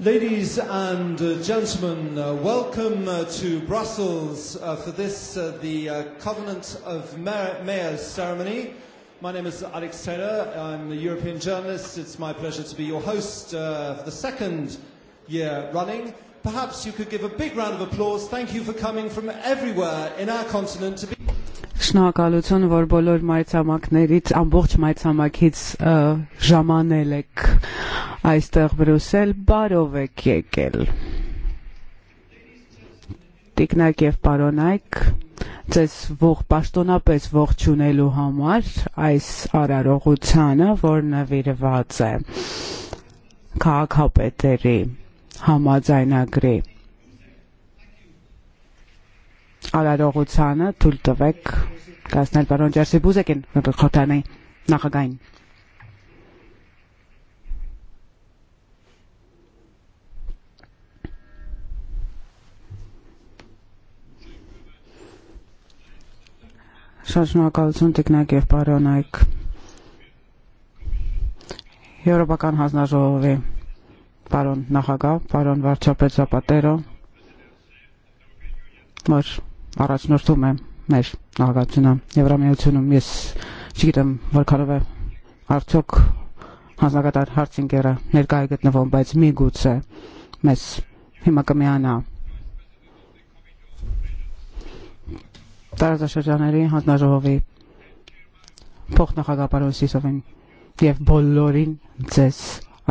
Ladies and uh, gentlemen, uh, welcome uh, to Brussels uh, for this, uh, the uh, Covenant of Mayor Mayors ceremony. My name is Alex Taylor. I'm a European journalist. It's my pleasure to be your host uh, for the second year running. Perhaps you could give a big round of applause. Thank you for coming from շնորհակալություն, everywhere in our continent to be Շնորհակալություն, որ բոլոր մայրցամաքներից, ամբողջ մայրցամաքից uh, ժամանել եք aizstāv Brusel Barove Kiekel. Տիկնակև պարոնայք, ձեզ ող պաշտոնապես ողջունելու համար այս արարողությանը, որ նվիրված է քաղաքապետերի համաձայնագրի արարողությանը թույլ տվեք կասնել պարոն Ջարսի Բուզեկին, նախագահին։ շարժնակալություն եք եւ պարոնայք Եվրոպական հանձնաժողովի պարոն նախագահ, պարոն վարչապետ Զապատերո, որ առաջնորդում է մեր նախագահությունը Եվրամիությունում, ես չգիտեմ որքանով է արդյոք հանձնակատար Հարցինգերը ներկայ է գտնվում, բայց միգուցե մեզ հիմա կմիանա տարածաշրջաներին հանձնաժողովի փոխնախագահ Սիսովին եւ բոլորին ձեզ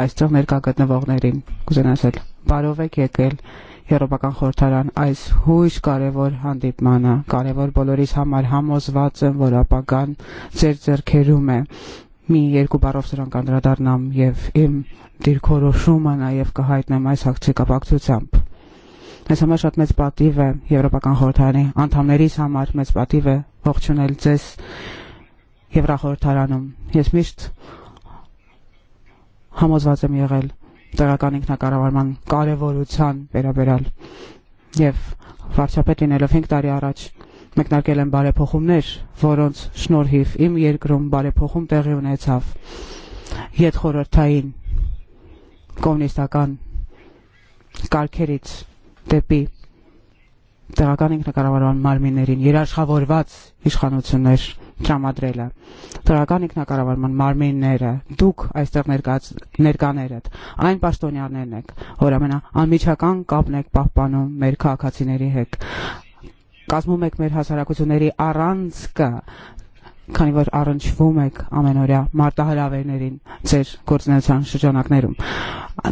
այստեղ ներկա գտնվողներին կուզենասել բարովեք եկել Եվրոպական խորհրդարան այս հույժ կարևոր հանդիպմանը կարևոր բոլորիս համար համոզված եմ որ ապագան ձեր ձեռքերում է մի երկու բառով սրանք անդրադառնամ եւ իմ դիրքորոշումը նաեւ կհայտնեմ այս հաղթի կապակցությամբ Մեզ համար շատ մեծ պատիվ է Եվրոպական խորհրդարանի անդամներիս համար մեծ պատիվ է ողջունել ձեզ Եվրախորհրդարանում։ Ես միշտ համոզված եմ եղել տեղական ինքնակառավարման կարևորության վերաբերալ եւ վարչապետ լինելով 5 տարի առաջ մեկնարկել են բարեփոխումներ, որոնց շնորհիվ իմ երկրում բարեփոխում տեղի ունեցավ։ Ետ խորհրդային կոմունիստական կարգերից դեպի տեղական ինքնակառավարման մարմիններին երաշխավորված իշխանություններ տրամադրելը տեղական ինքնակառավարման մարմինները դուք այստեղ ներկաց ներկաներդ այն պաշտոնյաներն եք որ ամենա անմիջական կապն եք պահպանում մեր քաղաքացիների հետ կազմում եք մեր հասարակությունների առանցքը քանի որ առնչվում եք ամենօրյա մարտահրավերներին ձեր գործնական շրջանակներում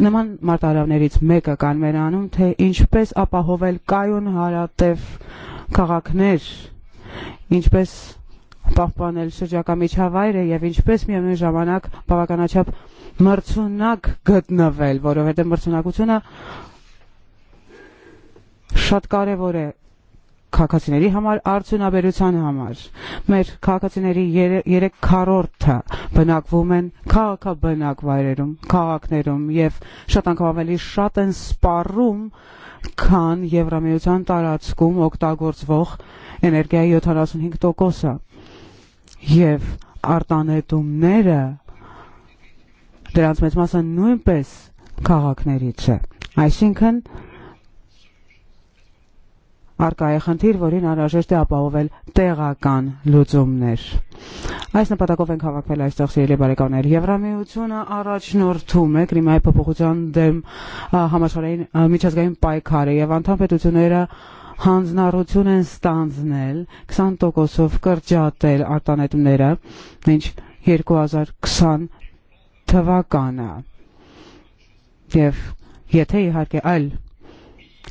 Նման մարտահրավերից մեկը կան վերանում, թե ինչպես ապահովել կայուն հարատև քաղաքներ, ինչպես պահպանել շրջակա միջավայրը եւ ինչպես միևնույն ժամանակ բավականաչափ մրցունակ գտնվել, որովհետեւ մրցունակությունը շատ կարեւոր է քաղաքացիների համար արդյունաբերության համար։ Մեր քաղաքացիների 3/4-ը բնակվում են քաղաքաբնակ վայրերում, քաղաքներում եւ շատ անգամ ավելի շատ են սպառում, քան Եվրամիության տարածքում օգտագործվող էներգիայի 75%-ը։ Եվ արտանետումները դրանց մեծ մասը նույնպես քաղաքներից է։ Այսինքն արկա է խնդիր, որին անհրաժեշտ է ապահովել տեղական լուծումներ։ Այս նպատակով ենք հավաքվել այստեղ սիրելի բարեկամներ։ Եվրամիությունը առաջնորդում է կլիմայի փոփոխության դեմ համաշխարհային միջազգային պայքարը եւ անդամ պետությունները հանձնառություն են ստանձնել 20%-ով կրճատել արտանետումները, ինչ 2020 թվականը։ Եվ եթե իհարկե այլ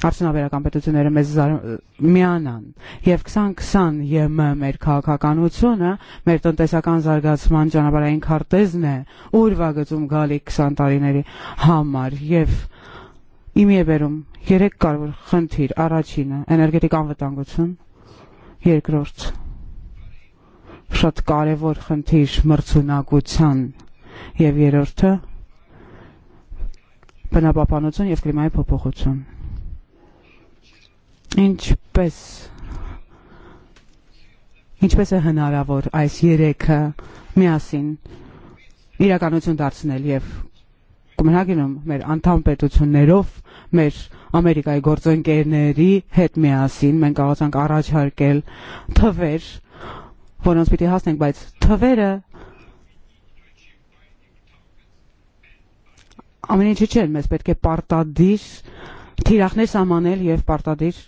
արդյունաբերական պետությունները մեզ միանան եւ 2020 ԵՄ մեր քաղաքականությունը մեր տնտեսական զարգացման ճանապարհային քարտեզն է ուրվագծում գալի 20 տարիների համար եւ իմի է վերում երեք կարևոր խնդիր առաջինը էներգետիկ անվտանգություն երկրորդ շատ կարևոր խնդիր մրցունակության եւ երրորդը բնապահպանություն եւ կլիմայի փոփոխություն ինչպես ինչպես է հնարավոր այս երեքը միասին իրականություն դարձնել եւ Կոպենհագենում մեր անդամ պետություններով մեր Ամերիկայի գործընկերների հետ միասին մենք կարողացանք առաջարկել թվեր, որոնց պիտի հասնենք, բայց թվերը ամեն ինչի չեն, մեզ պետք է պարտադիր թիրախներ սահմանել եւ պարտադիր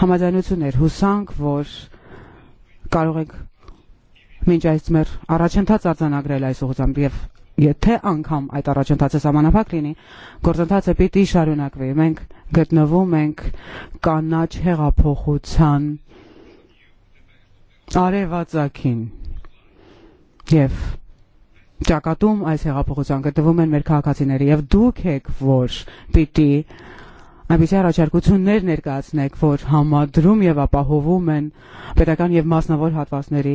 համաձայնություններ հուսանք, որ կարող ենք մինչ այս մեր առաջընթաց արձանագրել այս ուղղությամբ եւ եթե անգամ այդ առաջընթացը համանավակ լինի, գործընթացը պիտի շարունակվի։ Մենք գտնվում ենք կանաչ հեղափոխության արևածագին եւ ճակատում այս հեղափոխության գտնվում են մեր քաղաքացիները եւ դուք եք որ պիտի Այնպիսի առաջարկություններ ներկայացնեք, որ համադրում եւ ապահովում են պետական եւ մասնավոր հատվածների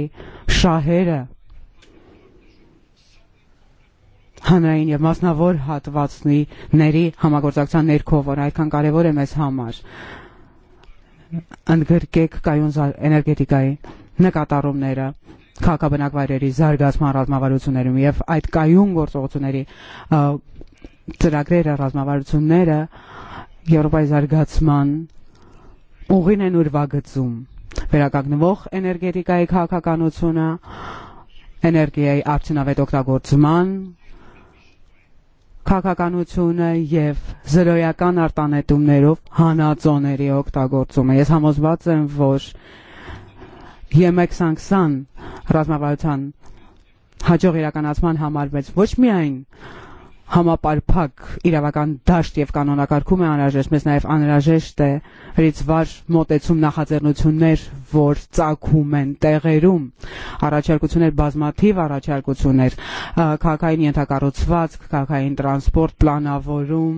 շահերը հանրային եւ մասնավոր հատվածների համագործակցության ներքո, որ այդքան կարեւոր է մեզ համար։ Ընդգրկեք կայուն էներգետիկայի նկատառումները քաղաքաբնակ վայրերի զարգացման ռազմավարություններում եւ այդ կայուն գործողությունների ծրագրերը ռազմավարությունները Եվրոպայի զարգացման ուղին են ուրվագծում վերականգնվող էներգետիկայի քաղաքականությունը, էներգիայի արդյունավետ օգտագործման քաղաքականությունը եւ զրոյական արտանետումներով հանածոների օգտագործումը։ Ես համոզված եմ, որ Ե120 ռազմավարության հաջող իրականացման համար մեծ ոչ միայն համապարփակ իրավական դաշտ եւ կանոնակարգում է անհրաժեշտ, մեզ նաեւ անհրաժեշտ է ռիցվար մոտեցում նախաձեռնություններ, որ ծագում են տեղերում, առաջարկություններ բազմաթիվ առաջարկություններ, քաղաքային ենթակառուցվածք, քաղաքային տրանսպորտ, պլանավորում,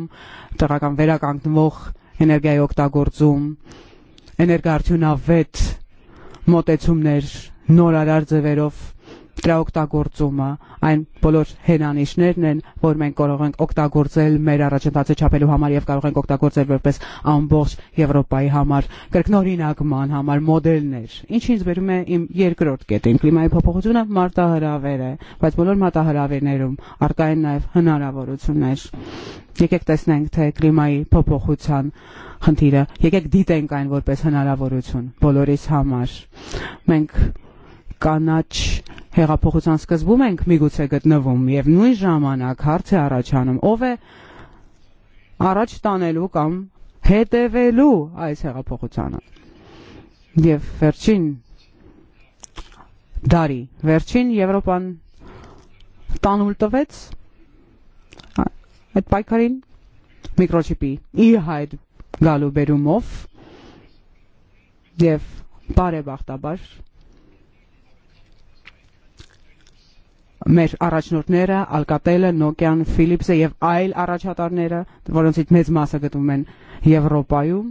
տեղական վերականգնվող էներգիայի օգտագործում, էներգարդյունավետ մոտեցումներ նորարար ձևերով օգտագործումը այն բոլոր հենանիշներն են, որ մենք կարող ենք օգտագործել մեր առաջընթացը չափելու համար եւ կարող ենք օգտագործել որպես ամբողջ Եվրոպայի համար կրկնօրինակման համար մոդելներ։ Ինչին վերում է իմ երկրորդ կետին կլիմայի փոփոխությունը մարտահրավեր է, բայց բոլոր մարտահրավերներում արկա են նաեւ հնարավորություններ։ Եկեք տեսնենք, թե կլիմայի փոփոխության խնդիրը, եկեք դիտենք այն որպես հնարավորություն բոլորիս համար։ Մենք կանաչ հեղափոխության սկզբում ենք միգուցե գտնվում եւ նույն ժամանակ հարց է առաջանում ով է առաջ տանելու կամ հետևելու այս հեղափոխությանը եւ վերջին դարի վերջին Եվրոպան տանուլ տվեց այդ պայքարին միկրոչիպի իհայտ գալու բերումով եւ բարեբախտաբար մեր առաջնորդները, Ալկատելը, Նոկյան, Ֆիլիպսը եւ այլ առաջատարները, որոնցից մեծ մասը գտնվում են Եվրոպայում,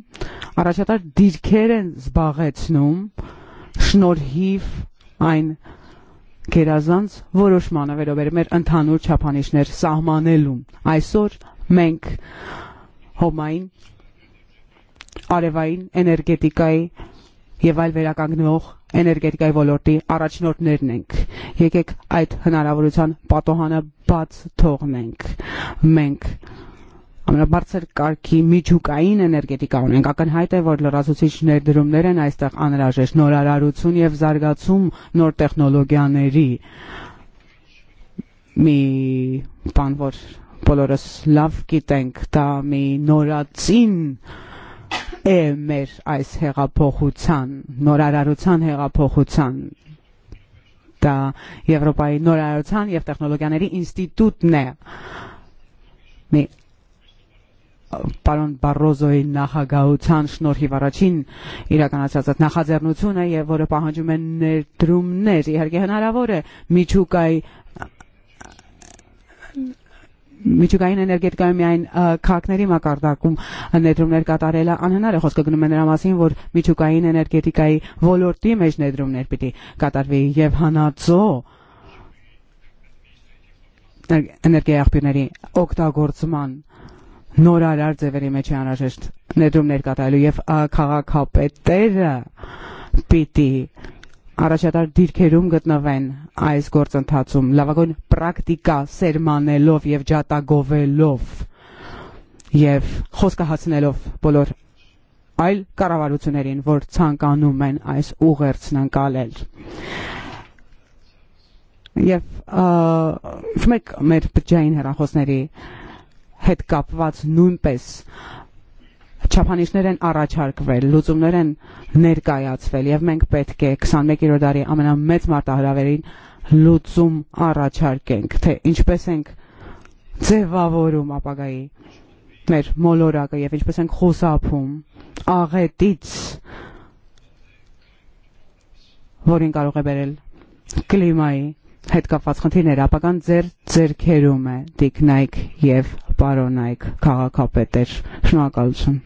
առաջատար դիրքեր են զբաղեցնում շնորհիվ այն գերազանց որոշմանը վերաբերում մեր ընդհանուր չափանիշներ սահմանելու։ Այսօր մենք հոմային արևային էներգետիկայի եւ այլ վերականգնող էներգետիկայի ոլորտի առաջնորդներն ենք։ Եկեք այդ հնարավորության պատոհանը բաց թողնենք։ Մենք ամենաբարձր կարգի միջուկային էներգետիկա ունենք։ Ակնհայտ է, որ լրացուցիչ ներդրումներ են այստեղ անհրաժեշտ նորարարություն եւ զարգացում նոր տեխնոլոգիաների։ Մի բան, որ բոլորս լավ գիտենք, դա մի նորածին մեր այս հեղափոխության, նորարարության հեղափոխության դա Եվրոպայի նորարարության եւ տեխնոլոգիաների ինստիտուտն է։ Մի պարոն Բարոզոյի նախագահության շնորհիվ առաջին իրականացած այդ նախաձեռնությունը եւ որը պահանջում է ներդրումներ իհարկե հնարավոր է միջուկայի միջուկային էներգետիկայում միայն քաղաքների մակարդակում ներդրումներ կատարելը անհնար է խոսքը գնում է նրա մասին, որ միջուկային էներգետիկայի ոլորտի մեջ ներդրումներ պիտի կատարվի եւ հանածո էներգիա աղբյուրների օգտագործման նորարար ձևերի մեջ է անհրաժեշտ ներդրումներ կատարելու եւ քաղաքապետերը պիտի առաջատար դիրքերում գտնվեն այս գործընթացում լավագույն պրակտիկա սերմանելով եւ ջատագովելով եւ խոսքահացնելով բոլոր այլ կառավարություններին, որ ցանկանում են այս ուղերձն անցալել։ Եվ շմեք մեր բջային հեռախոսների հետ կապված նույնպես չափանիշներ են առաջարկվել, լուծումներ են ներկայացվել եւ մենք պետք է 21-րդ դարի ամենամեծ մարտահրավերին լուծում առաջարկենք, թե ինչպես ենք ձևավորում ապագայի մեր մոլորակը եւ ինչպես ենք խուսափում աղետից, որին կարող է բերել կլիմայի հետ կապված խնդիրներ ապական ձեր ձերքերում է դիկնայք եւ պարոնայք քաղաքապետեր շնորհակալություն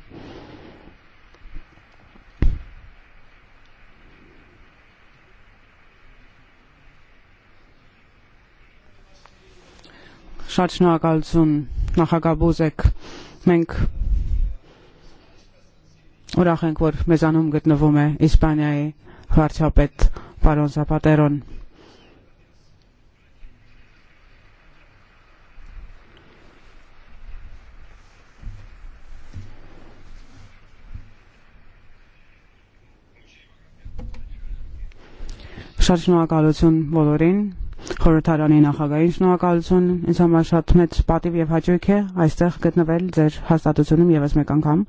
շարժնակալություն նախագահ Բոզեկ մենք ուրախ ենք որ մեզանում գտնվում է Իսպանիայի վարչապետ պարոն Զապատերոն Շարժնակալություն բոլորին խորհրդարանին նախագահին, ինձ համար շատ մեծ պատիվ եւ հաճույք է այստեղ գտնվել ձեր հաստատությունում եւս մեկ անգամ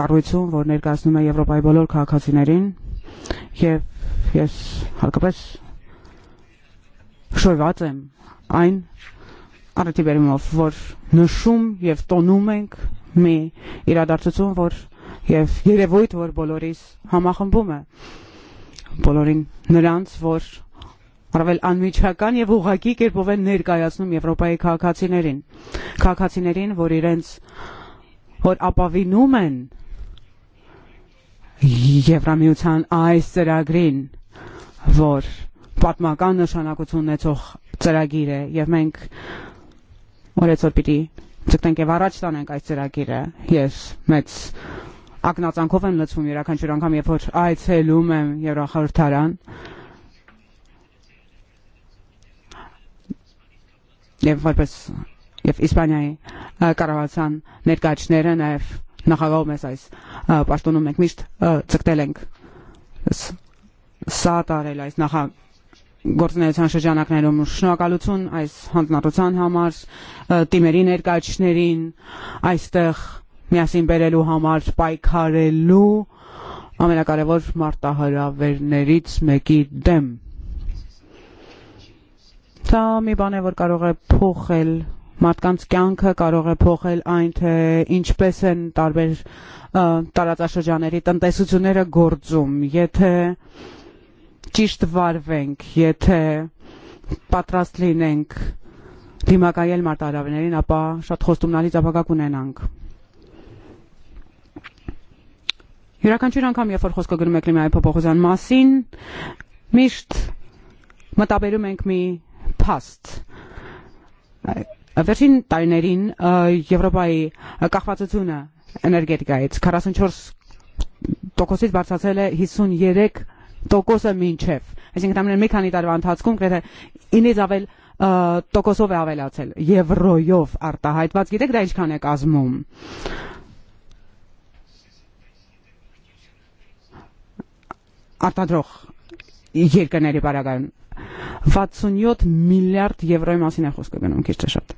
կառույցում, որ ներկայացնում է Եվրոպայի բոլոր քաղաքացիներին եւ ես հարկապես շոյված եմ այն առիթի բերումով, որ նշում եւ տոնում ենք մի իրադարձություն, որ եւ երևույթ, որ բոլորիս համախմբում է բոլորին նրանց, որ առավել անմիջական եւ ուղղակի կերպով են ներկայացնում Եվրոպայի քաղաքացիներին։ Քաղաքացիներին, որ իրենց որ ապավինում են Եվրամիության այս ծրագրին, որ պատմական նշանակություն ունեցող ծրագիր է եւ մենք օրեցօր պիտի ցկտենք եւ առաջ տանենք այս ծրագիրը։ Ես մեծ ակնածանքով եմ լցվում յուրաքանչյուր անգամ, երբ որ այցելում եմ Եվրախորհրդարան, եւ որպես եւ Իսպանիայի կառավարության ներկայացները նաեւ նախագահում ես այս պաշտոնում մենք միշտ ցկտել ենք սա տարել այս նախա գործնեության շրջանակներում շնորհակալություն այս հանձնառության համար թիմերի ներկայացներին այստեղ միասին բերելու համար պայքարելու ամենակարևոր մարտահրավերներից մեկի դեմ Սա մի բան է, որ կարող է փոխել մարդկանց կյանքը, կարող է փոխել այն, թե ինչպես են տարբեր տարածաշրջաների տնտեսությունները գործում, եթե ճիշտ վարվենք, եթե պատրաստ լինենք դիմակայել մարտահրավերներին, ապա շատ խոստումնալից ապակա կունենանք։ Յուրաքանչյուր անգամ, երբ որ խոսքը գնում է կլիմայի փոփոխության մասին, միշտ մտաբերում ենք մի փաստ վերջին տարիներին Եվրոպայի կախվածությունը էներգետիկայից 44 տոկոսից բարձրացել է 53 տոկոսը մինչև այսինքն ամեն մի քանի տարվա ընթացքում գրեթե 9-ից ավել տոկոսով է ավելացել եվրոյով արտահայտված գիտեք դա ինչքան է կազմում արտադրող երկրների բարակայում 67 միլիարդ եվրոյի մասին է խոսքը գնում քիչ թե շատ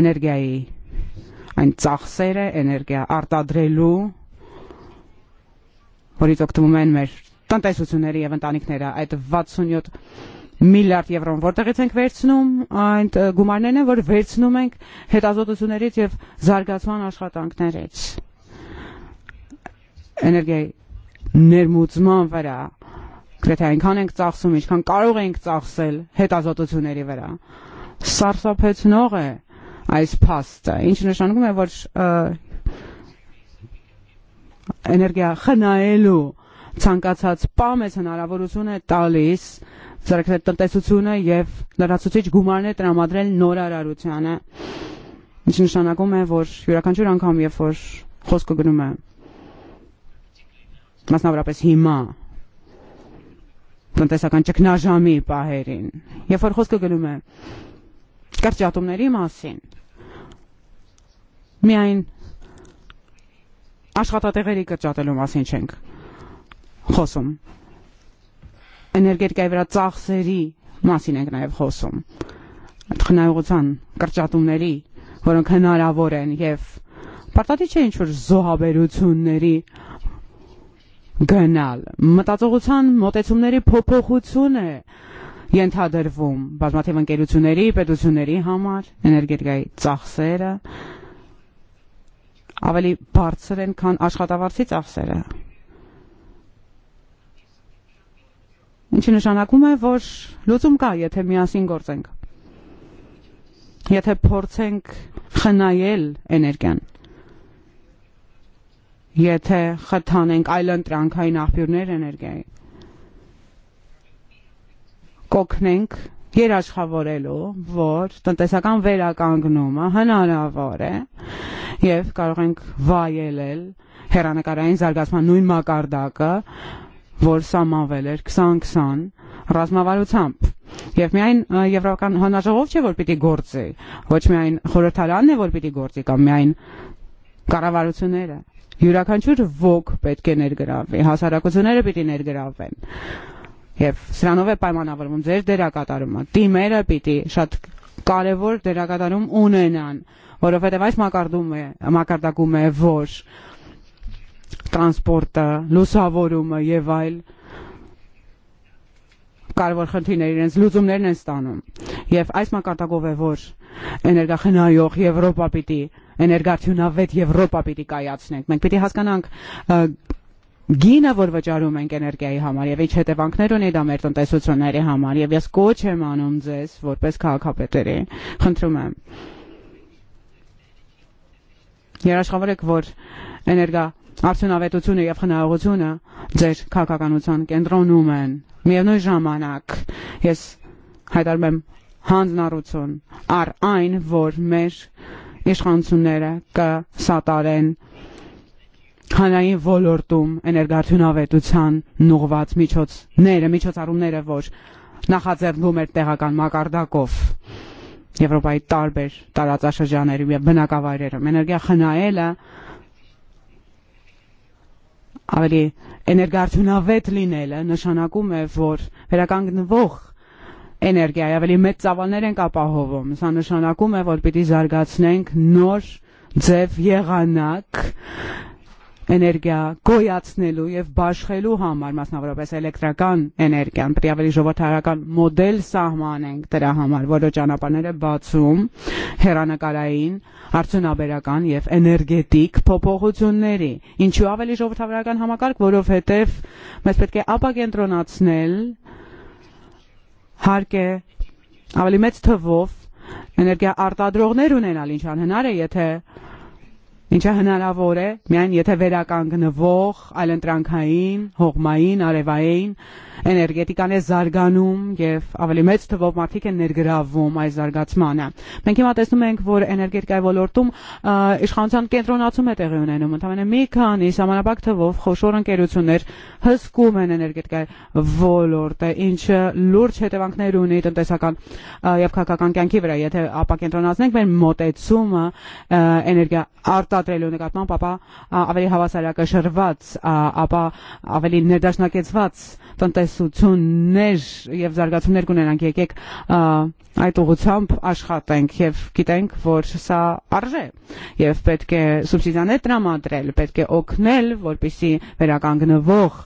էներգիայի այն ծախսերը էներգիա արտադրելու որից օգտվում են մեր տնտեսությունները եւ ընտանիքները այդ 67 միլիարդ եվրոն որտեղից ենք վերցնում այդ գումարներն են որ վերցնում ենք հետազոտություններից եւ զարգացման աշխատանքներից էներգիայի ներմուծման վրա գրեթե այնքան ենք ծախսում, ինչքան կարող ենք ծախսել հետազոտությունների վրա։ Սարսափեցնող է այս փաստը, ինչը նշանակում է, որ էներգիա խնայելու ցանկացած պամ է հնարավորություն է տալիս ծրագրել տնտեսությունը եւ լրացուցիչ գումարներ տրամադրել նոր արարությանը։ Ինչ նշանակում է, որ յուրաքանչյուր անգամ, երբ որ խոսքը գնում է մասնավորապես հիմա տնտեսական ճգնաժամի պահերին։ Երբ որ խոսքը գնում է կարճատումների մասին, միայն աշխատատեղերի կրճատելու մասին չենք խոսում։ Էներգետիկայի վրա ծախսերի մասին ենք նաև խոսում։ Տխնայողության կրճատումների, որոնք հնարավոր են եւ պարտադիր չէ ինչ որ զոհաբերությունների գնալ։ Մտածողության մոտեցումների փոփոխություն է ենթադրվում բազմաթիվ ընկերությունների, պետությունների համար, էներգետիկայի ծախսերը ավելի բարձր են, քան աշխատավարձի ծախսերը։ Ինչը նշանակում է, որ լուծում կա, եթե միասին գործենք։ Եթե փորձենք խնայել էներգիան եթե խթանենք այլ ընտրանքային աղբյուրներ էներգիայի, կոգնենք երաշխավորելու, որ տնտեսական վերականգնումը հնարավոր է և կարող ենք վայելել հերանեկարային զարգացման նույն մակարդակը, որ սահմանվել էր 2020 ռազմավարությամբ։ Եվ միայն Եվրոպական հանրաժողով չէ, որ պիտի գործի, ոչ միայն խորհրդարանն է, որ պիտի գործի, կամ միայն կառավարությունները, յուրաքանչյուր ոք պետք է ներգրավվի, հասարակությունները պիտի ներգրավվեն։ Եվ սրանով է պայմանավորվում ձեր դերակատարումը։ Թիմերը պիտի շատ կարևոր դերակատարում ունենան, որովհետև այս մակարդում է, մակարդակում է, որ տրանսպորտը, լուսավորումը եւ այլ կարևոր խնդիրներ իրենց լուծումներն են ստանում։ Եվ այս մակարդակով է, որ էներգախնայող Եվրոպա պիտի եվ էներգարդյունավետ Եվրոպա պիտի կայացնենք։ Մենք պիտի հասկանանք գինը, որ վճարում ենք էներգիայի համար եւ ինչ հետևանքներ ունի դա մեր տնտեսությունների համար եւ ես կոչ եմ անում ձեզ որպես քաղաքապետերի։ Խնդրում եմ։ Երաշխավորեք, որ էներգա արդյունավետությունը եւ խնայողությունը ձեր քաղաքականության կենտրոնում են։ Միևնույն ժամանակ ես հայտարարում եմ հանձնառություն առ այն, որ մեր իշխանությունները կսատարեն հանրային ոլորտում էներգարդյունավետության նուղված միջոցները, միջոցառումները, որ նախաձեռնում էր տեղական մակարդակով Եվրոպայի տարբեր տարածաշրջաներում եւ բնակավայրերում էներգիա խնայելը ավելի էներգարդյունավետ լինելը նշանակում է, որ վերականգնվող էներգիայի ավելի մեծ ծավալներ ենք ապահովում։ Սա նշանակում է, որ պիտի զարգացնենք նոր ձև եղանակ էներգիա գոյացնելու եւ բաշխելու համար մասնավորապես էլեկտրական էներգիան պետք է ավելի ժողովրդարական մոդել սահմանենք դրա համար, որը ճանապարհները բացում հերանեկարային, արդյունաբերական եւ էներգետիկ փոփոխությունների։ Ինչու ավելի ժողովրդարական համակարգ, որովհետեւ մեզ պետք է ապակենտրոնացնել Հարկե ավելի մեծ թվով էներգիա արտադրողներ ունենալ, ինչ անհնար է, եթե ինչը հնարավոր է միայն եթե վերականգնվող այլընտրանքային, հողմային, արևային էներգետիկան է զարգանում եւ ավելի մեծ թվով մարդիկ են ներգրավվում այս զարգացմանը։ Մենք հիմա տեսնում ենք, որ էներգետիկայի ոլորտում իշխանության կենտրոնացում է տեղի ունենում։ Ընդհանրապես մի քանի համանապակ թվով խոշոր ընկերություններ հսկում են էներգետիկայի ոլորտը, ինչը լուրջ հետևանքներ ունի տնտեսական եւ քաղաքական կյանքի վրա, եթե ապակենտրոնացնենք մեր մոտեցումը էներգիա արտա շտատվելու նկատմամբ, ապա ավելի հավասարակշռված, ապա ավելի ներդաշնակեցված տնտեսություններ եւ զարգացումներ կունենանք։ Եկեք այդ ուղությամբ աշխատենք եւ գիտենք, որ սա արժե եւ պետք է սուբսիդիաներ տրամադրել, պետք է օգնել, որպիսի վերականգնվող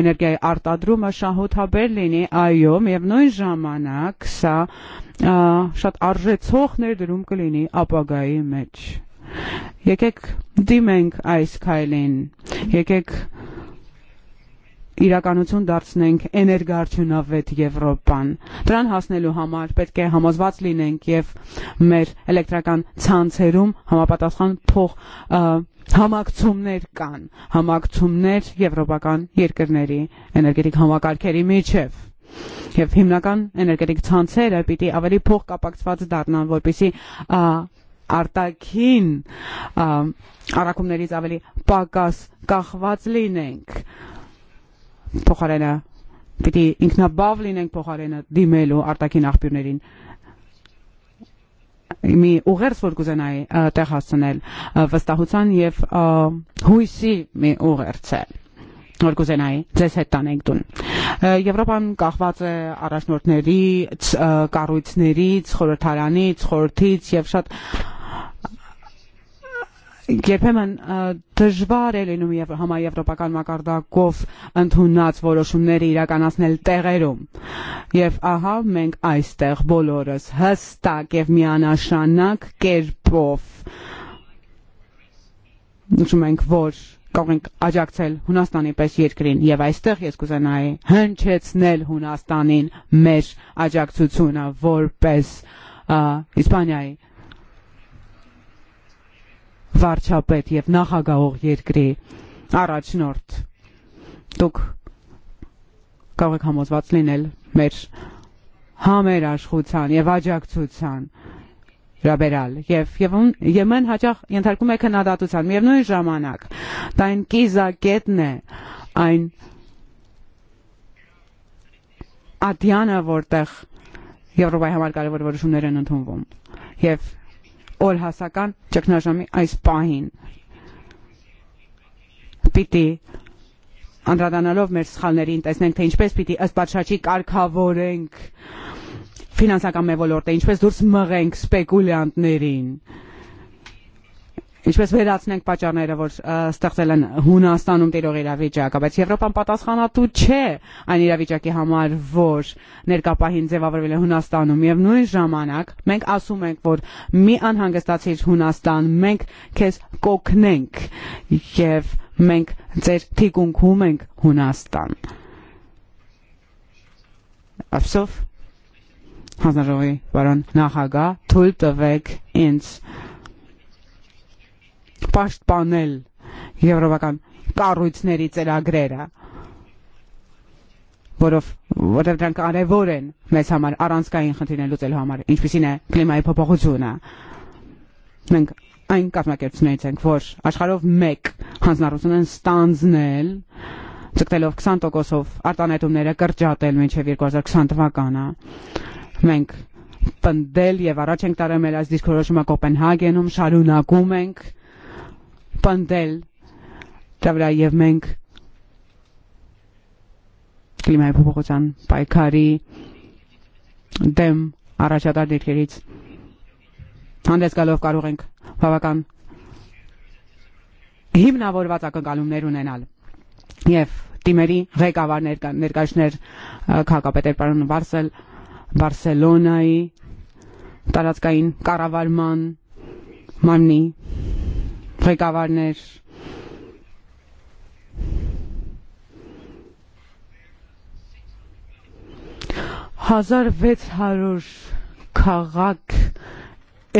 էներգիայի արտադրումը շահութաբեր լինի, այո, եւ նույն ժամանակ սա շատ արժեցող ներդրում կլինի ապագայի մեջ։ Եկեք դիմենք այս քայլին։ Եկեք իրականություն դարձնենք էներգարդյունավետ Եվրոպան։ Դրան հասնելու համար պետք է համոզված լինենք եւ մեր էլեկտրական ցանցերում համապատասխան փող համակցումներ կան, համակցումներ եվրոպական երկրների էներգետիկ համակարգերի միջև։ Եվ հիմնական էներգետիկ ցանցերը պիտի ավելի փոխկապակցված դառնան, որպեսզի արտաքին առաքումներից ավելի պակաս կախված լինենք փոխարենը պիտի ինքնաբավ լինենք փոխարենը դիմելու արտաքին աղբյուրներին մի ուղերձ որ կուզենայի տեղ հասցնել վստահության եւ հույսի մի ուղերձ է որ կուզենայի ձեզ հետ տանենք տուն Եվրոպան կախված է առաջնորդներից, կառույցներից, խորհրդարանից, խորհրդից եւ շատ երբեմն դժվար է լինում եւ համաեվրոպական մակարդակով ընդունած որոշումները իրականացնել տեղերում։ Եվ ահա մենք այստեղ բոլորս հստակ եւ միանշանակ կերպով նշում ենք, որ կարող ենք աջակցել Հունաստանի պես երկրին եւ այստեղ ես կուզենայի հնչեցնել Հունաստանին մեր աջակցությունը որպես Իսպանիայի վարչապետ եւ նախագահող երկրի առաջնորդ։ Դուք կարող եք համոզված լինել մեր համերաշխության եւ աջակցության Ռաբերալ եւ եւ Եմեն հաճախ ենթարկում է քննադատության միևնույն ժամանակ դա այն կիզակետն է այն ադյանը որտեղ Եվրոպայի համար կարևոր որոշումներ են ընդունվում եւ օրհասական ճգնաժամի այս պահին։ Պիտի անդրադառնալով մեր սխալներին տեսնենք, թե ինչպես պիտի ըստ պատշաճի կարգավորենք ֆինանսական մևոլորտը, ինչպես դուրս մղենք սպեկուլյանտներին։ Ինչպես վերացնենք պատճառները, որ ստեղծել են Հունաստանում տիրող իրավիճակը, բայց Եվրոպան պատասխանատու չէ այն իրավիճակի համար, որ ներկապահին ձևավորվել է Հունաստանում եւ նույն ժամանակ մենք ասում ենք, որ մի անհանգստացիր Հունաստան, մենք քեզ կօգնենք եւ մենք ձեր թիկունքում ենք Հունաստան։ Ավսով հանրահավաքի բարոն նախագահ թույլ տվեք ինձ պաշտպանել եվրոպական կառույցների ծրագրերը որով որտեղ դրանք կարևոր են մեզ համար առանցքային խնդիրներ լուծելու համար ինչպիսին է կլիմայի փոփոխությունը մենք այն կազմակերպություններից ենք որ աշխարհով մեկ հանձնառություն են ստանձնել ցկտելով 20%-ով արտանետումները կրճատել մինչև 2020 թվականը մենք պնդել եւ առաջ ենք տարել մեր այս դիրքորոշումը Կոպենհագենում շարունակում ենք pandel Travrajjev Menk klima jibbuħotan pajkari dem għarraċatar dit kiriz. Għandez għaluf għaluħenk, għavakan. Himna vorvata għalum nerun enal. Jef, timeri, reka var nergaxner kaka uh, Peter Parun Barcel, Barcelonai, tarazkain, karavalman, manni ղեկավարներ հազար վեց հարյուր քաղաք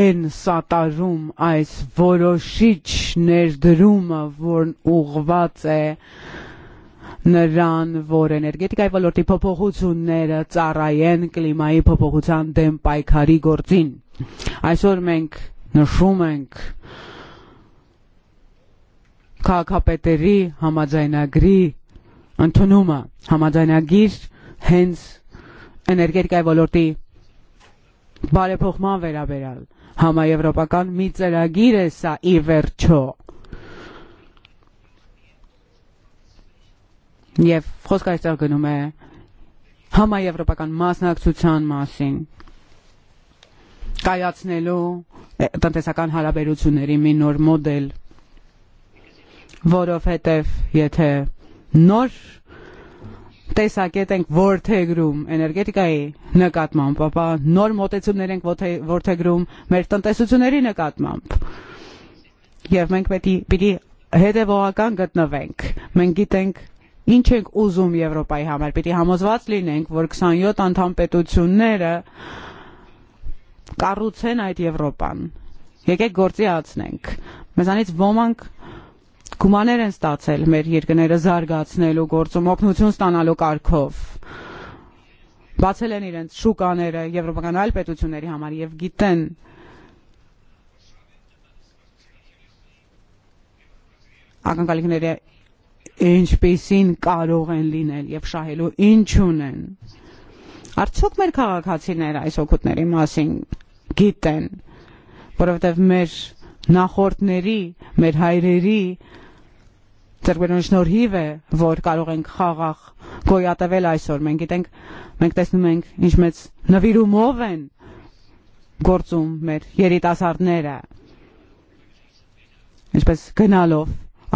են սատարում այս որոշիչ ներդրումը, որն ուղված է նրան, որ էներգետիկայի ոլորտի փոփոխությունները ծառայեն կլիմայի փոփոխության դեմ պայքարի գործին։ Այսօր մենք նշում ենք, ենք քաղաքապետերի համաձայնագրի ընդունումը համաձայնագիր հենց էներգետիկայի ոլորտի բարեփոխման վերաբերյալ համաեվրոպական մի ծրագիր է սա ի վերջո եւ խոսքը այստեղ գնում է համաեվրոպական մասնակցության մասին կայացնելու տնտեսական հարաբերությունների մի նոր մոդել Որովհետև եթե նոր տեսակետ ենք ворթեգրում էներգետիկայի նկատմամբ, ապա նոր մոտեցումներ ենք ворթեգրում մեր տնտեսությունների նկատմամբ։ Եվ մենք պետք է պիտի հետևողական գտնվենք։ Մենք գիտենք ինչ ենք ուզում Եվրոպայի համար։ Պիտի համոզված լինենք, որ 27 անդամ պետությունները կառուցեն այդ Եվրոպան։ Եկեք գործի ացնենք։ Մեզանից ոմանք գումարներ են ստացել մեր երկները զարգացնելու գործում, օգնություն ստանալու կարգով։ Բացել են իրենց շուկաները եվրոպական այլ պետությունների համար եւ գիտեն ակնկալիքները ինչպեսին կարող են լինել եւ շահելու ինչ ունեն։ Արդյոք մեր քաղաքացիները այս օգուտների մասին գիտեն, որովհետեւ մեր նախորդների, մեր հայրերի ձեռքբերման շնորհիվ է, որ կարող ենք խաղաղ գոյատևել այսօր։ Մենք գիտենք, մենք տեսնում ենք ինչ մեծ նվիրումով են գործում մեր երիտասարդները։ Ինչպես գնալով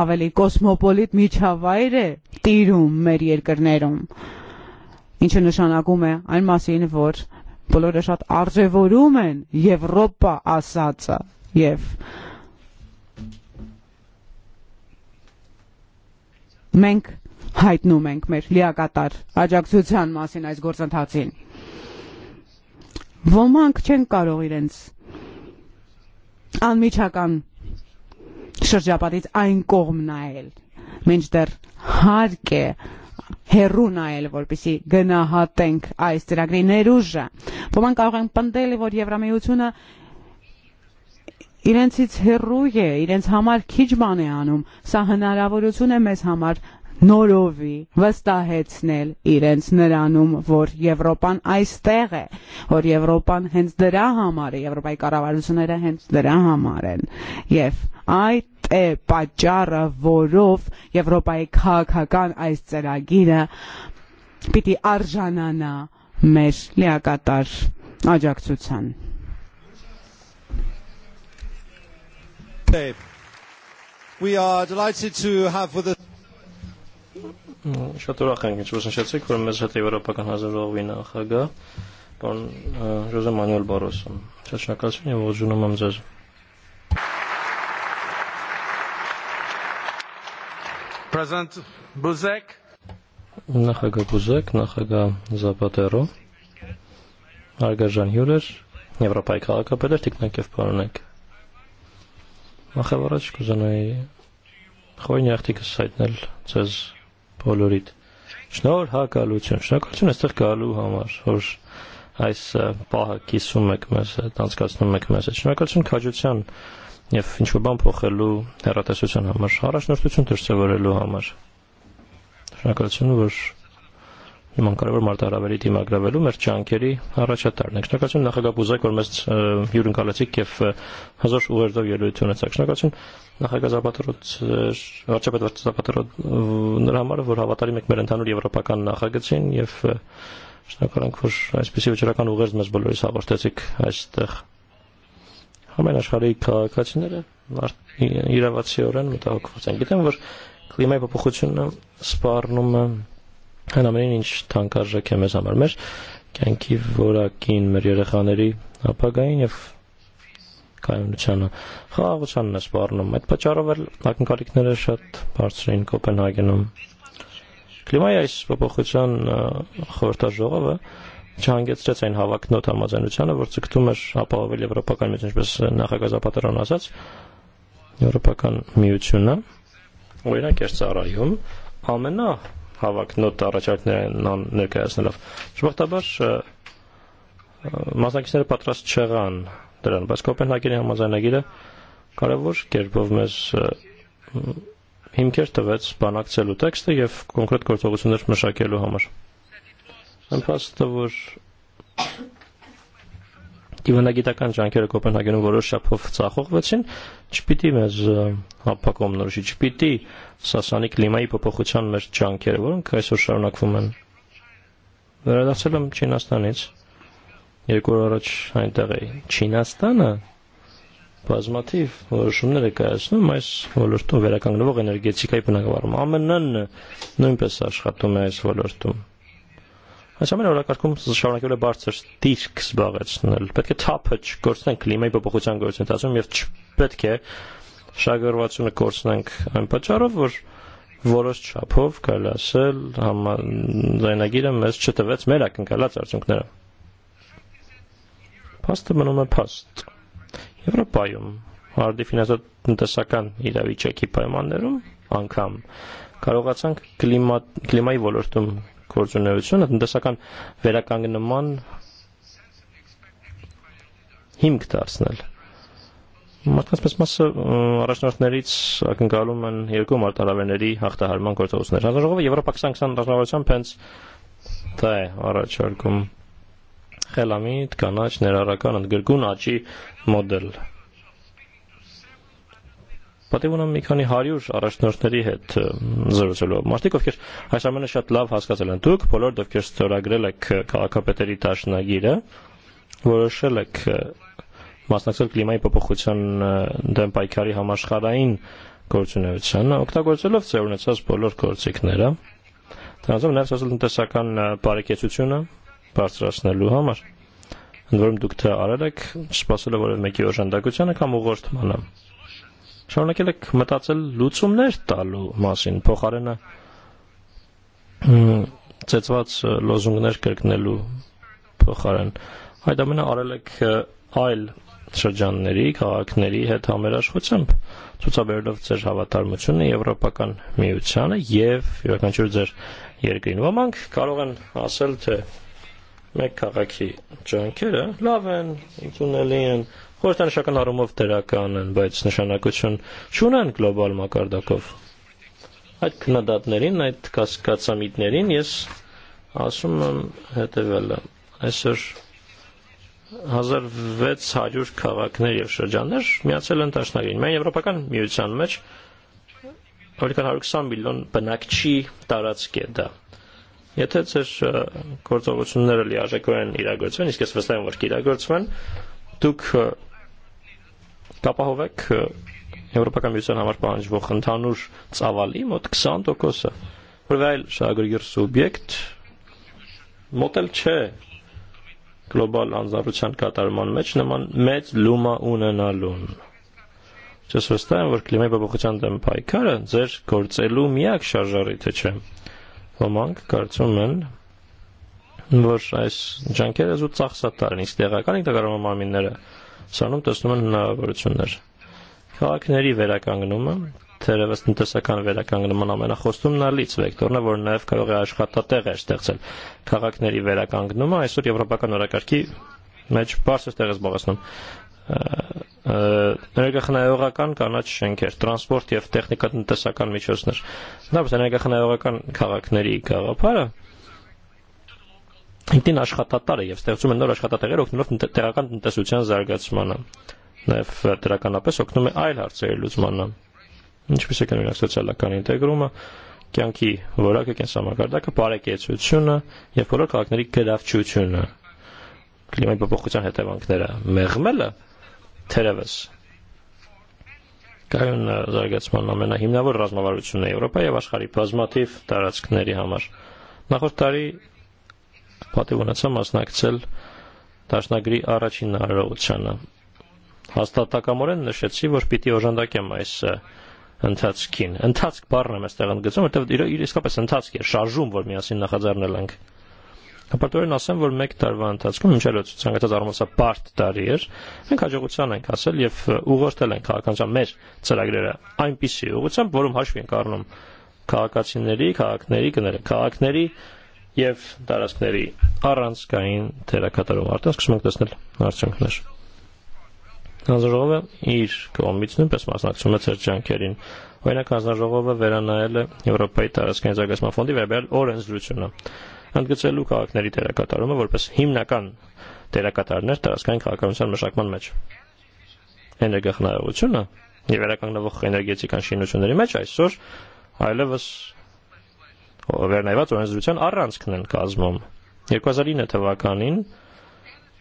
ավելի կոսմոպոլիտ միջավայր է տիրում մեր երկրներում ինչը նշանակում է այն մասին որ բոլորը շատ արժևորում են եվրոպա ասածը եւ և Մենք հայտնում ենք մեր լիակատար աջակցության մասին այս գործընթացին։ Ոմանք չեն կարող իրենց անմիջական շրջապատից այն կողմ նայել, մինչդեռ հարկ է հերու նայել, որպեսի գնահատենք այս ծրագրի ներուժը։ Ոմանք կարող են պնդել, որ Եվրամիությունը իրենցից հեռու է, իրենց համար քիչ բան է անում։ Սա հնարավորություն է մեզ համար նորովի վստահեցնել իրենց նրանում, որ Եվրոպան այստեղ է, որ Եվրոպան հենց դրա համար է, Եվրոպայի կառավարությունները հենց դրա համար են։ Եվ այդ է պատճառը, որով Եվրոպայի քաղաքական այս ծրագիրը պիտի արժանանա մեր լիակատար աջակցության։ today. We are delighted to have with us. Xatura ħankin ċbusan xatsik, kur mezzati Europa kan ħazaru għina ħagga, pon uh, Jose Manuel Barros, ċaċna kalsini u ġunu mamżazu. President Buzek. Naħaga Buzek, naħaga Zapatero, Argaġan Julex, Evropajka, e kapelletik nekif paronek. Maħħabarraċ kużanaj xojni għaxtik s-sajtnel cez polurit. Xnor ħakalu ċem, xnakol ċem istarkalu ħamar, horx għajs paħa kissu mekmes, tanskas mekmes, xnakol ċem kħagġu ċem, jef inċu ban poħellu herata suċen ħamar, ħarax nuftu ċem tirċevarellu ħamar. Xnakol ċem, horx նման կարևոր մարտահրավերի դիմագրավելու մեր ճանկերի առաջատարն է։ Շնորհակալություն նախագահ Բուզայք, որ մեզ հյուրընկալեցիք եւ հազար ուղերձով ելույթ ունեցաք։ Շնորհակալություն նախագահ Զապատրոց, վարչապետ Զապատրոց նրա համար, որ հավատարիմ եք մեր ընդհանուր եվրոպական նախագծին եւ շնորհակալանք, որ այսպեսի վճռական ուղերձ մեզ բոլորիս հաղորդեցիք այստեղ։ Համեն աշխարհի քաղաքացիները իրավացիորեն մտահոգված են։ Գիտեմ, որ կլիմայի փոփոխությունը սպառնում է հնամերին ինչ թանկարժեք է մեզ համար մեր կյանքի որակին մեր երեխաների ապագային եւ կայունությանը խաղաղությանն է սպառնում այդ պատճառով էլ ակնկալիքները շատ բարձր էին կոպենհագենում Կլիմայի այս փոփոխության խորհրդաժողովը չհանգեցրեց այն հավակնոտ համաձայնությանը, որ ցկտում էր ապահովել եվրոպական միություն, ինչպես նախագահ Զապատերոն ասաց, եվրոպական միությունը օրինակ էր ծառայում ամենա havak nutta առաջարկներն ներկայացնելով։ Շուտաբար մասնակիցները պատրաստ չեղան դրան, բայց Կոպենհագենի համաձայնագիրը կարևոր կերպով մեզ հիմքեր տվեց բանակցելու տեքստը եւ կոնկրետ գործողություններ մշակելու համար։ Ըմբաստը որ դիվանագիտական ջանքերը Կոպենհագենում որոշապ ծախողվեցին, չպիտի մեզ հապակում նորշի, չպիտի սասանի կլիմայի փոփոխության մեր ջանքերը, որոնք այսօր շարունակվում են։ Վերադարձել եմ Չինաստանից։ Երկու օր առաջ այնտեղ էի։ Չինաստանը բազմաթիվ որոշումներ է կայացնում այս ոլորտում վերականգնվող էներգետիկայի բնագավառում։ ԱՄՆ-ն նույնպես աշխատում է այս ոլորտում։ Așa minu rakar kum շարունակել է բարձր դիրք զբաղեցնել։ Պետք է թափը չգործնենք կլիմայի փոփոխության գործընթացում եւ չպետք է շահագրգռվածությունը կորցնենք այն պատճառով, որ որոշ չափով կարելի ասել համաձայնագիրը մեզ չտվեց մեր ակնկալած արդյունքները։ Փաստը մնում է փաստ։ Եվրոպայում արդի ֆինանսատնտեսական իրավիճակի պայմաններում անգամ կարողացանք կլիմա կլիմայի ոլորտում գործունեությունը, տնտեսական վերականգնման հիմք դարձնել։ Մարդկանց մեծ մասը առաջնորդներից ակնկալում են երկու մարտահրավերների հաղթահարման գործողություններ։ Հանրահավաքը Եվրոպա 2020 ռազմավարությամբ հենց դա է առաջարկում խելամիտ կանաչ ներառական ընդգրկուն աճի մոդելը պատիվունը մի քանի 100 առաջնորդների հետ զրուցելով։ Մարդիկ ովքեր այս ամենը շատ լավ հասկացել են, դուք բոլոր ովքեր ստորագրել եք քաղաքապետերի դաշնագիրը, որոշել եք մասնակցել կլիմայի փոփոխության դեմ պայքարի համաշխարհային գործունեությանը, օգտագործելով ծեր ունեցած բոլոր գործիքները, դրանով նաև սոցիալ տնտեսական բարեկեցությունը բարձրացնելու համար։ Ընդ որում դուք թե արել եք, սпасելով որևէ մեկի օժանդակությանը կամ ուղղորդմանը։ որ շարունակել եք մտածել լուծումներ տալու մասին, փոխարենը ծեծված լոզունգներ կրկնելու փոխարեն։ Այդ ամենը արել եք այլ շրջանների, քաղաքների հետ համերաշխությամբ, ցուցաբերելով ձեր հավատարմությունը Եվրոպական միությանը եւ յուրաքանչյուր ձեր երկրին։ Ոմանք կարող են ասել, թե մեկ քաղաքի ջանքերը լավ են, ընդունելի են, են Ortánsákan három ովτερական են, բայց նշանակություն չունեն գլոբալ մակարդակով։ Այդ քննադատներին, այդ կասկածամիտներին ես ասում եմ հետևելը։ Այսօր 1600 քաղաքներ եւ շրջաններ միացել են տաշնակին։ Մենք Եվրոպական միության մեջ օրական 120 միլիոն բնակչի տարածք է դա։ Եթե ձեր գործողությունները լիարժեքորեն իրագործվեն, իսկ ես վստահ եմ, որ կիրագործվեն, դուք տապահովեք Եվրոպական միության համար պահանջվող ընդհանուր ծավալի մոտ 20%-ը, որով այլ շահագրգիռ սուբյեկտ մոտել չէ գլոբալ անձնարության կատարման մեջ նման մեծ լումա ունենալուն։ Ես վստահ եմ, որ կլիմայի փոփոխության դեմ պայքարը ձեր գործելու միակ շարժառիթը չէ։ Ոմանք կարծում են, որ այս ջանքերը զուտ ծախսատար են, իսկ տեղական ինտեգրման մարմինները սանում տեսնում են հնարավորություններ։ Քաղաքների վերականգնումը, թերևս տնտեսական վերականգնման ամենախոստումն է լից վեկտորն է, որ նաև կարող է աշխատատեղեր ստեղծել։ Քաղաքների վերականգնումը այսօր եվրոպական օրակարգի մեջ բարձր տեղ է զբաղեցնում էներգախնայողական կանաչ շենքեր, տրանսպորտ եւ տեխնիկատնտեսական միջոցներ։ Նա բնավ էներգախնայողական քաղաքների գաղափարը Ինքնին աշխատատար է եւ ստեղծում է նոր աշխատատեղեր օգնելով տեղական տնտեսության զարգացմանը։ Նաեւ դրականապես օգնում է այլ հարցերի լուծմանը։ Ինչպես է կներակ սոցիալական ինտեգրումը, կյանքի որակը, կենսամակարդակը, բարեկեցությունը եւ բոլոր քաղաքների գրավչությունը։ Կլիմայի փոփոխության հետևանքները մեղմելը թերևս կայուն զարգացման ամենահիմնավոր ռազմավարությունն է Եվրոպայի եւ աշխարհի բազմաթիվ տարածքների համար։ Նախորդ տարի պատիվունացա մասնակցել դաշնագրի առաջին արարողությանը։ Հաստատակամորեն նշեցի, որ պիտի օժանդակեմ այս ընթացքին։ Ընթացք բառն եմ այստեղ ընդգծում, որտեղ իր իսկապես ընթացք է, շարժում, որ միասին նախաձեռնել ենք։ Հպարտորեն ասեմ, որ մեկ տարվա ընթացքում ինչել ցանկացած առումով բարդ տարի էր, մենք հաջողության ենք ասել եւ ուղղորդել ենք քաղաքացիական մեր ծրագրերը այնպիսի ուղղությամբ, որում հաշվի ենք առնում քաղաքացիների, քաղաքների գները, քաղաքների և տարածքների առանցքային թերակատարում արդեն սկսում ենք տեսնել արդյունքներ։ Հանձնաժողովը իր կողմից նույնպես մասնակցում է ծեր ջանքերին։ Օրինակ հանձնաժողովը վերանայել է Եվրոպայի տարածքային զարգացման ֆոնդի վերաբերյալ օրենսդրությունը, ընդգծելու քաղաքների դերակատարումը որպես հիմնական դերակատարներ տարածքային քաղաքականության մշակման մեջ։ Էներգախնայողությունը եւ վերականգնվող էներգետիկան շինությունների մեջ այսօր այլևս վերնայված օրենսդրության առանցքն են կազմում։ 2009 թվականին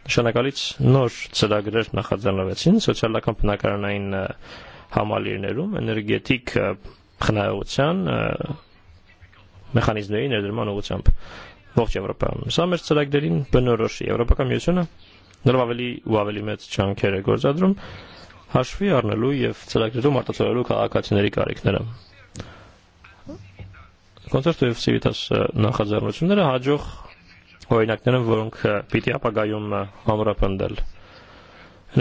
նշանակալից նոր ծրագրեր նախաձեռնվեցին սոցիալական բնակարանային համալիրներում էներգետիկ խնայողության մեխանիզմների ներդրման ուղղությամբ ողջ Եվրոպայում։ Սա մեր ծրագրերին բնորոշ է։ Եվրոպական միությունը նոր ավելի ու ավելի մեծ ճանքեր է գործադրում հաշվի առնելու եւ ծրագրերում արտացոլելու քաղաքացիների կարիքները։ Konstruktīvas նախաձեռնությունները հաջող օրինակներ են, որոնք պիտի ապագայում ամրապնդել։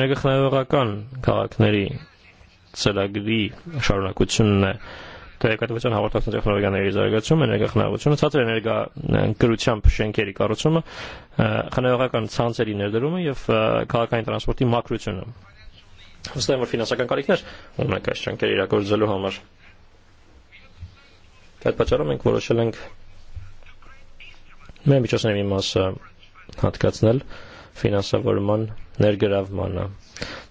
Ներգաղթնավորական քաղաքների ծրագրի շարունակությունն է տեղեկատվության հավարտացման տեխնոլոգիաների զարգացումը, ներգաղթնավորությունը, ցածր էներգա գրությամբ շենքերի կառուցումը, խնայողական ցանցերի ներդրումը եւ քաղաքային տրանսպորտի մակրությունը։ Հստակ որ ֆինանսական կարիքներ ունենք այս շենքերի իրագործելու համար։ Tehát pa če megvalósulunk, me bi ċosni immas ħatkazzel eh, finanza vorman nergrav manna.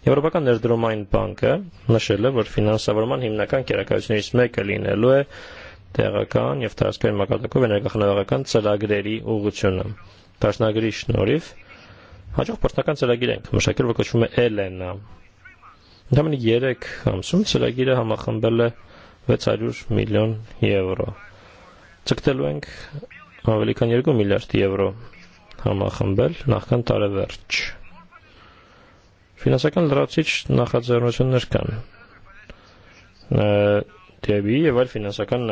Europa kan nerdru majn banka, naxelle eh? vor finanza vorman himna kan kjera kajsni jismekelin elue, տեղական եւ տարածքային մակարդակով էներգախնայողական ծրագրերի ուղղությունը։ Դաշնագրի շնորհիվ հաջող պարտական ծրագիր ենք մշակել, որ կոչվում է Էլենա։ Ընդամենը 3 ամսում ծրագիրը համախմբել է 3 600 milion euro. Ցկտելուենք ավելի քան 2 միլիարդ եվրո համախմբել նախքան տարեվերջ։ Ֆինանսական լրացիչ նախաձեռնություններ կան։ ԴԵԲ-ի եւ այլ ֆինանսական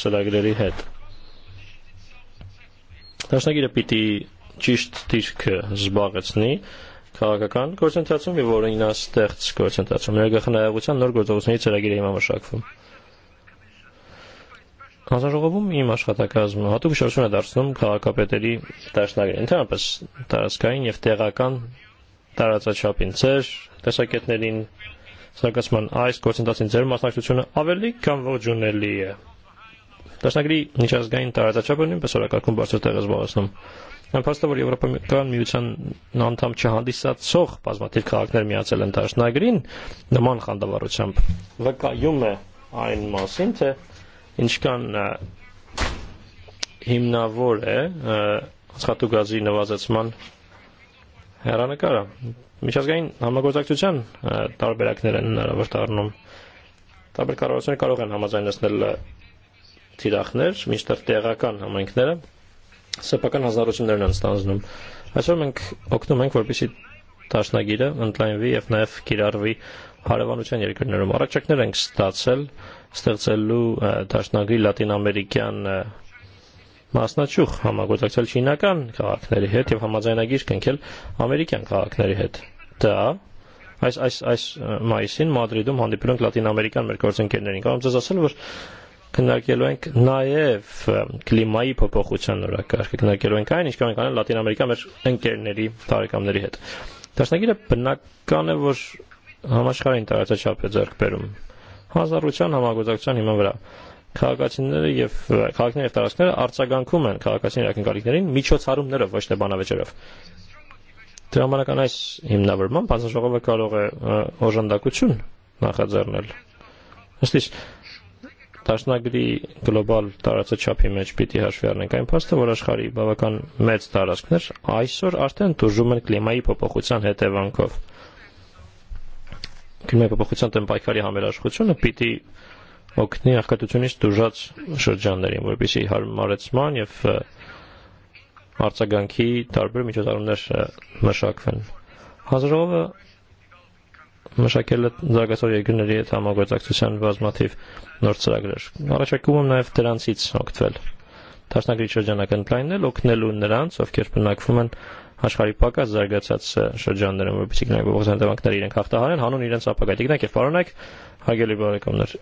ծրագրերի հետ։ Դաշնագիրը պիտի ճիշտ դիրքը զբաղեցնի քաղաքական գործընթացում եւ օրինաստեղծ գործընթացում ներգաղթնայողության նոր գործողությունների ծրագիրը իմամաշակվում։ Հանրահաշվում իմ աշխատակազմը հատուկ շարժուն է դարձնում քաղաքապետերի դաշնակը, ընդհանրապես տարածքային եւ տեղական տարածաչափին ծեր տեսակետներին սակայն այս գործընթացին ծեր մասնակցությունը ավելի կամ ողջունելի է։ Դաշնակրի միջազգային տարածաչափը նույնպես օրակարգում բարձր տեղ է զբաղեցնում։ Փաստավոր Եվրոպական միության անդամ չհանդիսած սող բազմաթիվ քաղաքներ միացել են դաշնագրին նման խանդավառությամբ։ Վկայում է այն մասին, թե ինչքան հիմնավոր է հացատու գազի նվազեցման հերանեկարը։ Միջազգային համագործակցության տարբերակներ են հնարավոր դառնում։ Տարբեր կառավարությունները կարող են համաձայնեցնել թիրախներ, մինչդեռ տեղական համայնքները Szöpakán hazárosan azon. Așa մենք օգնում ենք որպեսի տաշնագիրը ընդլայնվի եւ նաեւ կիրառվի հարևանության երկրներում։ Առաջարկներ ենք ստացել ստեղծելու տաշնագրի լատինամերիկյան մասնաճյուղ համագործակցել չինական քաղաքների հետ եւ համաձայնագիր կնքել ամերիկյան քաղաքների հետ։ Դա այս այս այս մայիսին Մադրիդում հանդիպել ենք լատինամերիկյան մեր գործընկերներին։ Կարող եմ ձեզ ասել, որ քննարկելու ենք նաև կլիմայի փոփոխության օրակարգը, քննարկելու ենք այն, ինչ կարող ենք անել Լատին Ամերիկա մեր ընկերների, բարեկամների հետ։ Դաշնագիրը բնական է, որ համաշխարհային տարածաչափ է ձեռք բերում հազարության համագործակցության հիման վրա։ Քաղաքացիները եւ քաղաքները եւ տարածքները արձագանքում են քաղաքացիների ակնկալիքներին միջոցառումներով, ոչ թե բանավեճերով։ Դրամանական այս հիմնավորմամբ հանձնաժողովը կարող է օժանդակություն նախաձեռնել։ Ըստ իս Դաշնագրի գլոբալ տարածաչափի մեջ պիտի հաշվի առնենք այն փաստը, որ աշխարհի բավական մեծ տարածքներ այսօր արդեն դժում են կլիմայի փոփոխության հետևանքով։ Կլիմայի փոփոխության դեմ պայքարի համերաշխությունը պիտի օգնի աղքատությունից դժած շրջաններին, որպեսզի հարմարեցման եւ արձագանքի տարբեր միջոցառումներ մշակվեն։ Հանրահավաքը մշակել է զարգացող երկրների հետ համագործակցության բազմաթիվ նոր ծրագրեր։ Առաջարկում եմ նաև դրանցից օգտվել։ Դաշնակրի շրջանակն ընդլայնել, օգնելու նրանց, ովքեր բնակվում են աշխարհի պակաս զարգացած շրջաններում, որպեսզի գնանք ողջ հանդիպանքները իրենք հաղթահարեն, հանուն իրենց ապագայի։ Գիտեք, եւ պարոնակ, հարգելի բարեկամներ,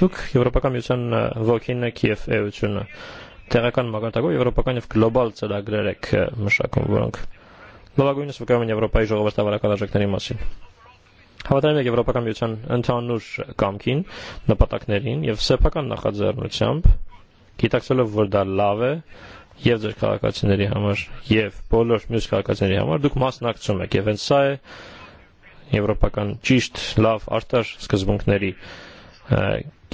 դուք Եվրոպական միության ոգին եք եւ էությունը տեղական մակարդակով եվրոպական եւ գլոբալ ծրագրեր եք մշակում, որոնք լավագույնս վկայում են Եվրոպայի ժողովրդավարական արժեքների մասին։ Հավատարիմ եք Եվրոպական միության ընդհանուր կամքին, նպատակներին եւ սեփական նախաձեռնությամբ գիտակցելով, որ դա լավ է եւ ձեր քաղաքացիների համար եւ բոլոր մյուս քաղաքացիների համար դուք մասնակցում եք եւ հենց սա է եվրոպական ճիշտ լավ արտար սկզբունքների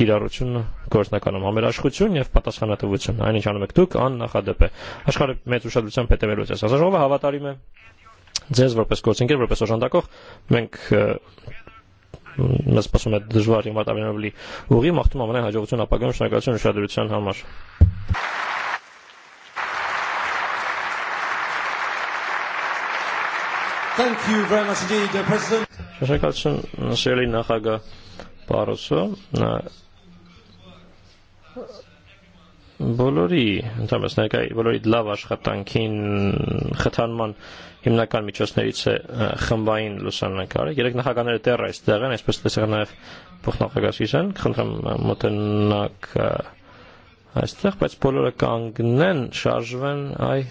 կիրառություն գործնականում համերաշխություն եւ պատասխանատվություն այն ինչ անում եք դուք աննախադեպ է աշխարհը մեծ ուշադրությամբ հետևելու է ասա ժողովը հավատարիմ է ձեզ որպես գործընկեր որպես օժանդակող մենք մեզ սպասում է դժվար հիմա տավենովլի ուղի մաղթում ամենայն հաջողություն ապագայում շնորհակալություն ուշադրության համար Thank you very much indeed, President. Շնորհակալություն, Շելի նախագահ pārusu բոլորի ընդհանրապես ներկայ բոլորի լավ աշխատանքին խթանման հիմնական միջոցներից է խմբային լուսանկարը։ Երեք նախագաները դեռ այստեղ են, այսպես տեսեք նաև փոխնախագահ Սիսան, խնդրեմ մտնակ այստեղ, բայց բոլորը կանգնեն, շարժվեն, այ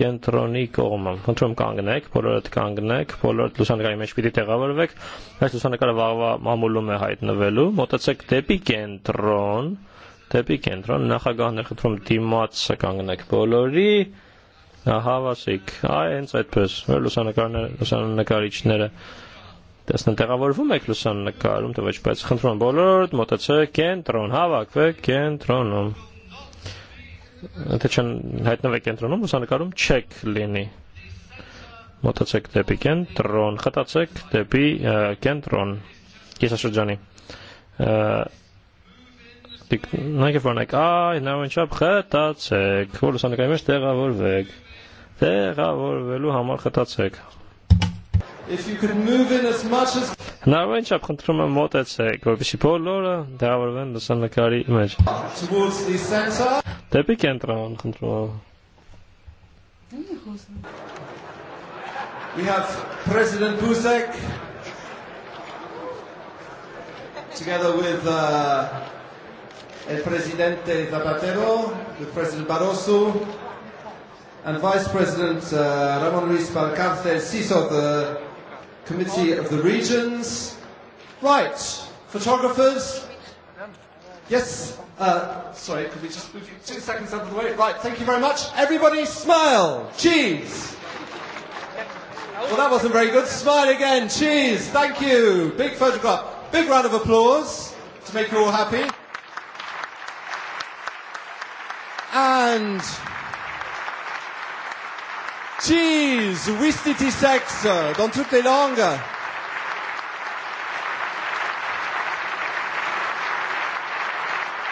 կենտրոնի կողմը։ Խնդրում կանգնեք, բոլորդ կանգնեք, բոլորդ լուսանկարի մեջ պիտի տեղավորվեք։ Այս լուսանկարը վաղվա մամուլում է հայտնվելու։ Մոտեցեք դեպի կենտրոն, դեպի կենտրոն նախագահն է խնդրում դիմացը կանգնեք բոլորի հավասիկ։ Այ հենց այդպես։ Լուսանկարները, լուսանկարիչները տեսնեն տեղավորվում եք լուսանկարում, թե ոչ, բայց խնդրում բոլորդ մոտեցեք կենտրոն, հավաքվեք կենտրոնում։ Deci, հայտնվեք կենտրոնում, ուսանկարում չեք լինի։ Մոտացեք դեպի կենտրոն, խտացեք դեպի կենտրոն, կեսաշրջանի։ Դիք նայեք որ նայեք, այ նա ինչապ խտացեք, որ ուսանկարի մեջ տեղավորվեք։ Տեղավորվելու համար խտացեք։ As... Na viņš apkontrumā motociklu, viņš ir polora, dāvar vendas un lakārī image. Te bija kentrā un kontrolā. We have President Busek together with uh, El Presidente Zapatero, with President Barroso, and Vice President uh, Ramon Ruiz Valcárcel Siso, the Committee of the Regions. Right, photographers. Yes, uh, sorry, could we just move you two seconds out of the way? Right, thank you very much. Everybody smile. Cheese. Well, that wasn't very good. Smile again. Cheese. Thank you. Big photograph. Big round of applause to make you all happy. And Cheese, Wistiti Sex, dans toutes les langues.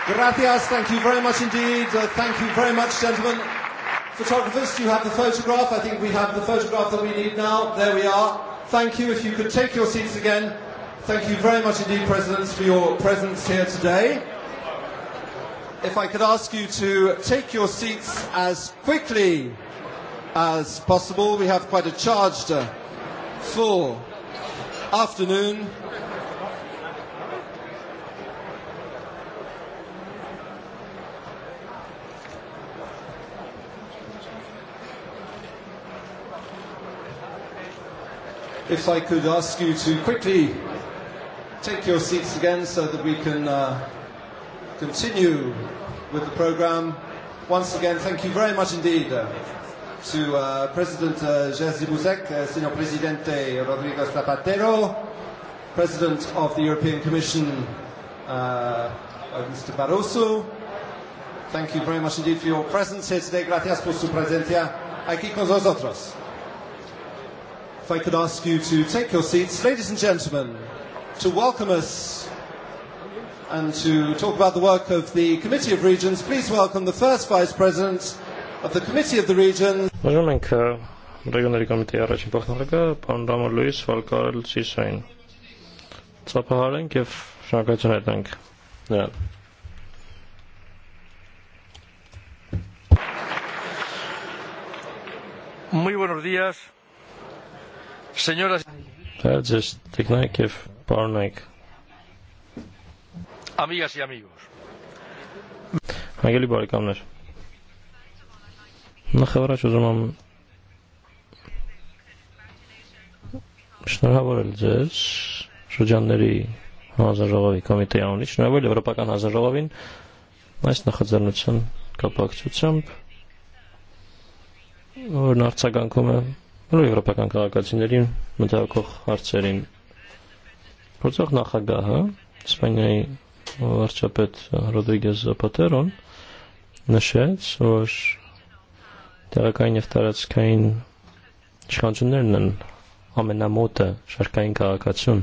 Gracias, thank you very much indeed. Uh, thank you very much, gentlemen. Photographers, you have the photograph. I think we have the photograph that we need now. There we are. Thank you. If you could take your seats again. Thank you very much indeed, Presidents, for your presence here today. If I could ask you to take your seats as quickly as possible. We have quite a charged, uh, full afternoon. If I could ask you to quickly take your seats again so that we can uh, continue with the program. Once again, thank you very much indeed. Uh, to uh, President uh, Jerzy Buzek, uh, Senor Presidente uh, Rodrigo Zapatero, President of the European Commission, uh, uh Mr. Barroso. Thank you very much indeed for your presence here today. Gracias por su presencia aquí con nosotros. If I could ask you to take your seats, ladies and gentlemen, to welcome us and to talk about the work of the Committee of Regions, please welcome the first Vice President, of the Committee of the Region. Mulțumim că Regionului Comiteei առաջ փոխնարկը Պանդամո Լուիս Վալկարել Սիսային։ Ծափահարել ենք եւ շնորհակալություն հայտնենք նրան։ Muy buenos días, señoras. Հերձես տիկնայք եւ պարոնայք։ Amigas y amigos. Անգելի բարեկամներ։ Naħħawrax użumam xnarħawar il-ġeġ, xġanneri għazan ġogavi komite għawni, xnarħawar l-Europa kan għazan ġogavin, najs naħħadżar nutsan kapak ċuċamp, ur naħħadza għankume, l-Europa kan għagħadżinerin, meta għakuħ għarzerin. Portuħ naħħagħaha, Spanjaj u arċapet Rodriguez Zapateron, naxħedz, u għax տեղակային եւ տարածքային իշխանություններն են ամենամոտը շարքային քաղաքացուն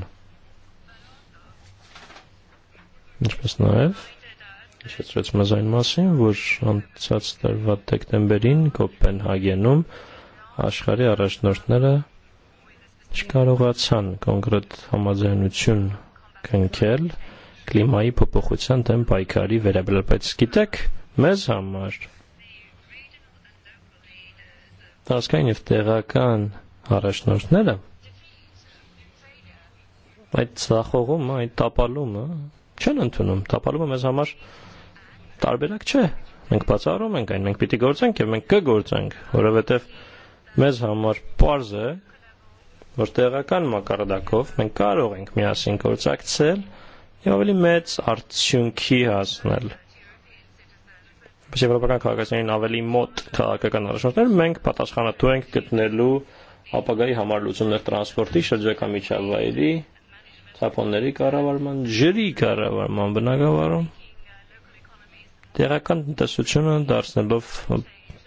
ինչպես նաեւ հիշեցրեց մեզ այն մասին, որ անցած տարվա դեկտեմբերին Կոպենհագենում աշխարհի առաջնորդները չկարողացան կոնկրետ համաձայնություն կնքել կլիմայի փոփոխության դեմ պայքարի վերաբերյալ, բայց գիտեք, մեզ համար Տարածքային եւ տեղական առաջնորդները այդ ցախողումը, այդ տապալումը չեն ընդունում։ Տապալումը մեզ համար տարբերակ չէ։ Մենք բացառում ենք այն, մենք պիտի գործենք եւ մենք կգործենք, որովհետեւ մեզ համար པարզ է, որ տեղական մակարդակով մենք կարող ենք միասին գործակցել եւ ավելի մեծ արդյունքի հասնել։ Եվրոպական քաղաքացիներին ավելի մոտ քաղաքական առաջնորդներ, մենք պատասխանատու ենք գտնելու ապագայի համար լուծումներ տրանսպորտի, շրջակա միջավայրի, ճապոնների կառավարման, ջրի կառավարման բնակավարում տեղական տնտեսությունը դարձնելով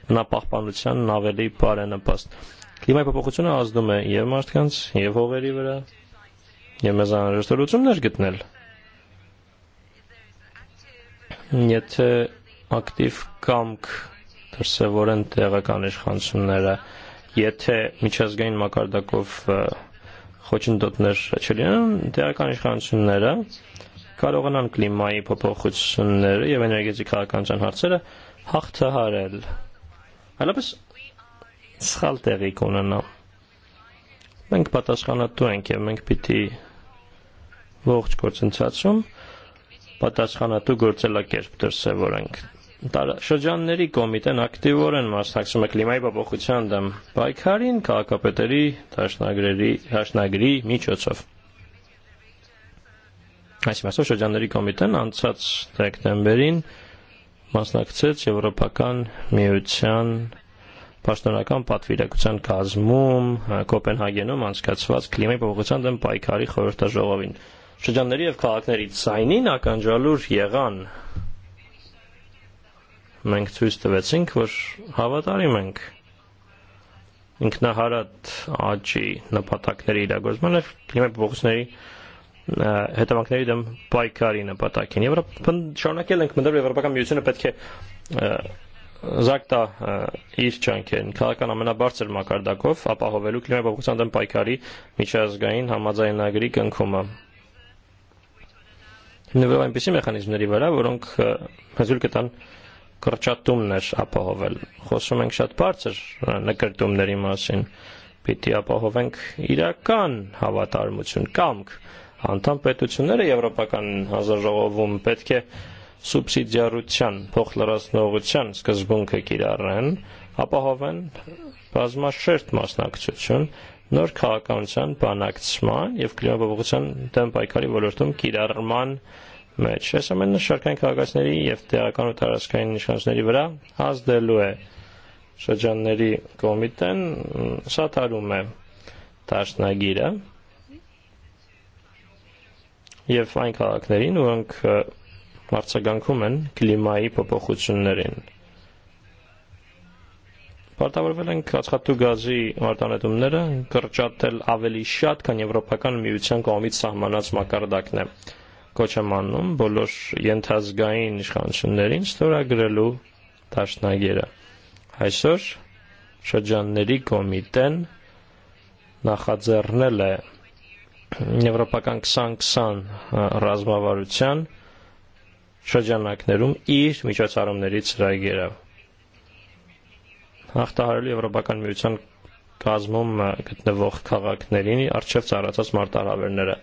բնապահպանությանն ավելի բարենպաստ։ Կլիմայի փոփոխությունը ազդում է եւ մարդկանց, եւ հողերի վրա, եւ մեզ անհրաժեշտ լուծումներ գտնել։ Եթե ակտիվ կամք դրսևոր են տեղական իշխանությունները, եթե միջազգային մակարդակով խոչընդոտներ չլինեն, տեղական իշխանությունները կարողանան կլիմայի փոփոխությունները եւ էներգետիկական հարցերը հաղթահարել։ Այլապես սխալ տեղի կունենա։ Մենք պատասխանատու ենք եւ մենք պիտի ողջ գործընթացում պատասխանատու գործելակերպ դրսևորենք տարաշրջանների կոմիտեն ակտիվ օրեն մասնակցում է կլիմայի բողոքության դեմ պայքարին քաղաքապետերի դաշնագրերի հաշնագրի միջոցով։ Այս մասով շրջանների կոմիտեն անցած դեկտեմբերին մասնակցեց Եվրոպական միության պաշտոնական պատվիրակության կազմում Կոպենհագենում անցկացված կլիմայի փոփոխության դեմ պայքարի խորհրդաժողովին։ Շրջանների եւ քաղաքների ցայնին ականջալուր եղան մենք ցույց տվեցինք, որ հավատարիմ ենք ինքնահարատ աճի նպատակների իրագործմանը կլիմապոկուսների հետևանքների դեմ պայքարի նպատակին։ Եվրոպան շարունակել ենք մտնել Եվրոպական միությունը պետք է զակտա իր ճանկերն քաղաքական ամենաբարձր մակարդակով ապահովելու կլիմապոկուսան դեմ պայքարի միջազգային համաձայնագրի կնքումը։ Հիմնվելով այնպիսի մեխանիզմների վրա, որոնք հզուր կտան կրճատումներ ապահովել։ Խոսում ենք շատ բարձր նկրտումների մասին։ Պիտի ապահովենք իրական հավատարմություն, կամք։ Անդամ պետությունները Եվրոպական հանձնաժողովում պետք է սուբսիդիարության, փոխլրացնողության սկզբունքը կիրառեն, ապահովեն բազմաշերտ մասնակցություն նոր քաղաքականության բանակցման եւ կլիմապահովության դեմ պայքարի ոլորտում կիրառման Մերջ։ Ես ամեն նշարքային քաղաքացիների եւ տեղական ու տարածքային իշխանությունների վրա ազդելու է շրջանների կոմիտեն սատարում է դաշնագիրը եւ այն քաղաքներին, որոնք մարտցականքում են կլիմայի փոփոխություններին։ Պարտավորվել են ածխատու գազի արտանետումները կրճատել ավելի շատ, քան Եվրոպական միության կողմից սահմանած մակարդակն է։ եվ կոչ եմ անում բոլոր ենթազգային իշխանություններին ստորագրելու դաշնագիրը։ Այսօր շրջանների կոմիտեն նախաձեռնել է Եվրոպական 2020 ռազմավարության շրջանակներում իր միջոցառումների ծրագիրը։ Հաղթահարելու Եվրոպական միության կազմում գտնվող քաղաքներին արժև ծառացած մարտահրավերները։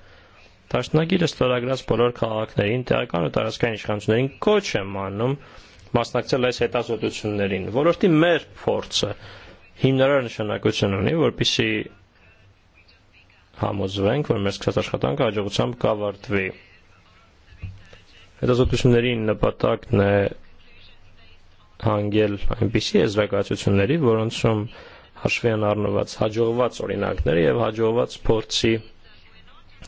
Դաշնակիրը ստորագրած բոլոր քաղաքներին, տեղական ու տարածքային իշխանություններին կոչ է մանում մասնակցել այս հետազոտություններին։ Որոշտի մեր փորձը հիմնարար նշանակություն ունի, որpիսի համոզվենք, որ մեր սկսած աշխատանքը հաջողությամբ կավարտվի։ Հետազոտությունների նպատակն է հանգել այնպիսի եզրակացությունների, որոնցում հաշվի են առնված հաջողված օրինակները եւ հաջողված փորձի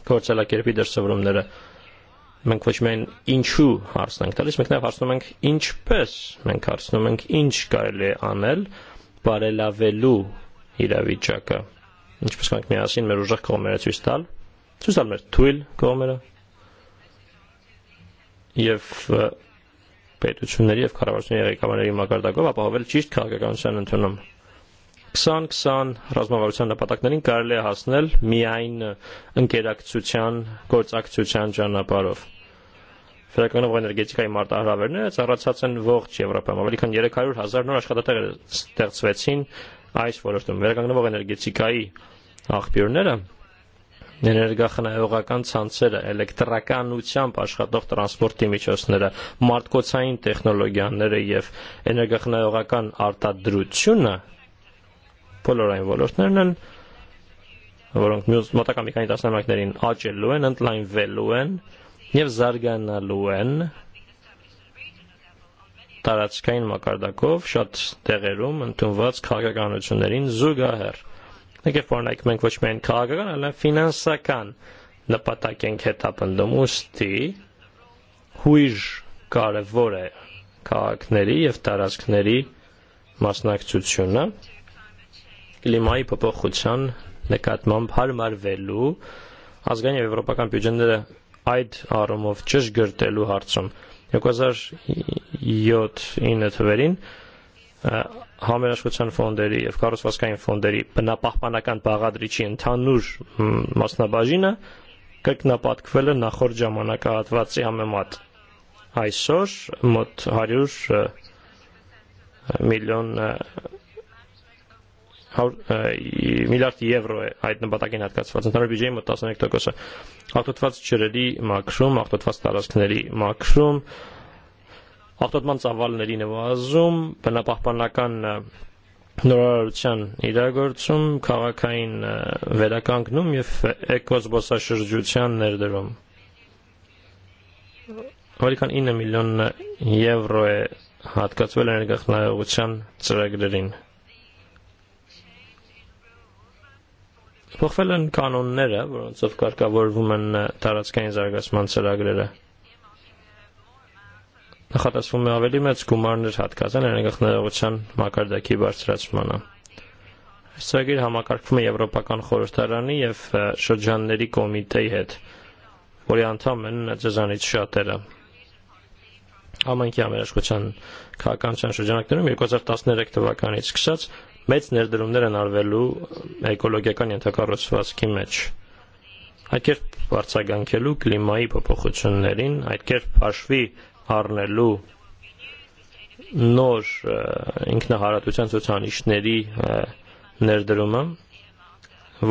փորձելակերպի դրսևորումները մենք ոչ միայն ինչու հարցնենք տալիս, մենք նաև հարցնում ենք ինչպես, մենք հարցնում ենք ինչ կարելի է անել բարելավելու իրավիճակը։ Ինչպես կանք միասին մեր ուժեղ կողմերը ցույց տալ, ցույց տալ մեր թույլ կողմերը եւ պետությունների եւ կառավարությունների ղեկավարների մակարդակով ապահովել ճիշտ քաղաքականության ընդունումը։ 2020 ռազմավարության նպատակներին կարելի է հասնել միայն ընկերակցության, գործակցության ճանապարհով։ Ֆրանկանով էներգետիկայի մարտահրավերները ծառացած են ողջ Եվրոպայում, ավելի քան 300 հազար նոր աշխատատեղեր ստեղծվեցին այս ոլորտում։ Վերականգնվող էներգետիկայի աղբյուրները էներգախնայողական ցանցերը, էլեկտրականությամբ աշխատող տրանսպորտի միջոցները, մարդկոցային տեխնոլոգիաները եւ էներգախնայողական արտադրությունը բոլոր այն ոլորտներն են, որոնք մյուս մոտակամիկային տասնամյակներին աճելու են, ընդլայնվելու են եւ զարգանալու են տարածքային մակարդակով շատ տեղերում ընդունված քաղաքականություններին զուգահեռ։ Եկեք փորնենք մենք ոչ միայն քաղաքական, այլ ֆինանսական նպատակ ենք հետապնդում ուստի հույժ կարևոր է քաղաքների եւ տարածքների մասնակցությունը կլիմայի փոփոխության նկատմամբ հարմարվելու ազգային եւ եվրոպական բյուջեները այդ առումով ճշգրտելու հարցում 2007-9 թվերին համերաշխության ֆոնդերի եւ կառուցվածքային ֆոնդերի բնապահպանական բաղադրիչի ընդհանուր մասնաբաժինը կրկնապատկվել է նախորդ ժամանակահատվածի համեմատ այսօր մոտ 100 միլիոն միլիարդ եվրո է այդ նպատակին հատկացված։ Ընդհանուր բյուջեի մոտ 13%-ը ախտոտված ջրերի մաքրում, ախտոտված տարածքների մաքրում, ախտոտման ծավալների նվազում, բնապահպանական նորարարության իրագործում, քաղաքային վերականգնում եւ էկոզբոսաշրջության ներդրում։ Օրիկան 9 միլիոն եվրո է հատկացվել էներգախնայողության ծրագրերին։ Uħfel n-kanunները, bronzof karka vorvu minn tarat skajn zargas man saragrere. Նախատասվում է ավելի մեծ գումարներ հատկացան ներգաղթներողության մակարդակի բարձրացմանը։ Այս ծրագիր համակարգվում է Եվրոպական խորհրդարանի եւ շրջանների կոմիտեի հետ, որի անդամ են ծեզանից շատերը համանքի համերաշխության քաղաքացիական շրջանակներում 2013 թվականից սկսած մեծ ներդրումներ են արվելու էկոլոգիական ենթակառուցվածքի կի մեջ։ Այդ կերպ արձագանքելու կլիմայի փոփոխություններին, այդ կերպ հաշվի առնելու նոր ինքնահարատության ցուցանիշների ներդրումը,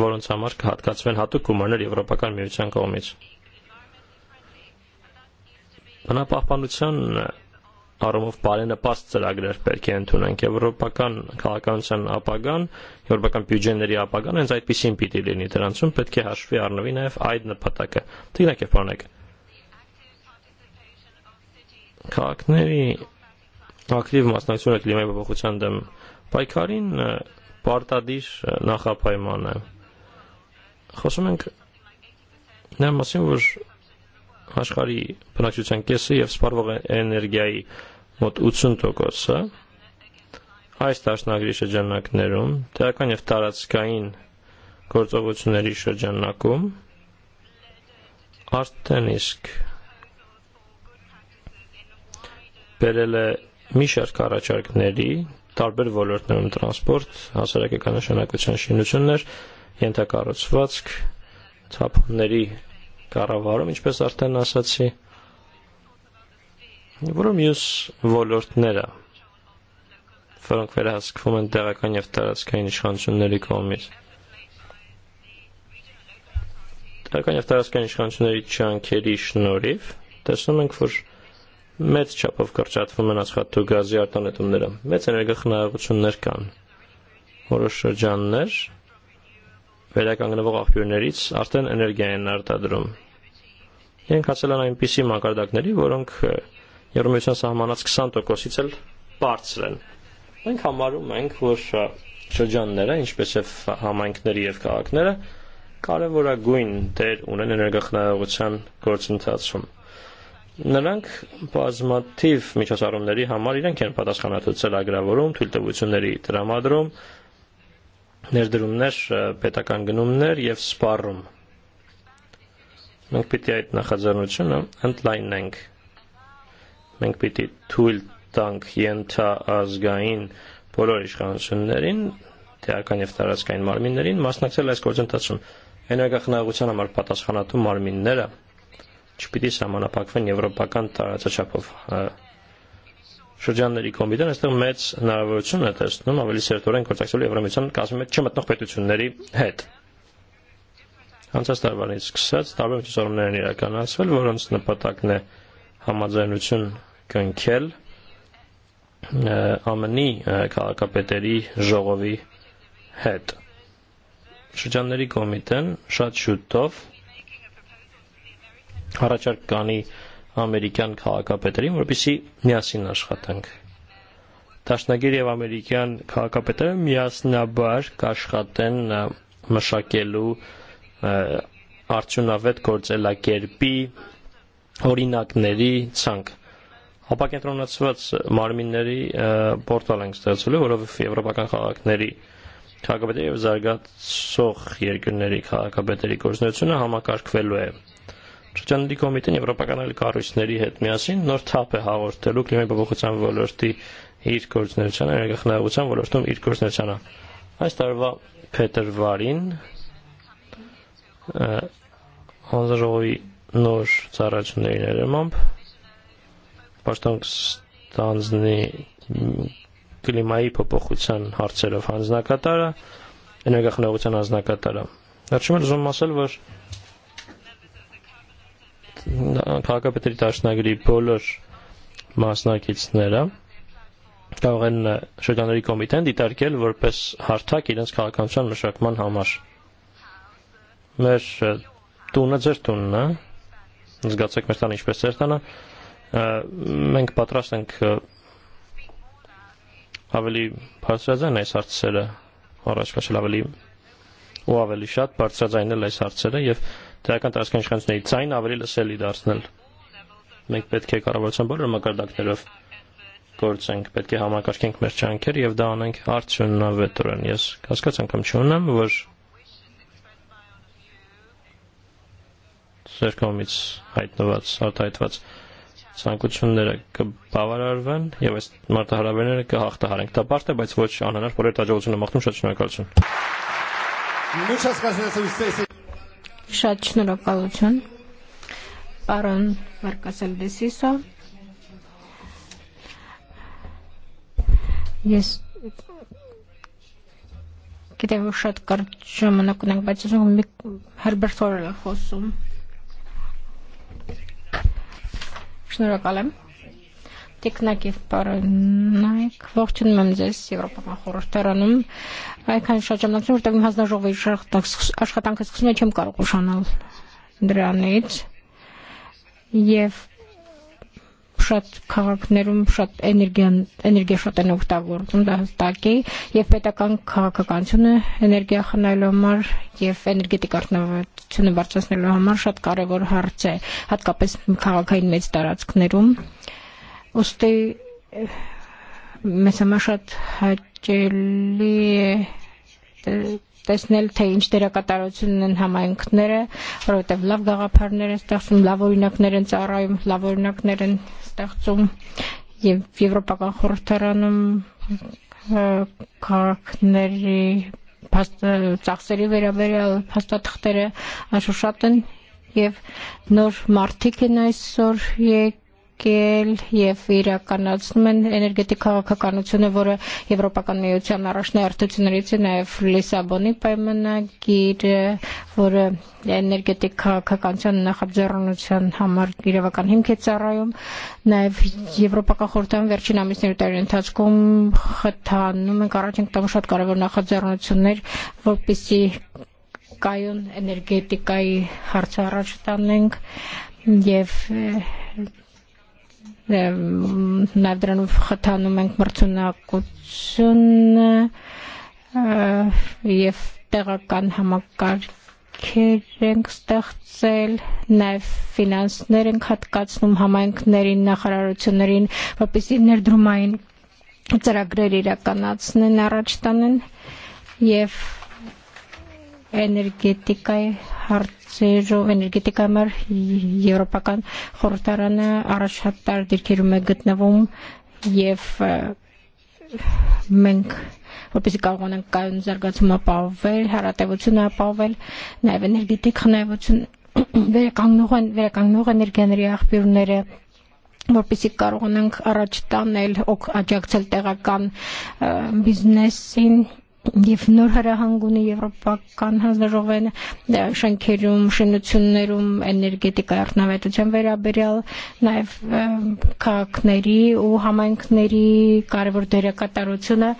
որոնց համար կհատկացվեն հատուկ գումարներ Եվրոպական միության կողմից։ Բնապահպանության առումով բարենպաստ ծրագրեր պետք է ընդունենք եվրոպական քաղաքականության ապագան, եվրոպական բյուջեների ապագան հենց այդպեսին պիտի լինի։ Դրանցում պետք է հաշվի առնվի նաև այդ նպատակը։ Տիրակ եւ բանակ։ Քաղաքների ակտիվ մասնակցությունը կլիմայի փոփոխության դեմ պայքարին պարտադիր նախապայման է։ Խոսում ենք նա մասին, որ աշխարհի բնակչության կեսը եւ սպառվող էներգիայի մոտ 80%-ը այս դաշնագրի շրջանակներում, տեղական եւ տարածքային գործողությունների շրջանակում արդեն իսկ բերել է մի շարք առաջարկների տարբեր ոլորտներում տրանսպորտ, հասարակական նշանակության շինություններ, ենթակառուցվածք, թափոնների կառավարում, ինչպես արդեն ասացի, որը մյուս ոլորտները, որոնք վերահսկվում են տեղական եւ տարածքային իշխանությունների կողմից։ Տեղական եւ տարածքային իշխանությունների չանքերի շնորհիվ տեսնում ենք, որ մեծ չափով կրճատվում են աշխատու գազի արտանետումները։ Մեծ էներգախնայողություններ կան։ Որոշ շրջաններ վերականգնվող աղբյուրներից արդեն էներգիա են արտադրում։ Մենք հասել են այնպիսի մակարդակների, որոնք Եվրոմիության սահմանած 20%-ից էլ բարձր են։ Մենք համարում ենք, որ շրջանները, ինչպես եւ համայնքները եւ քաղաքները, կարևորագույն դեր ունեն էներգախնայողության գործընթացում։ Նրանք բազմաթիվ միջոցառումների համար իրենք են պատասխանատվություն ագրավորում, թույլտվությունների տրամադրում, ներդրումներ, պետական գնումներ եւ սպառում։ Մենք պիտի այդ նախաձեռնությունը ընդլայնենք։ Մենք պիտի թույլ տանք ենթաազգային բոլոր իշխանություններին, տեղական եւ տարածքային մարմիններին մասնակցել այս գործընթացում։ Էներգախնայողության համար պատասխանատու մարմինները չպիտի սահմանափակվեն եվրոպական տարածաչափով։ Ա, շրջանների կոմիտեն այստեղ մեծ հնարավորություն է տեսնում ավելի սերտորեն կորցակցելու Եվրամիության կազմի չմտնող պետությունների հետ։ Անցած տարվանից սկսած տարբեր միջոցառումներ են իրականացվել, որոնց նպատակն է համաձայնություն կնքել ԱՄՆ-ի քաղաքապետերի ժողովի հետ։ Շրջանների կոմիտեն շատ շուտով առաջարկ կանի ամերիկյան քաղաքապետերին, որպեսզի միասին աշխատենք։ Դաշնագիր եւ ամերիկյան քաղաքապետերը միասնաբար կաշխատեն մշակելու արդյունավետ գործելակերպի օրինակների ցանկ։ Հապակենտրոնացված մարմինների պորտալ ենք ստեղծելու, որով եվրոպական քաղաքների քաղաքապետերի եւ զարգացող երկրների քաղաքապետերի գործունեությունը համակարգվելու է։ Շրջանների կոմիտեն եւ Եվրոպական այլ կառույցների հետ միասին նոր թափ է հաղորդելու կլիմայի փոփոխության ոլորտի իր գործունեության ներգաղթնության ոլորտում իր գործունեությանը։ Այս տարվա փետրվարին հանձնաժողովի նոր ծառայությունների ներերմամբ Պաշտոնստանձնի կլիմայի փոփոխության հարցերով հանձնակատարը, էներգախնայողության հանձնակատարը։ Վերջում եմ ուզում ասել, որ քաղաքապետրի բոլոր մասնակիցները կարող են շրջանների կոմիտեն դիտարկել որպես հարթակ իրենց քաղաքացիական մշակման համար։ Մեր տունը ձեր տունն է, զգացեք մեր տանը ինչպես ձեր տանը, մենք պատրաստ ենք ավելի բարձրաձայն այս հարցերը առաջ քաշել ավելի ու ավելի շատ բարձրաձայնել այս հարցերը եւ և ተቀንጣስከንሽከንስ ነይ ቻይና አብሪል ሰሊድ አርሰናል մենք պետք է կառավարության բոլոր մակարդակներով գործենք, պետք է համակարգենք մեր ճանկեր եւ դա անենք արդյունավետորեն։ Ես հասկաց անգամ չունեմ, որ ձեր կողմից հայտնված, արտահայտված ցանկությունները կբավարարվեն եւ այս մարտահրավերները կհաղթահարենք։ Դա բարդ է, բայց ոչ անհնար, որ այդ հաջողությունը մաղթում շատ շնորհակալություն։ Muchas gracias a ustedes. Շատ շնորհակալություն։ Պարոն Վարկասել Դեսիսո։ Ես գիտեմ, որ շատ կարճ ժամանակ ունենք, բայց ես ուղղում եմ Հերբերտ Օրելը խոսում։ Շնորհակալ եմ։ տիկնակիվ պարոնայք, ողջուն եմ ձեզ Եվրոպական խորհրդարանում, այքան շատ ժամանակություն, որտեղ իմ հանձնաժողովի աշխատանքը սկսում է, չեմ կարող ուշանալ դրանից, և շատ քաղաքներում շատ էներգիան էներգիա շատ են օգտագործում դա հստակի եւ պետական քաղաքականությունը էներգիա խնայելու համար եւ էներգետիկ արդյունավետությունը բարձրացնելու համար շատ կարեւոր հարց է հատկապես քաղաքային մեծ տարածքներում Още մեծամասնად հաճելի է տեսնել, թե ինչ դերակատարություն են համայնքները, որովհետև լավ գաղափարներ են ստեղծում, լավ օրինակներ են ծառայում, լավ օրինակներ են ստեղծում եւ եվրոպական խորհրդարանում քաղաքների ծախսերի վերաբերյալ փաստաթղթերը անշուշտ են եւ նոր մարտիկ են այսօր եկ փակել եւ իրականացնում են էներգետիկ քաղաքականությունը, որը Եվրոպական միության առաջնահերթություններից է նաեւ Լիսաբոնի պայմանագիրը, որը էներգետիկ քաղաքականության նախաձեռնության համար իրավական հիմք է ծառայում, նաեւ Եվրոպական խորհրդան վերջին ամիսների տարի ընթացքում խթանում են առաջ ենք տամ շատ կարևոր նախաձեռնություններ, որպիսի կայուն էներգետիկայի հարցը առաջ տանենք եւ և Նավդրանով խթանում ենք մրցունակությունը և տեղական համակարգեր ենք ստեղծել, նաև ֆինանսներ ենք հատկացնում համայնքներին, նախարարություններին, որպեսզի ներդրումային ծրագրեր իրականացնեն, առաջ տանեն և энергетикай хартсежу энергетикамар европакан хортарана арашаттар диркирме гытнавум ев մենք որպեսզի կարող ենք կայուն զարգացում ապահովել, հարատևություն ապահովել, նաև էներգետիկ խնայողություն վերականգնող են վերականգնող էներգիաների աղբյուրները որպեսի կարողանանք առաջ տանել, օգ աջակցել տեղական բիզնեսին, եւ նոր հրահանգունի եվրոպական հանձնաժողովեն շենքերում, շինություններում էներգետիկա առնավետության վերաբերյալ նաեւ քաղաքների ու համայնքների կարևոր դերակատարությունը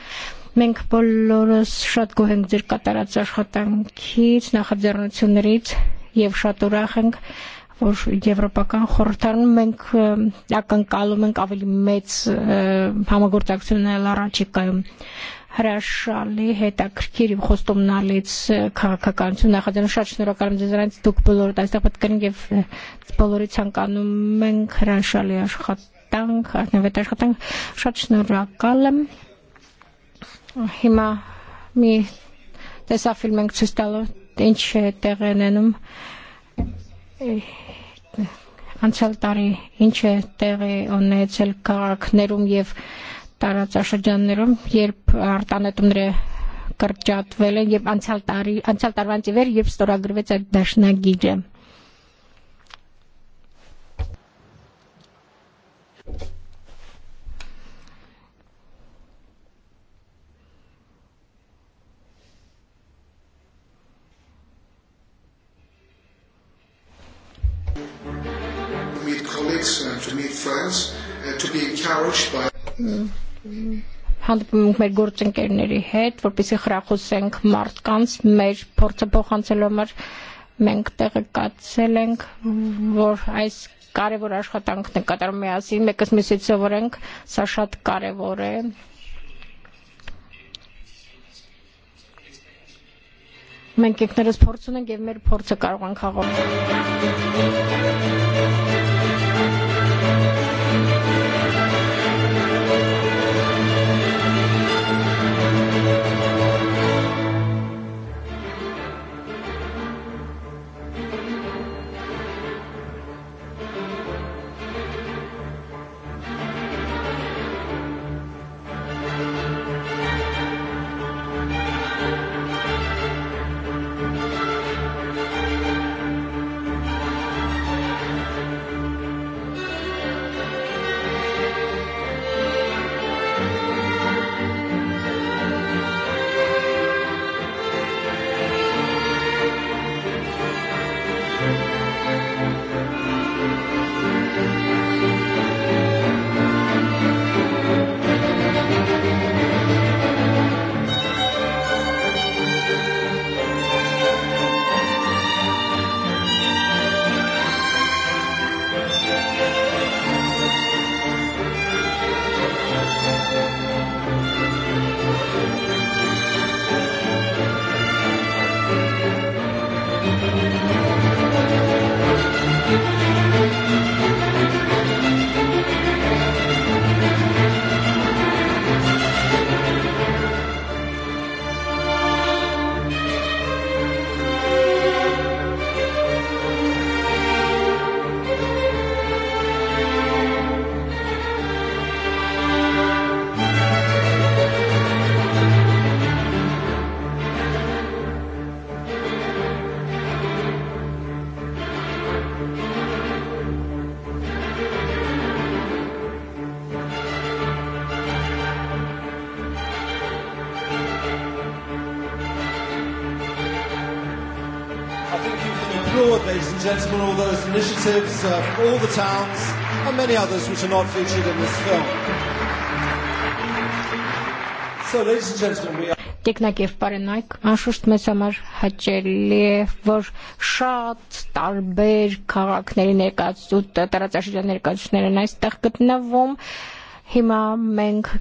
մենք բոլորս շատ գոհ ենք ձեր կատարած աշխատանքից, նախաձեռնություններից եւ շատ ուրախ ենք որ եվրոպական խորհրդարանում մենք ակնկալում ենք ավելի մեծ համագործակցություններ առաջիկայում հրաշալի հետաքրքիր իմ խոստումնալից քաղաքականություն նախաձեռնում շատ շնորհակալ եմ ձեզանից դուք բոլորդ այստեղ պատկերին եւ բոլորի ցանկանում ենք հրաշալի աշխատանք արդյունավետ աշխատանք շատ շնորհակալ եմ հիմա մի տեսաֆիլմ ենք ցույց տալու ինչ է տեղի ունենում անցյալ տարի ինչ է տեղի ունեցել քաղաքներում եւ և տարածաշրջաններում, երբ արտանետումները կրճատվել են եւ անցյալ տարի անցյալ տարվանից ի վեր երբ ստորագրվեց այդ դաշնագիրը colleagues and uh, to meet friends and uh, to be encouraged by mm հանդիպում մեր գործընկերների հետ, որպեսզի խրախուսենք մարդկանց մեր փորձը փոխանցելու համար մենք տեղեկացել ենք, որ այս կարևոր աշխատանքն է կատարում միասին, մեկս մյուսից սովորենք, սա շատ կարևոր է։ Մենք ինքներս փորձ ունենք եւ մեր փորձը կարող ենք հաղորդել։ various initiatives uh, for all the towns and many others which are not featured in this film. So, ladies and gentlemen, we are տեխնակ եւ բարենայք անշուշտ մեզ համար հաճելի է որ շատ տարբեր քաղաքների ներկայացուցիչ տարածաշրջան ներկայացուցիչներ են այստեղ գտնվում հիմա մենք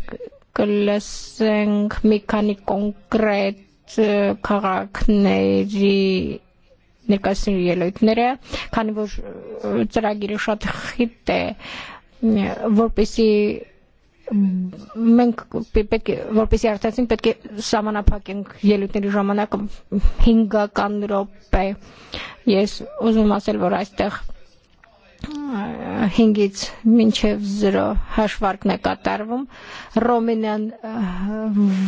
կլսենք մի քանի կոնկրետ քաղաքների ներկայացնելու ելույթները, քանի որ ծրագիրը շատ խիտ է, որպեսի մենք պետք է որպեսի արտասին պետք է սահմանափակենք ելույթների ժամանակը 5-ական րոպե։ Ես ուզում ասել, որ այստեղ 5-ից մինչև 0 հաշվարկն է կատարվում։ Ռոմինիան,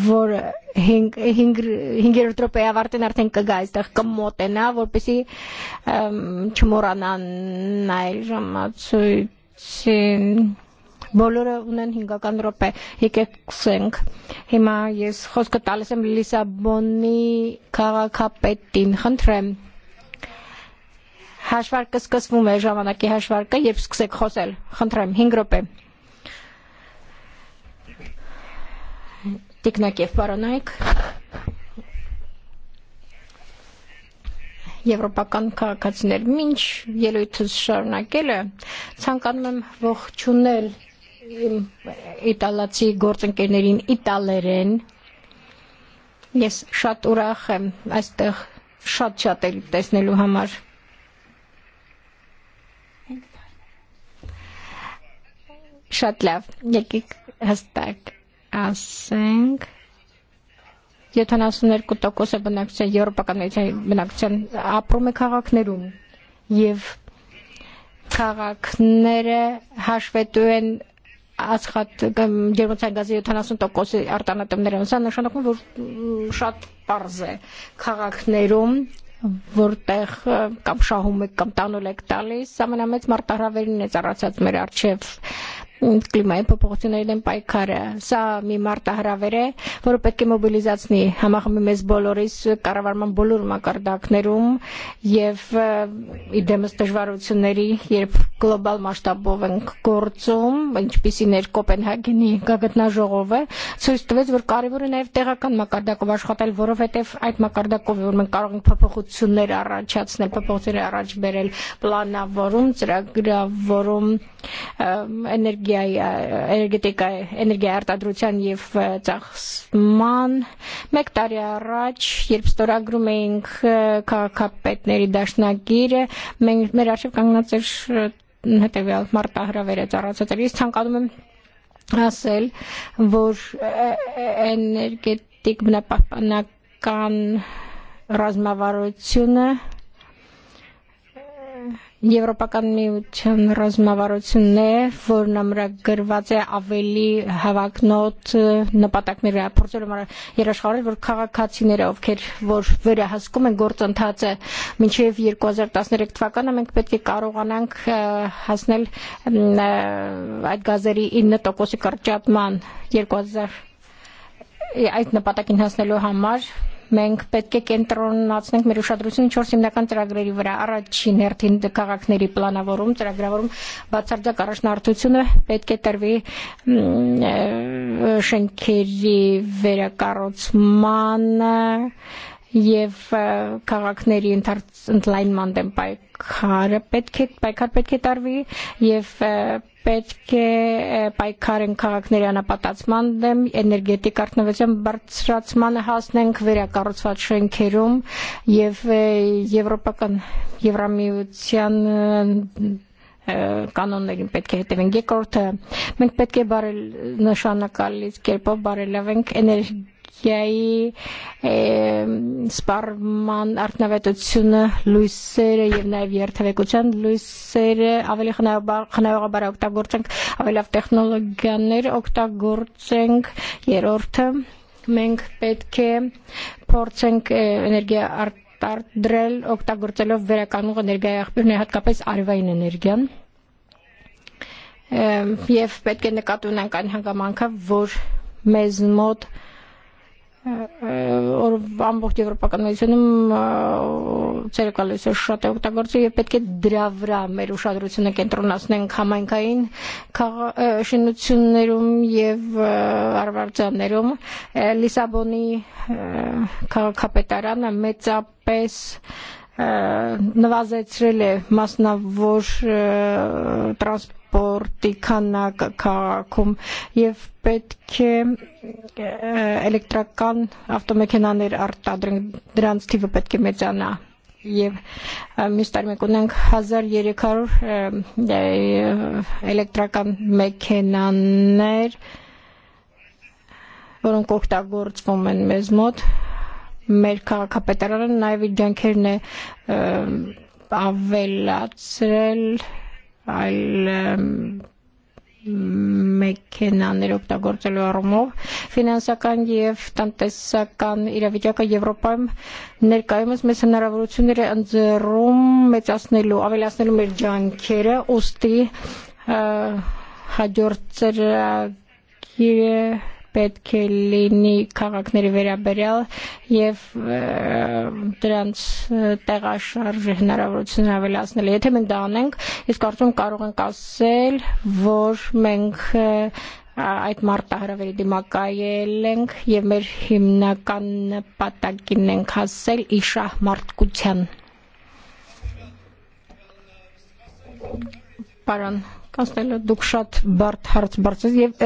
որ 5-րդ րոպեի ավարտին արդեն կգա այստեղ կմոտենա, որպեսի չմոռանան այլ ժամացույցին բոլորը ունեն 5-ական րոպե եկեք սկսենք հիմա ես խոսքը տալիս եմ լիսաբոնի քաղաքապետին խնդրեմ հաշվարկը սկսվում է ժամանակի հաշվարկը, երբ սկսեք խոսել։ Խնդրեմ, 5 րոպե։ Տիկնակև պարոնայք։ Եվրոպական քաղաքացիներ մինչ ելույթս շարունակելը ցանկանում եմ ողջունել իմ իտալացի գործընկերներին իտալերեն։ Ես շատ ուրախ եմ այստեղ շատ-շատ էլ տեսնելու համար։ Šatļav, jakých hashtag async. Յոթանասուներկու տոկոս է բնակության եվրոպական միության բնակության ապրում է քաղաքներում եւ քաղաքները հաշվետու են ասխատ ջերմության գազի 70% արտանետումներով։ Սա նշանակում որ շատ པարզ է քաղաքներում որտեղ կամ շահում եք կամ տանուլ եք տալիս ամենամեծ մարտահրավերն է ծառացած մեր արչեվ un clima e proporционален պայքարը։ Սա մի մարտահրավեր է, որը պետք է մոբիլիզացնի համախմբի մեզ բոլորիս կառավարման բոլոր մակարդակներում եւ իդեմս դժվարությունների, երբ գլոբալ մասշտաբով ենք գործում, ինչպիսին էր Կոպենհագենի գագաթնաժողովը, ցույց տվեց, որ կարևոր է նաև տեղական մակարդակով աշխատել, որովհետև այդ մակարդակով որ մենք կարող ենք փոփոխություններ առաջացնել, փոփոխություններ առաջ բերել պլանավորում, ծրագրավորում, էներգիայի, էներգետիկայի, էներգիայի արտադրության եւ ծախսման մեկ տարի առաջ, երբ ստորագրում էինք քաղաքապետների դաշնակիրը, մենք մեր արժեվ կանգնած էր հետևյալ մարտահրավերից առաջացել։ Իսկ ցանկանում եմ ասել, որ էներգետիկ բնապահպանական ռազմավարությունը եվրոպական միության ռազմավարություններ, որն ամրագրված է ավելի հավակնոտ նպատակների փորձելու համար երաշխարել, որ քաղաքացիները, ովքեր որ վերահսկում են գործընթացը մինչև 2013 թվականը, մենք պետք է կարողանանք հասնել այդ գազերի 9%-ի կրճատման 2000 այդ նպատակին հասնելու համար Մենք պետք է կենտրոնացնենք մեր ուշադրությունը 4 հիմնական ծրագրերի վրա։ Առաջին հերթին քաղաքների պլանավորում, ծրագրավորում, բացարձակ առաջնահարտությունը պետք է տրվի շենքերի վերակառուցմանը եւ քաղաքների ընդլայնման դեմ պայքարը պետք է պայքար պետք է տարվի եւ պետք է պայքարեն քաղաքների անապատացման դեմ էներգետիկ արդյունավետության բարձրացմանը հասնենք վերակառուցված շենքերում եւ եվրոպական եվրամիության կանոններին պետք է հետևենք երկրորդը մենք պետք է բարել նշանակալից կերպով բարելավենք էներգետիկ Եայի սպառման արդյունավետությունը լույսերը եւ նաեւ երթևեկության լույսերը ավելի խնայողաբար օգտագործենք, ավելավ տեխնոլոգիաներ օգտագործենք։ Երրորդը մենք պետք է փորձենք էներգիա արտադրել օգտագործելով վերականող էներգիայի աղբյուրներ, հատկապես արևային էներգիան։ Եվ պետք է նկատի ունենք այն հանգամանքը, որ մեզ մոտ ամբողջ եվրոպականությունում ցերեկալիս է շատ է օգտագործվում եւ պետք է դրա վրա մեր ուշադրությունը կենտրոնացնենք համայնքային շինություններում եւ արվարձաններում լիսաբոնի քաղաքապետարանը մեծապես նվազեցրել է մասնավոր տրանսպորտի քանակում եւ պետք է էլեկտրական ավտոմեքենաներ արտադրենք դրանց թիվը պետք է մեծանա եւ մյուս տարի մենք ունենք 1300 էլեկտրական մեքենաներ որոնք օգտագործվում են մեզ մոտ մեր քաղաքապետարանը նաև իր ջանքերն է ավելացրել այլ մեքենաներ օգտագործելու առումով ֆինանսական եւ տնտեսական իրավիճակը Եվրոպայում ներկայումս մեծ հնարավորություններ է ընձեռում մեծացնելու, ավելացնելու մեր ջանքերը, ուստի հաջորդ ծրագիրը պետք է լինի քաղաքների վերաբերյալ եւ դրանց տեղաշարժի հնարավորությունը ավելացնել։ Եթե մենք դա անենք, իսկ արդյոք կարող ենք ասել, որ մենք այդ մարտահրավերի դիմակայել ենք եւ մեր հիմնական նպատակին ենք հասել իշահ մարդկության։ Պարոն կասնել դուք շատ բարդ հարց բարձր եւ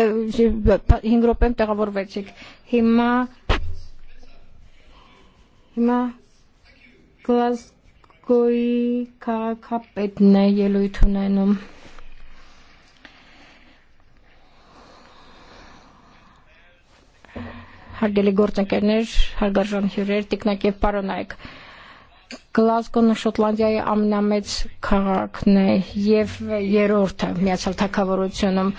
5 րոպեմ տեղավորվեցիք։ Հիմա հիմա Գլազգոյի քաղաքապետն է ելույթ ունենում։ Հարգելի գործընկերներ, հարգարժան հյուրեր, տիկնակ եւ պարոնայք։ Գլազգոն Շոտլանդիայի ամենամեծ քաղաքն է եւ երրորդը Միացյալ Թագավորությունում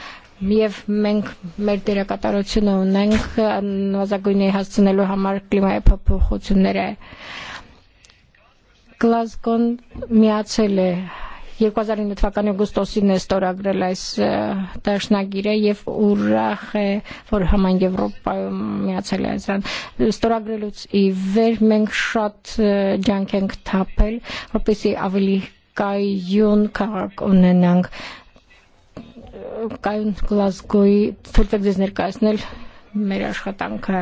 եւ մենք մեր դերակատարությունը ունենք նվազագույնի հասցնելու համար կլիմայի փոփոխությունները Գլազգոն միացել է 2009 թվականի օգոստոսին է ստորագրել այս դաշնագիրը եւ ուրախ է, որ համայն Եվրոպայում միացել է այսրան։ Ստորագրելուց ի վեր մենք շատ ջանք ենք թափել, որպեսզի ավելի կայուն քաղաք ունենանք կայուն Գլազգոյի ցույց եք ձեզ ներկայացնել մեր աշխատանքը։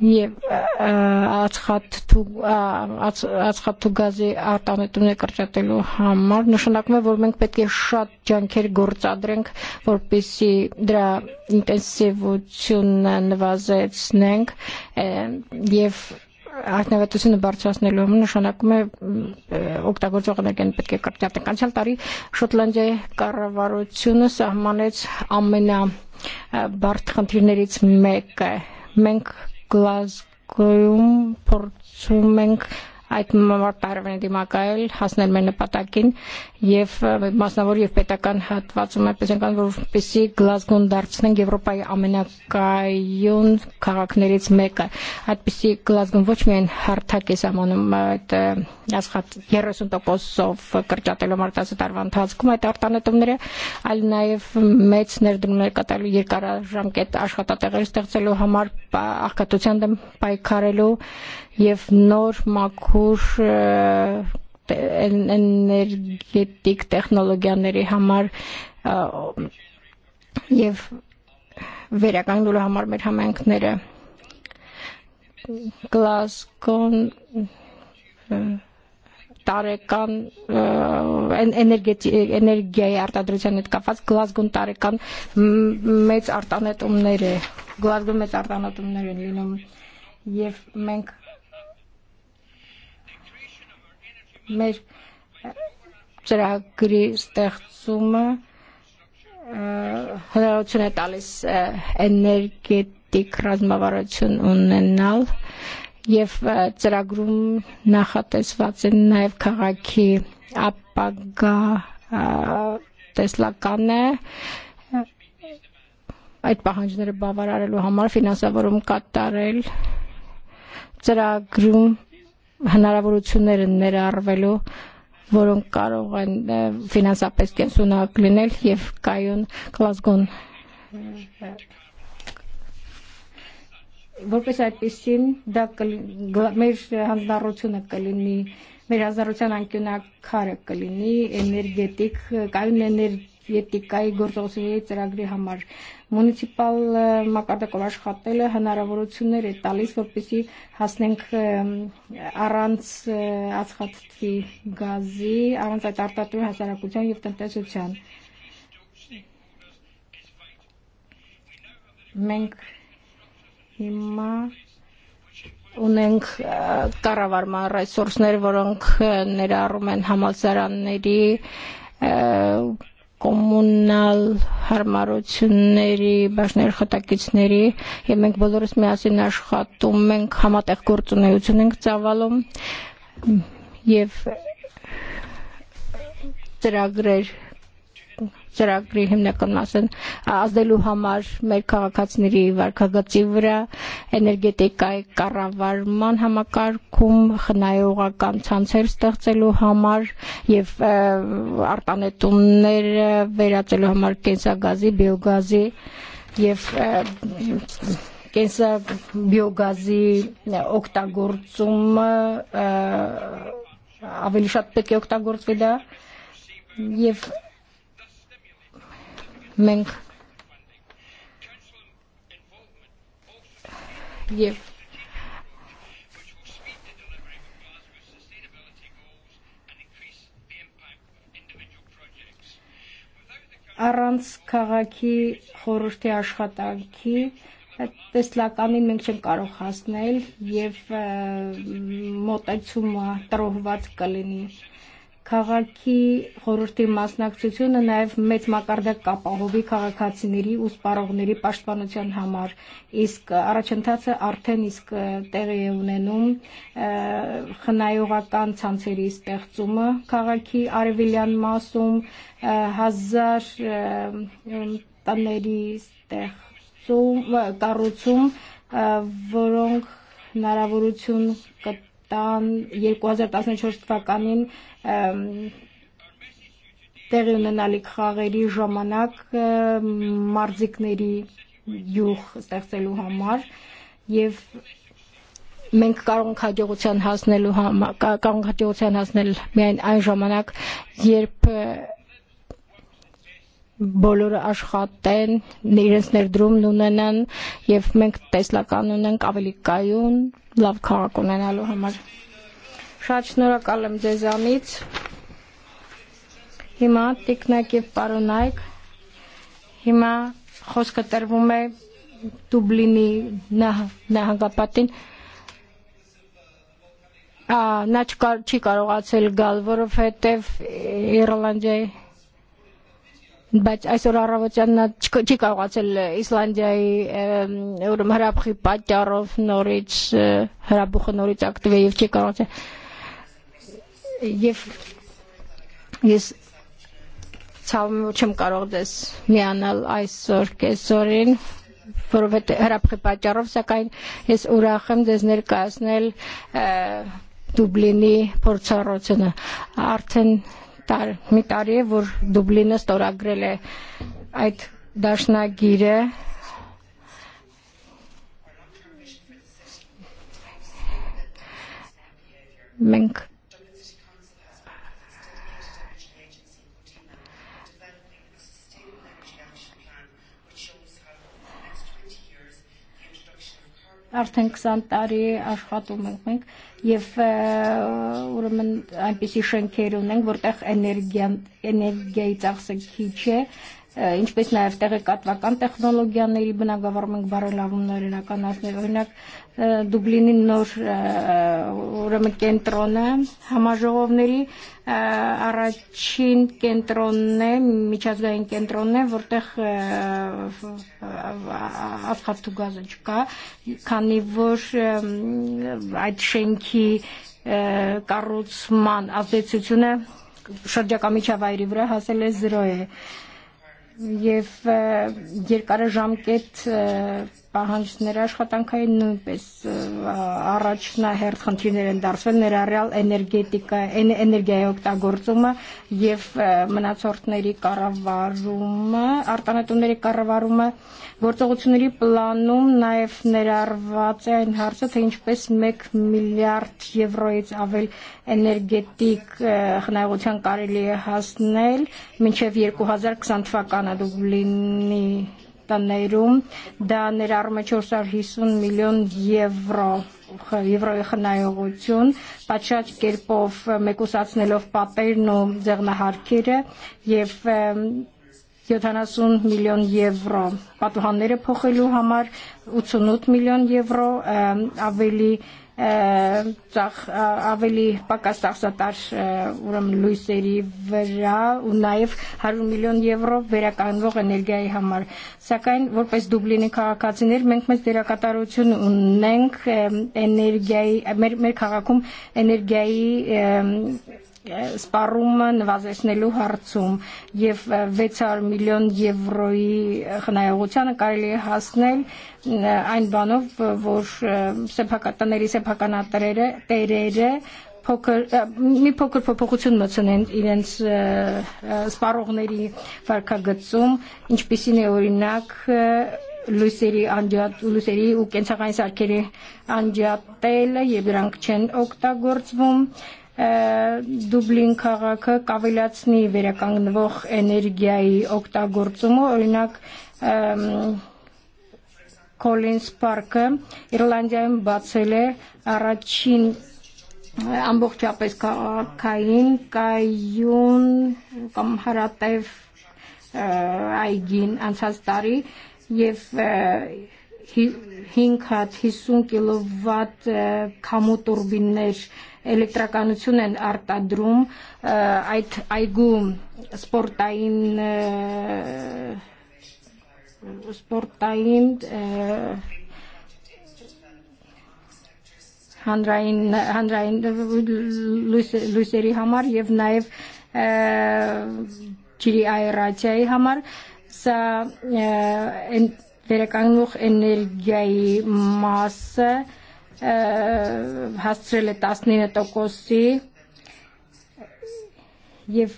եւ ածխատ թու ածխատ թու գազի արտանետումն է կրճատելու համար նշանակում է որ մենք պետք է շատ ջանքեր գործադրենք որպիսի դրա ինտենսիվությունը նվազեցնենք եւ արդյունավետությունը բարձրացնելու համար նշանակում է օգտագործող էներգիան պետք է կրճատենք անցյալ տարի շոտլանդիայի կառավարությունը սահմանեց ամենա բարդ խնդիրներից մեկը մենք Glasgow, Portsmouth, այդ պարավենտի մակայել հասնել մեր նպատակին եւ մասնավոր եւ պետական հատվածում այնպես ենք անում որպեսզի Գլազգոն դարձնենք Եվրոպայի ամենակայուն քաղաքներից մեկը այդպիսի Գլազգոն ոչ միայն հարթակ է սահմանում այդ աշխատ 30%-ով կրճատելու մարտ 10 տարվա ընթացքում այդ արտանետումները այլ նաեւ մեծ ներդրումներ կատարելու երկարաժամկետ աշխատատեղեր ստեղծելու համար աղքատության դեմ պայքարելու եւ նոր մաքուր էներգետիկ տեխնոլոգիաների համար եւ վերականգնելու համար մեր համայնքները Glasgow տարեկան էներգիայի արտադրության հետ կապված Գլազգոն տարեկան մեծ արտանետումներ է Գլազգոն մեծ արտանետումներ են լինում եւ մենք մեր ծրագրի ստեղծումը հնարավորություն է տալիս էներգետիկ ռազմավարություն ունենալ եւ ծրագրում նախատեսված են նաեւ քաղաքի ապագա տեսլականը այդ պահանջները բավարարելու համար ֆինանսավորում կատարել ծրագրում հնարավորություններ են ներառվելու որոնք կարող են ֆինանսապես կենսունակ լինել եւ կայուն գլազգոն որպես այդպեսին դա մեր հանձնառությունը կլինի մեր հանձնառության անկյունակարը կլինի էներգետիկ կայուն էներգետիկայի գործողությունների ծրագրի համար մունիցիպալ մակարդակով աշխատելը հնարավորություններ է տալիս, որպեսզի հասնենք առանց ածխաթթվի գազի, առանց այդ արտադրության հասարակության եւ տնտեսության։ Մենք հիմա ունենք կառավարման ռեսուրսներ, որոնք ներառում են համալսարանների կոմունալ հարմարությունների, բաժներ խտակիցների եւ մենք բոլորս միասին աշխատում ենք, համատեղ գործունեություն ենք ծավալում եւ ծրագրեր ծրագրի հիմնական մասը ազդելու համար մեր քաղաքացիների վարկագծի վրա էներգետիկայի կառավարման համակարգում խնայողական ցանցեր ստեղծելու համար եւ արտանետումներ վերածելու համար կենսագազի, բիոգազի եւ կենսա բիոգազի օգտագործումը ավելի շատ պետք է օգտագործվի դա եւ մենք եւ առանց քաղաքի խորհրդի աշխատանքի տեսլականին մենք չենք կարող հասնել եւ մոտեցումը տրոհված կլինի Քաղաքի խորհրդի մասնակցությունը նաև մեծ մակարդակ կապահովի քաղաքացիների ու սպառողների պաշտպանության համար, իսկ առաջընթացը արդեն իսկ տեղի է ունենում խնայողական ցանցերի ստեղծումը քաղաքի արևելյան մասում 1000 տների ստեղծում կառուցում, որոնք հնարավորություն կտ 2014 թվականին տեղի ունենալիք խաղերի ժամանակ մարզիկների յուղ ստեղծելու համար եւ մենք կարող ենք հաջողության հասնելու համար կարող ենք հաջողության հասնել միայն այն ժամանակ, երբ բոլորը աշխատեն, իրենց ներդրումն ունենան եւ մենք տեսլական ունենք ավելի կայուն, լավ քաղաք ունենալու համար։ Շատ շնորհակալ եմ ձեզանից։ Հիմա Տիկնակ եւ Պարոնայք հիմա խոսքը տրվում է Դուբլինի նահանգապետին նա չի կարողացել գալ, որովհետև Իռլանդիայի բայց այսօր առավոտյան չի կարողացել Իսլանդիայի ուրեմն հրաբխի պատճառով նորից հրաբուխը նորից ակտիվ է եւ չի կարողացել եւ ես ցավում չեմ կարող դες միանալ այսօր կեսօրին որովհետեւ հրաբխի պատճառով սակայն ես ուրախ եմ դες ներկայացնել Դուբլինի փորձառությունը արդեն միտարի է, որ Դուբլինը ստորագրել է այդ դաշնագիրը մենք արդեն 20 տարի աշխատում ենք մենք եւ ուրեմն այնպիսի շենքեր ունենք, որտեղ էներգիան էներգիայի ծախսը քիչ է ինչպես նաև տեղեկատվական տեխնոլոգիաների բնագավառում ենք բարելավում օրինական ասնել օրինակ Դուբլինի նոր ուրեմն կենտրոնը համաժողովների առաջին կենտրոնն է, միջազգային կենտրոնն է, որտեղ ապխաթու գազը չկա, քանի որ այդ շենքի կառուցման ազդեցությունը շրջակա միջավայրի վրա հասել է 0 է։ եւ երկարաժամկետ պահանջները աշխատանքային նույնպես առաջնահերթ խնդիրներ են դարձվել ներառյալ էներգետիկա, էներգիայի օգտագործումը եւ մնացորդների կառավարումը, արտանետումների կառավարումը, գործողությունների պլանում նաեւ ներառված է այն հարցը, թե ինչպես 1 միլիարդ եվրոից ավել էներգետիկ խնայողության կարելի է հասնել մինչեւ 2020 թվականը Դուբլինի տաներում, դա ներառում է 450 միլիոն եվրո եվրոյի խնայողություն, պատշաճ կերպով մեկուսացնելով պապերն ու ձեղնահարքերը եւ 70 միլիոն եվրո պատուհանները փոխելու համար 88 միլիոն եվրո ավելի ավելի պակաս ծախսատար ուրեմն լույսերի վրա ու նաև 100 միլիոն եվրո վերականգնող էներգիայի համար։ Սակայն որպես Դուբլինի քաղաքացիներ մենք մեծ դերակատարություն ունենք էներգիայի մեր, մեր քաղաքում էներգիայի սպառումը նվազեցնելու հարցում եւ 600 միլիոն եվրոյի խնայողությանը կարելի է հասնել այն բանով, որ սեփականատների սեփականատերերը տերերը փոքր մի փոքր փոփոխություն մտցնեն իրենց սպառողների վարկագծում, ինչպիսին է օրինակ լույսերի անջատ լույսերի ու կենցաղային սարքերի անջատելը եւ դրանք չեն օգտագործվում Դուբլին քաղաքը կավելացնի վերականգնվող էներգիայի օգտագործումը, օրինակ Collins Park-ը Իռլանդիայում բացել է առաջին ամբողջապես քաղաքային կայուն կամ հարատև այգին անցած տարի եւ 5 հատ 50 կիլովատ քամու տուրբիններ էլեկտրականություն են արտադրում այդ այգու սպորտային սպորտային հանրային հանրային լույսերի համար եւ նաեւ ջրի աերացիայի համար սա վերականգնող էներգիայի մասը hasrellet astninete kosi եւ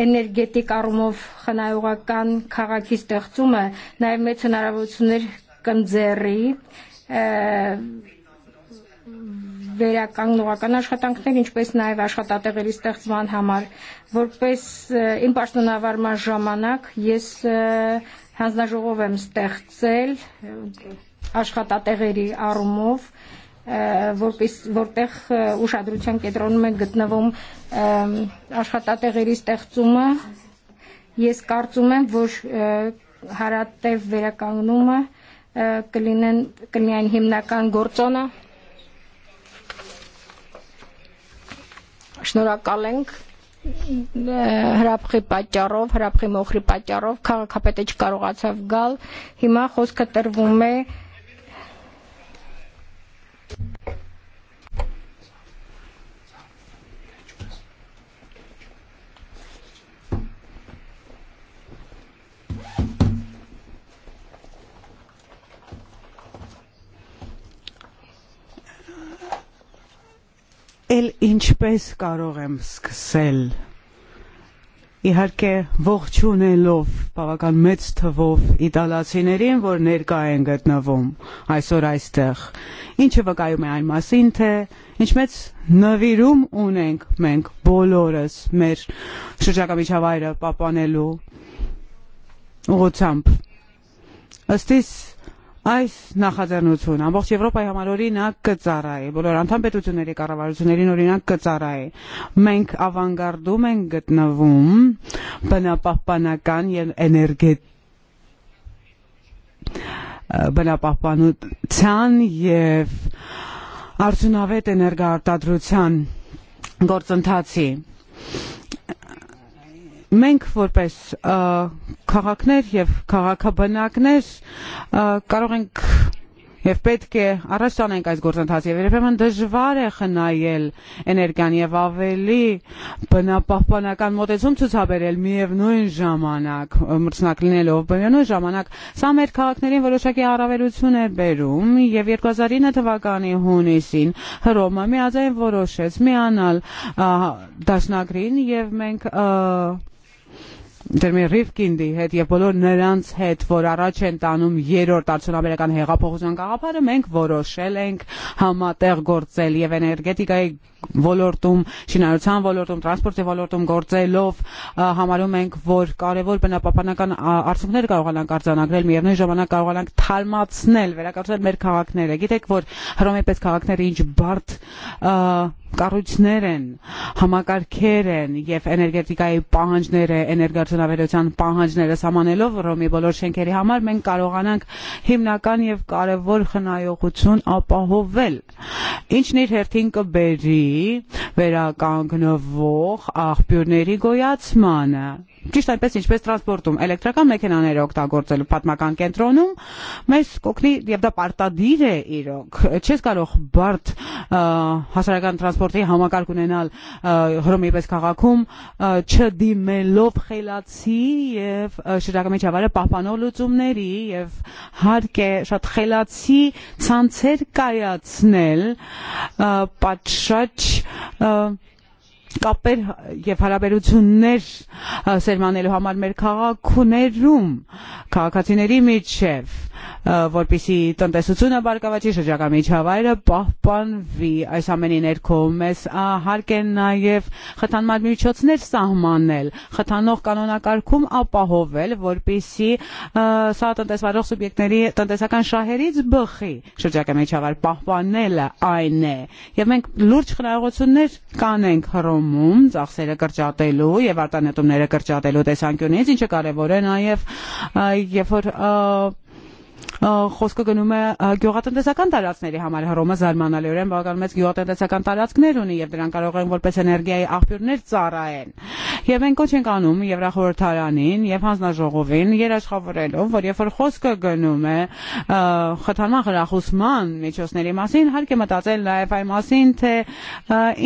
էներգետիկ առումով խնայողական քաղաքի ստեղծումը նաեւ մեծ հնարավորություններ կընձեռի վերականգնողական աշխատանքներ, ինչպես նաև աշխատատեղերի ստեղծման համար, որպես իմ պաշտոնավարման ժամանակ ես հանձնաժողով եմ ստեղծել աշխատատեղերի առումով, որպես որտեղ ուշադրության կենտրոնում է գտնվում աշխատատեղերի ստեղծումը ես կարծում եմ որ հարատև վերականգնումը կլինեն կլինեն հիմնական գործոնը շնորհակալ ենք հրափխի պատճառով, հրափխի մոխրի պատճառով քաղաքապետը չկարողացավ գալ։ Հիմա խոսքը տրվում է էլ ինչպես կարող եմ սկսել իհարկե ողջունելով բավական մեծ թվով իտալացիներին, որ ներկա են գտնվում այսօր այստեղ։ Ինչը վկայում է այն մասին, թե ինչ մեծ նվիրում ունենք մենք բոլորս մեր շրջակա միջավայրը պահպանելու ուղղությամբ։ Ըստ իս Այս նախաձեռնությունը ամբողջ Եվրոպայի համար օրինակ կծառա է, բոլոր անդամ պետությունների կառավարություններին օրինակ կծառա է։ Մենք ավանգարդում ենք գտնվում բնապահպանական եւ էներգետ բնապահպանության եւ արդյունավետ էներգարտադրության գործընթացի մենք որպես քաղաքներ եւ քաղաքաբնակներ կարող ենք Եվ պետք է առաջանենք այս գործընթացը եւ երբեմն դժվար է խնայել էներգիան եւ ավելի բնապահպանական մոտեցում ցուցաբերել միևնույն ժամանակ մրցնակ լինելով միևնույն ժամանակ սա մեր քաղաքներին որոշակի առավելություն է բերում եւ 2009 թվականի հունիսին Հռոմը միաձայն որոշեց միանալ դաշնագրին եւ մենք և, դերմի Ռիվկինդի հետ եւ բոլոր նրանց հետ, որ առաջ են տանում երրորդ արդյունաբերական հեղափոխության գաղափարը, մենք որոշել ենք համատեղ գործել եւ էներգետիկայի ոլորտում, շինարարության ոլորտում, տրանսպորտի ոլորտում գործելով համարում ենք, որ կարևոր բնապահպանական արդյունքներ կարողանանք արձանագրել, միևնույն ժամանակ կարողանանք թալմացնել, վերակառուցել մեր քաղաքները։ Գիտեք, որ Հռոմի պես քաղաքները ինչ բարդ կառույցներ են, համակարգեր են եւ էներգետիկայի պահանջները, էներգարդյունավետության պահանջները սահմանելով Ռոմի բոլոր շենքերի համար մենք կարողանանք հիմնական եւ կարեւոր խնայողություն ապահովել։ Ինչն իր հերթին կբերի վերականգնվող աղբյուրների գոյացմանը ճիշտ այնպես ինչպես տրանսպորտում էլեկտրական մեքենաներ օգտագործելու պատմական կենտրոնում մեզ կօգնի եւ դա պարտադիր է իրոք չես կարող բարդ հասարակական տրանսպորտի համակարգ ունենալ հռոմի պես քաղաքում չդիմելով խելացի եւ շրջակա միջավայրը պահպանող լուծումների եւ հարկե շատ խելացի ցանցեր կայացնել պատշաճ կապեր եւ հարաբերություններ սերմանելու համար մեր քաղաքուներում քաղաքացիների միջև որպիսի տնտեսությունը բարգավաճի շրջակա միջավայրը պահպանվի այս ամենի ներքո մեզ հարկ են նաեւ խթանման միջոցներ սահմանել խթանող կանոնակարգում ապահովել որպիսի սա տնտեսվարող սուբյեկտների տնտեսական շահերից բխի շրջակա միջավայր պահպանելը այն է եւ մենք լուրջ խնայողություններ կանենք հռոմ կոչումում, ծախսերը կրճատելու եւ արտանետումները կրճատելու տեսանկյունից, ինչը կարեւոր է նաեւ երբ որ և, և, և, և, և, և, և, և, և, խոսքը գնում է գյուղատնտեսական տարածքների համար, Հռոմը զարմանալիորեն բավական մեծ գյուղատնտեսական տարածքներ ունի եւ դրանք կարող են որպես էներգիայի աղբյուրներ ծառայեն։ Եվ մենք կոչ ենք անում Եվրախորհրդարանին եւ հանձնաժողովին երաշխավորելով, որ երբ որ խոսքը գնում է խթանման հրախուսման միջոցների մասին, իհարկե մտածել նաեւ այն մասին, թե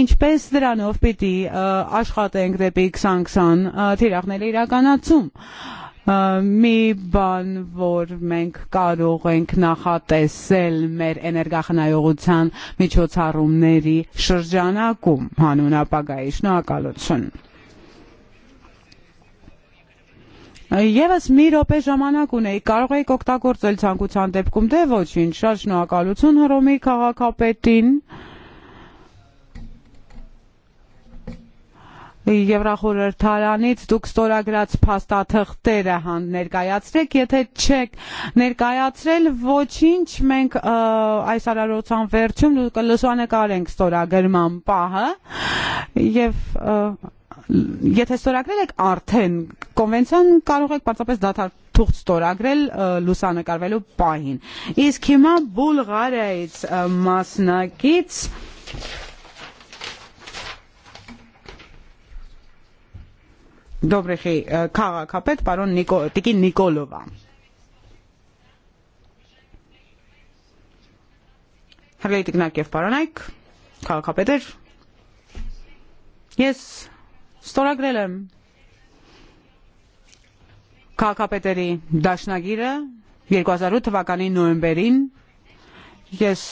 ինչպես դրանով պիտի աշխատենք դեպի 2020 թիրախների իրականացում։ մի բան, որ մենք կարող ենք նախատեսել մեր էներգախնայողության միջոցառումների շրջանակում հանուն ապագայի շնորհակալություն։ Եվս մի րոպե ժամանակ ունեի, կարող եք օգտագործել ցանկության դեպքում, դե ոչինչ, շատ շնորհակալություն Հռոմի քաղաքապետին։ Եվրախորհրդարանից դուք ստորագրած փաստաթղթերը ներկայացրեք, եթե չեք ներկայացրել ոչինչ, մենք այս արարոցան վերջում լուսանկարենք ստորագրման պահը եւ եթե ստորագրել եք արդեն կոնվենցիան կարող եք պարզապես դադարթուղթ ստորագրել լուսանկարվելու պահին իսկ հիմա բուլղարիայից մասնակից Դոբրեխի քաղաքապետ պարոն Նիկո, Տիկին Նիկոլովա։ Հարգելի տիկնակև պարոնայք, քաղաքապետեր, ես ստորագրել եմ քաղաքապետերի դաշնագիրը 2008 թվականի նոյեմբերին ես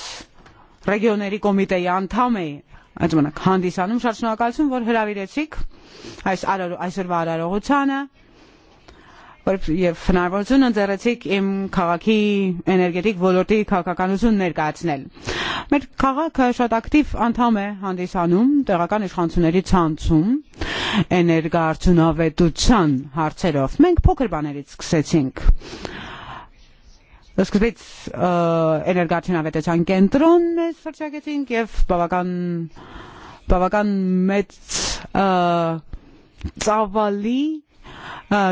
ռեգիոների կոմիտեի անդամ էի այդ ժամանակ հանդիսանում շարժնակալություն, որ հրավիրեցիք այս այսօրվա արարողությանը եւ հնարավորություն ընձեռեցիք իմ քաղաքի էներգետիկ ոլորտի քաղաքականություն ներկայացնել։ Մեր քաղաքը շատ ակտիվ անդամ է հանդիսանում տեղական իշխանությունների ցանցում էներգարդյունավետության հարցերով։ Մենք փոքր բաներից սկսեցինք սկզբից էներգարչին ավետեցան կենտրոն մեզ վարճակեցինք և բավական բավական մեծ ծավալի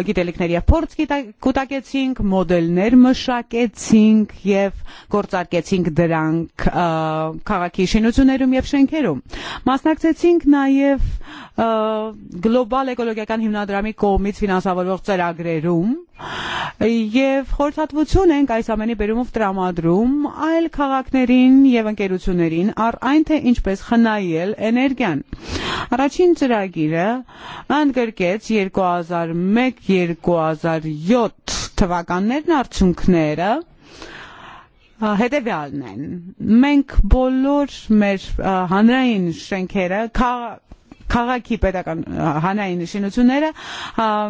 գիտելիքների եւ փորձ կուտակեցինք, մոդելներ մշակեցինք եւ գործարկեցինք դրանք քաղաքի շինություններում եւ շենքերում։ Մասնակցեցինք նաեւ գլոբալ էկոլոգիական հիմնադրամի կողմից ֆինանսավորվող ծրագրերում եւ խորհրդատվություն ենք այս ամենի բերումով տրամադրում այլ քաղաքներին եւ ընկերություններին առ այն թե ինչպես խնայել էներգիան։ Առաջին ծրագիրը ընդգրկեց 2000 2001 2007 թվականներն արդյունքները հետևյալն են։ Մենք բոլոր մեր հանրային շենքերը քաղաքի պետական հանրային շինությունները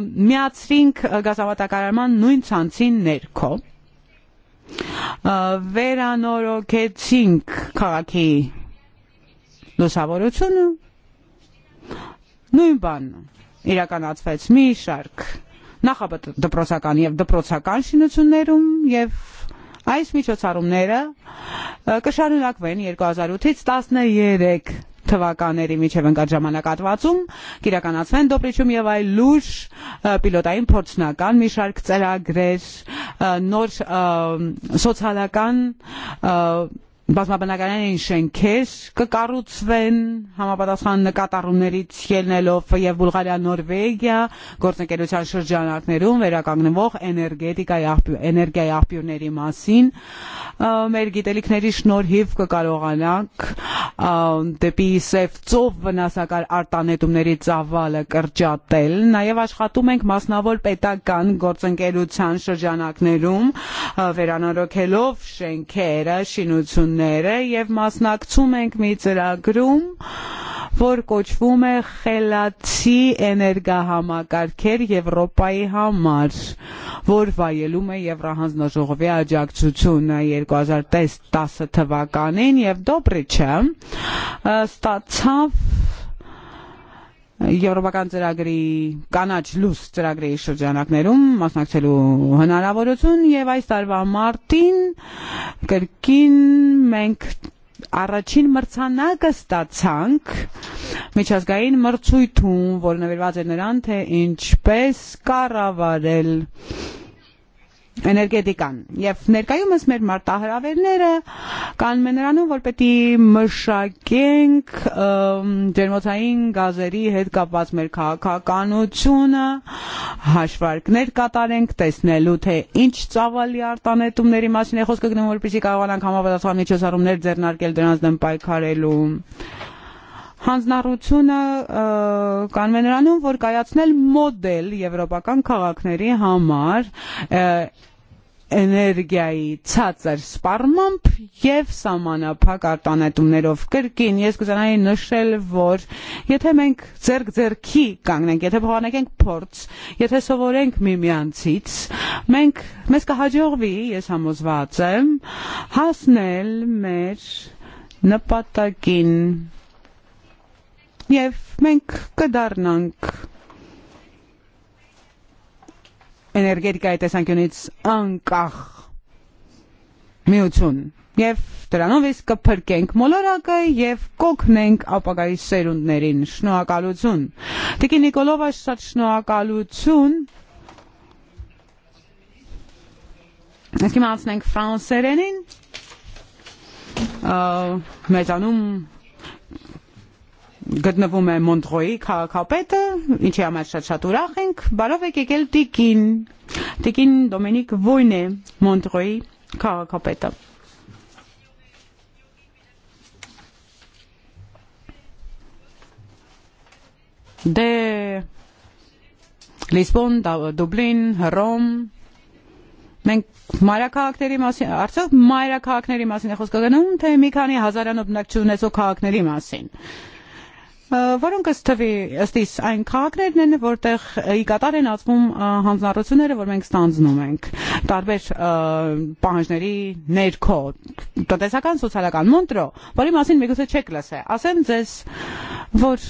միացրինք գազավատակարարման նույն ցանցին ներքո վերանորոգեցինք քաղաքի լուսավորությունը նույն բանն իրականացվեց մի շարք նախադպրոցական եւ դպրոցական շինություններում եւ այս միջոցառումները կշարունակվեն 2008-ից 13 թվականների միջև ընկած ժամանակատվածում կիրականացվեն դոպրիչում եւ այլ լուրջ պիլոտային փորձնական մի շարք ծրագրեր նոր սոցիալական բազմաբնակարան էին շենքեր կկառուցվեն համապատասխան նկատառումներից ելնելով եւ Բուլղարիա, Նորվեգիա գործընկերության շրջանակներում վերականգնվող էներգետիկայի էներգիայի աղբյուրների մասին մեր գիտելիքների շնորհիվ կկարողանանք դեպի սև ծով վնասակար արտանետումների ծավալը կրճատել նաեւ աշխատում ենք մասնավոր պետական գործընկերության շրջանակներում վերանորոգելով շենքերը շինություն ներկայացուցիչները եւ մասնակցում ենք մի ծրագրում որ կոչվում է Խելացի էներգահամակարգեր Եվրոպայի համար, որ վայելում է Եվրահանձնաժողովի աջակցությունը 2010 թվականին եւ Դոբրիչը ստացավ Եվրոպական ծրագրի կանաչ լույս ծրագրի շրջանակներում մասնակցելու հնարավորություն եւ այս տարվա մարտին կրկին մենք առաջին մրցանակը ստացանք միջազգային մրցույթում, որը նվիրված էր նրան, թե ինչպես կառավարել էներգետիկան։ Եվ ներկայումս մեր մարտահրավերները կան մենրանում, որ պետք է մշակենք ջերմոցային գազերի հետ կապված մեր քաղաքականությունը, հաշվարկներ կատարենք, տեսնելու թե ինչ ծավալի արտանետումների մասին է խոսքը գնում, որպեսզի կարողանանք համապատասխան միջոցառումներ ձեռնարկել դրանց դեմ պայքարելու։ հանձնառությունը կանվե նրանում, որ կայացնել մոդել եվրոպական քաղաքների համար էներգիայի ցածր սպառմամբ եւ սահմանափակ արտանետումներով կրկին ես կուզենայի նշել որ եթե մենք ձերք ձերքի կանգնենք եթե փոխանակենք փորձ եթե սովորենք միմյանցից մենք մեզ կհաջողվի ես համոզված եմ հասնել մեր նպատակին Cadarnanc. էներգետիկայի տեսանկյունից անկախ միություն եւ դրանով իսկ կփրկենք մոլորակը եւ կոգնենք ապագայի սերունդներին շնորհակալություն տիկի նիկոլովա շատ շնորհակալություն Իսկ հիմա անցնենք ֆրանսերենին մեծանում գտնվում է Մոնտրոյի քաղաքապետը, ինչի համար շատ-շատ ուրախ ենք։ Բարով եք եկել Տիկին։ Տիկին Դոմինիկ Վոյն է Մոնտրոյի քաղաքապետը։ Դե Լիսբոն, Դուբլին, Ռոմ, մենք մայրաքաղաքների մասին, արդյոք մայրաքաղաքների մասին է խոսքը գնում, թե մի քանի հազարանոց բնակչություն ունեցող քաղաքների մասին։ Ա որոնք ըստ թվի ըստ իս այն քաղաքներն են, որտեղ ի կատար են ածվում հանձնառությունները, որ մենք ստանձնում ենք տարբեր պահանջների ներքո տնտեսական սոցիալական մոնտրո, որի մասին միգուցե չեք լսե։ Ասեմ ձեզ, որ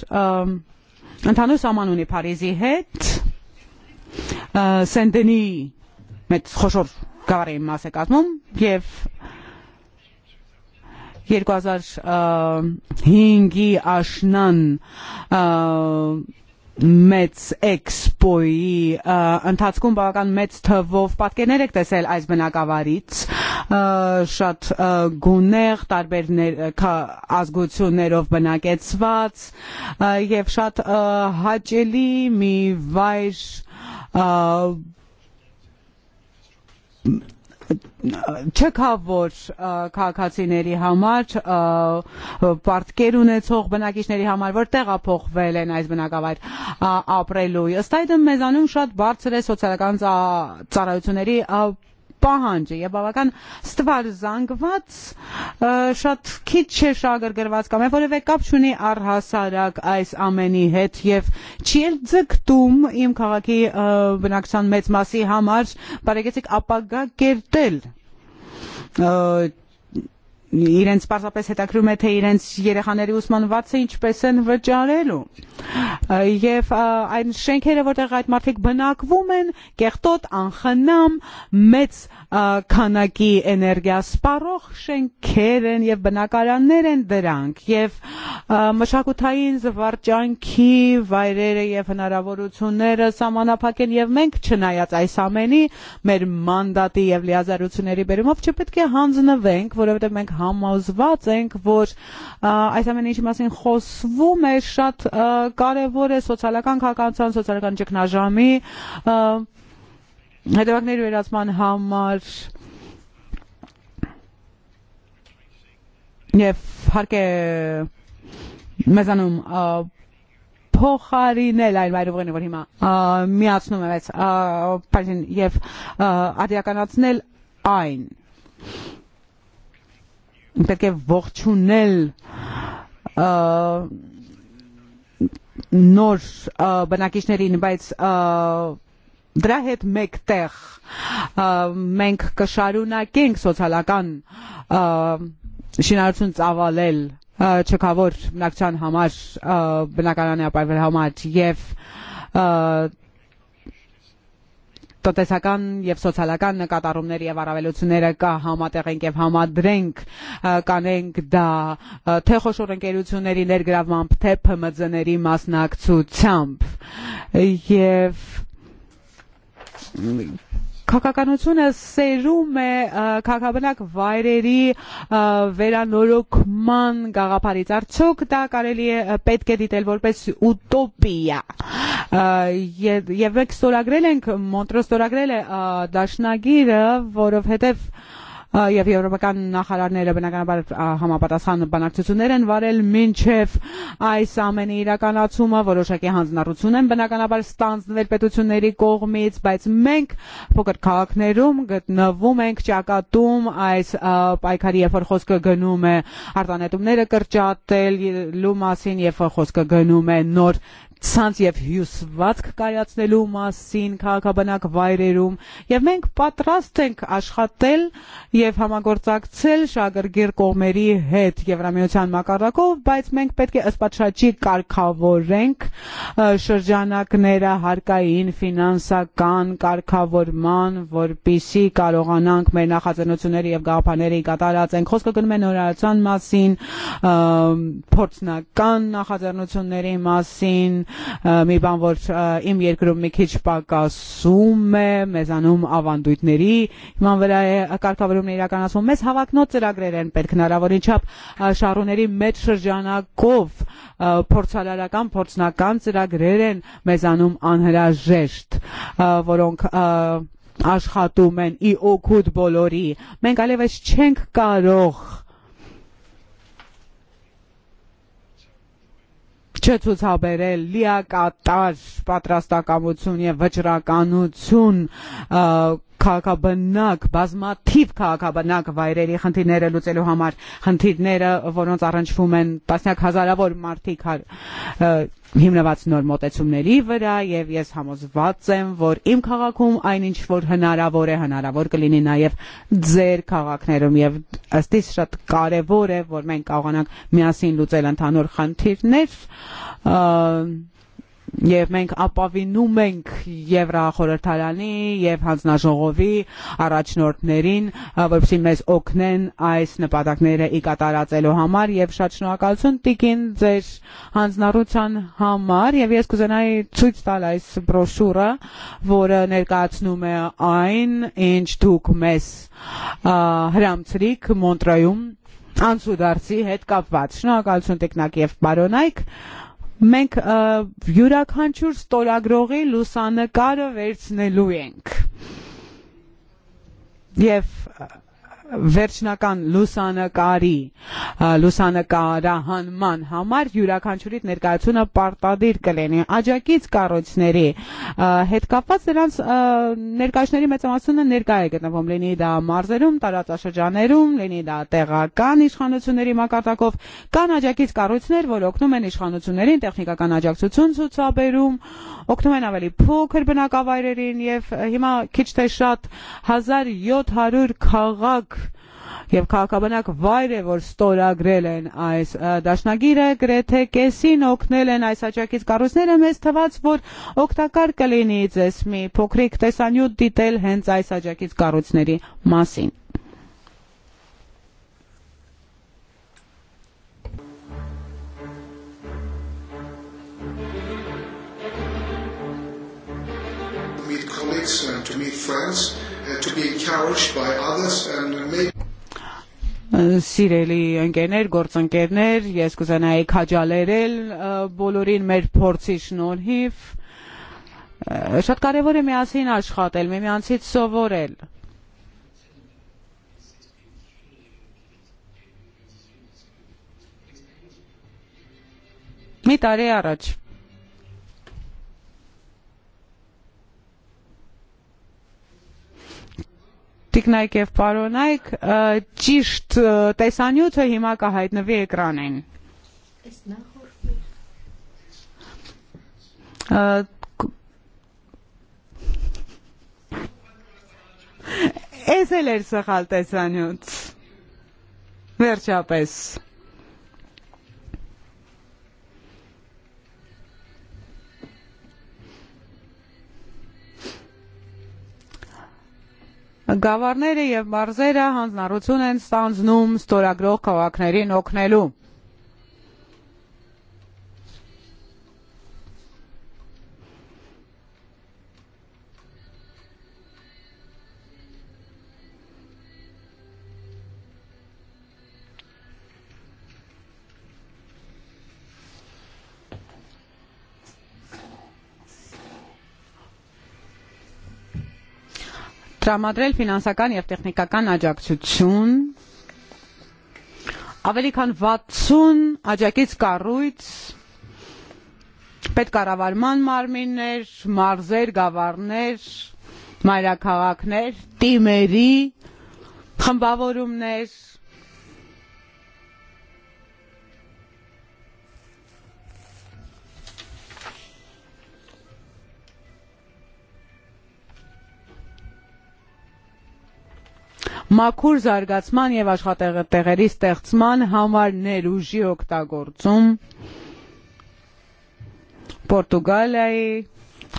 ընդհանուր սահման ունի Փարիզի հետ, Սենդենի մեծ խոշոր գավառի մաս է կազմում եւ 2005-ի աշնան մեծ էքսպոյի ընթացքում բավական մեծ թվով պատկերներ եք տեսել այս բնակավարից շատ գունեղ տարբեր ազգություններով բնակեցված եւ շատ հաճելի մի վայր չկա որ քաղաքացիների համար պարտքեր ունեցող բնակիչների համար որ տեղափոխվել են այս բնակավայր ապրելու ըստ այդմ մեզանում շատ բարձր է սոցիալական ծառայությունների պահանջը եւ բավական ստվարզանգված շատ քիչ չէ շահագրգռվածքամ եւ որևէ կապ չունի առհասարակ այս ամենի հետ եւ չի էլ ձգտում իմ քաղաքի բնակչության մեծ մասի համար բարեկեցիկ ապագա կերտել իրենց պարզապես հետաքրում է թե իրենց երեխաների ուսման վարձը ինչպես են վճարելու եւ այն շենքերը որտեղ այդ մարդիկ բնակվում են կեղտոտ անխնամ մեծ քանակի էներգիա սպառող շենքեր են եւ բնակարաններ են դրանք եւ մշակութային զվարճանքի վայրերը եւ հնարավորությունները սահմանափակեն եւ մենք չնայած այս ամենի մեր մանդատի եւ լիազարությունների բերումով չպետք է հանձնվենք, որովհետեւ մենք համոզված ենք, որ այս ամենի ինչի մասին խոսվում է շատ կարեւոր է սոցիալական քաղաքացիական սոցիալական ճգնաժամի Għadawak nirri razman ħammar ħarke mezanum poħari nela nu il-majru għani għanima miħat snume bez partin jef għadijak għanat snel għajn perché vorċunel nor bana kiexnerin bajt դրահետ մեկտեղ մենք կշարունակենք սոցիալական շինարարություն ծավալել չքավոր բնակչության համար բնակարանի ապահովելու համար եւ տնտեսական եւ սոցիալական նկատառումները եւ առավելությունները կհամատեղենք եւ համադրենք կանենք դա թե խոշոր ընկերությունների ներգրավմամբ թե ՓՄԶ-ների մասնակցությամբ եւ և քաղաքականությունը սերում է քաղաքաբնակ վայրերի վերանորոգման գաղափարից արդյոք դա կարելի է պետք է դիտել որպես ուտոպիա եւ մենք ստորագրել ենք մոնտրո ստորագրել է դաշնագիրը որովհետեւ եւ եվրոպական նախարարները բնականաբար համապատասխան բանակցություններ են վարել մինչեւ այս ամենի իրականացումը որոշակի հանձնառություն են բնականաբար ստանձնել պետությունների կողմից բայց մենք փոքր քաղաքներում գտնվում ենք ճակատում այս պայքարի երբ որ խոսքը գնում է արտանետումները կրճատելու մասին երբ որ խոսքը գնում է նոր ցանց եւ հյուսվածք կայացնելու մասին քաղաքաբանակ վայրերում եւ մենք պատրաստ ենք աշխատել եւ համագործակցել շագրգիռ կողմերի հետ եվրամիության մակարդակով բայց մենք պետք է ըստ պատշաճի կարգավորենք շրջանակները հարկային ֆինանսական կարգավորման որպիսի կարողանանք մեր նախաձեռնությունները եւ գաղափարները կատարած ենք խոսքը գնում է նորարարության մասին փորձնական նախաձեռնությունների մասին մի բան, որ իմ երկրում մի քիչ պակասում է, մեզանում ավանդույթների հիման վրա է կարգավորումն իրականացվում։ Մեզ հավակնոտ ծրագրեր են պետք հնարավորին չափ շարուների մեծ շրջանակով փորձարարական փորձնական ծրագրեր են մեզանում անհրաժեշտ, որոնք աշխատում են ի օգուտ բոլորի։ Մենք այլևս չենք կարող չցուցաբերել լիակատար պատրաստակամություն եւ վճռականություն քաղաքաբնակ, բազմաթիվ քաղաքաբնակ վայրերի խնդիրները լուծելու համար, խնդիրները, որոնց առնչվում են տասնյակ հազարավոր մարդիկ հիմնված նոր մոտեցումների վրա եւ ես համոզված եմ, որ իմ քաղաքում այնինչ որ հնարավոր է, հնարավոր կլինի նաեւ ձեր քաղաքներում եւ ըստ իս շատ կարեւոր է, որ մենք կարողանանք միասին լուծել ընդհանուր խնդիրներ, Եվ մենք ապավինում ենք եւ հրախորհրդարանի եւ հանձնաժողովի առաջնորդներին, որպեսզի մեզ օգնեն այս նպատակները ի կատարածելու համար եւ շատ շնորհակալություն Տիկին ձեր հանձնառության համար եւ ես կուզենայի ցույց տալ այս բրոշուրը, որը ներկայացնում է այն, ինչ դուք մեզ հրամցրիք Մոնտրայում անցուդարձի հետ կապված։ Շնորհակալություն Տիկնակ եւ Բարոնայք։ մենք յուրաքանչյուր ստորագրողի լուսանկարը վերցնելու ենք։ Եվ վերջնական լուսանկարի լուսանկարահանման համար յուրաքանչյուրի ներկայությունը պարտադիր կլինի աջակից կառույցների հետ կապված նրանց ներկայացների մեծամասնությունը ներկայ է գտնվում լինի դա մարզերում տարածաշրջաներում լինի դա տեղական իշխանությունների մակարդակով կան աջակից կառույցներ որ օգնում են իշխանություններին տեխնիկական աջակցություն ցուցաբերում օգնում են ավելի փոքր բնակավայրերին եւ հիմա քիչ թե շատ 1700 քաղաք եւ քաղաքաբանակ վայր է որ ստորագրել են այս դաշնագիրը գրեթե կեսին օգնել են այս աճակից կառույցները մեզ թվաց որ օգտակար կլինի ձեզ մի փոքրիկ տեսանյութ դիտել հենց այս աճակից կառույցների մասին colleagues and uh, to meet friends and uh, to be encouraged by others and maybe Սիրելի ընկերներ, գործընկերներ, ես կուզենայի քաջալերել բոլորին մեր փորձի շնորհիվ։ Շատ կարևոր է միասին աշխատել, միմյանցից սովորել։ Մի տարի առաջ տիկնայք եւ պարոնայք ճիշտ տեսանյութը հիմա կհայտնվի էկրանին Ես էլ էր սխալ տեսանյութ վերջապես գավառները եւ մարզերը հանձնառություն են ստանձնում ստորագրող քաղաքներին օգնելու տրամադրել ֆինանսական եւ տեխնիկական աջակցություն ավելի քան 60 աջակից կառույց պետկառավարման մարմիններ, մարզեր, գավառներ, մայրաքաղաքներ, թիմերի խմբավորումներ մաքուր զարգացման եւ աշխատատեղերի ստեղծման համար ներուժի օգտագործում Պորտուգալիայի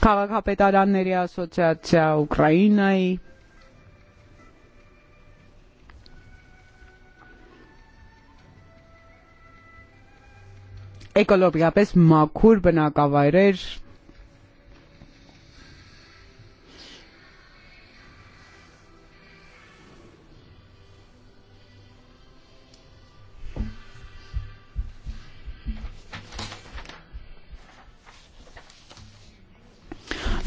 քաղաքապետարանների ասոցիացիա Ուկրաինայի էկոլոգիապես մաքուր բնակավայրեր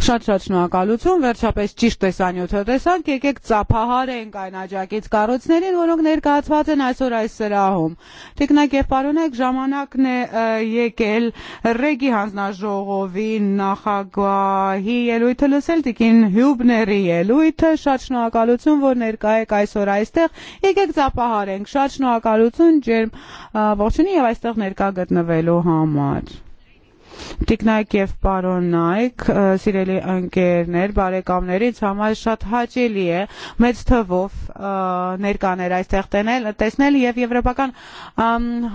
շատ շատ շնորհակալություն վերջապես ճիշտ տեսանյութը տեսանք եկեք ծափահարենք այն աջակից կառույցներին որոնք ներկայացված են այսօր այս սրահում տեխնակ եւ պարոնեք ժամանակն է եկել ռեգի հանձնաժողովի նախագահի ելույթը լսել տիկին հյուբների ելույթը շատ շնորհակալություն որ ներկա եք այսօր այստեղ եկեք ծափահարենք շատ շնորհակալություն ջերմ ողջունի եւ այստեղ ներկա գտնվելու համար տիկնայք եւ պարոնայք սիրելի ընկերներ բարեկամներից համար շատ հաճելի է մեծ թվով ներկաներ այստեղ տենել տեսնել եւ եվրոպական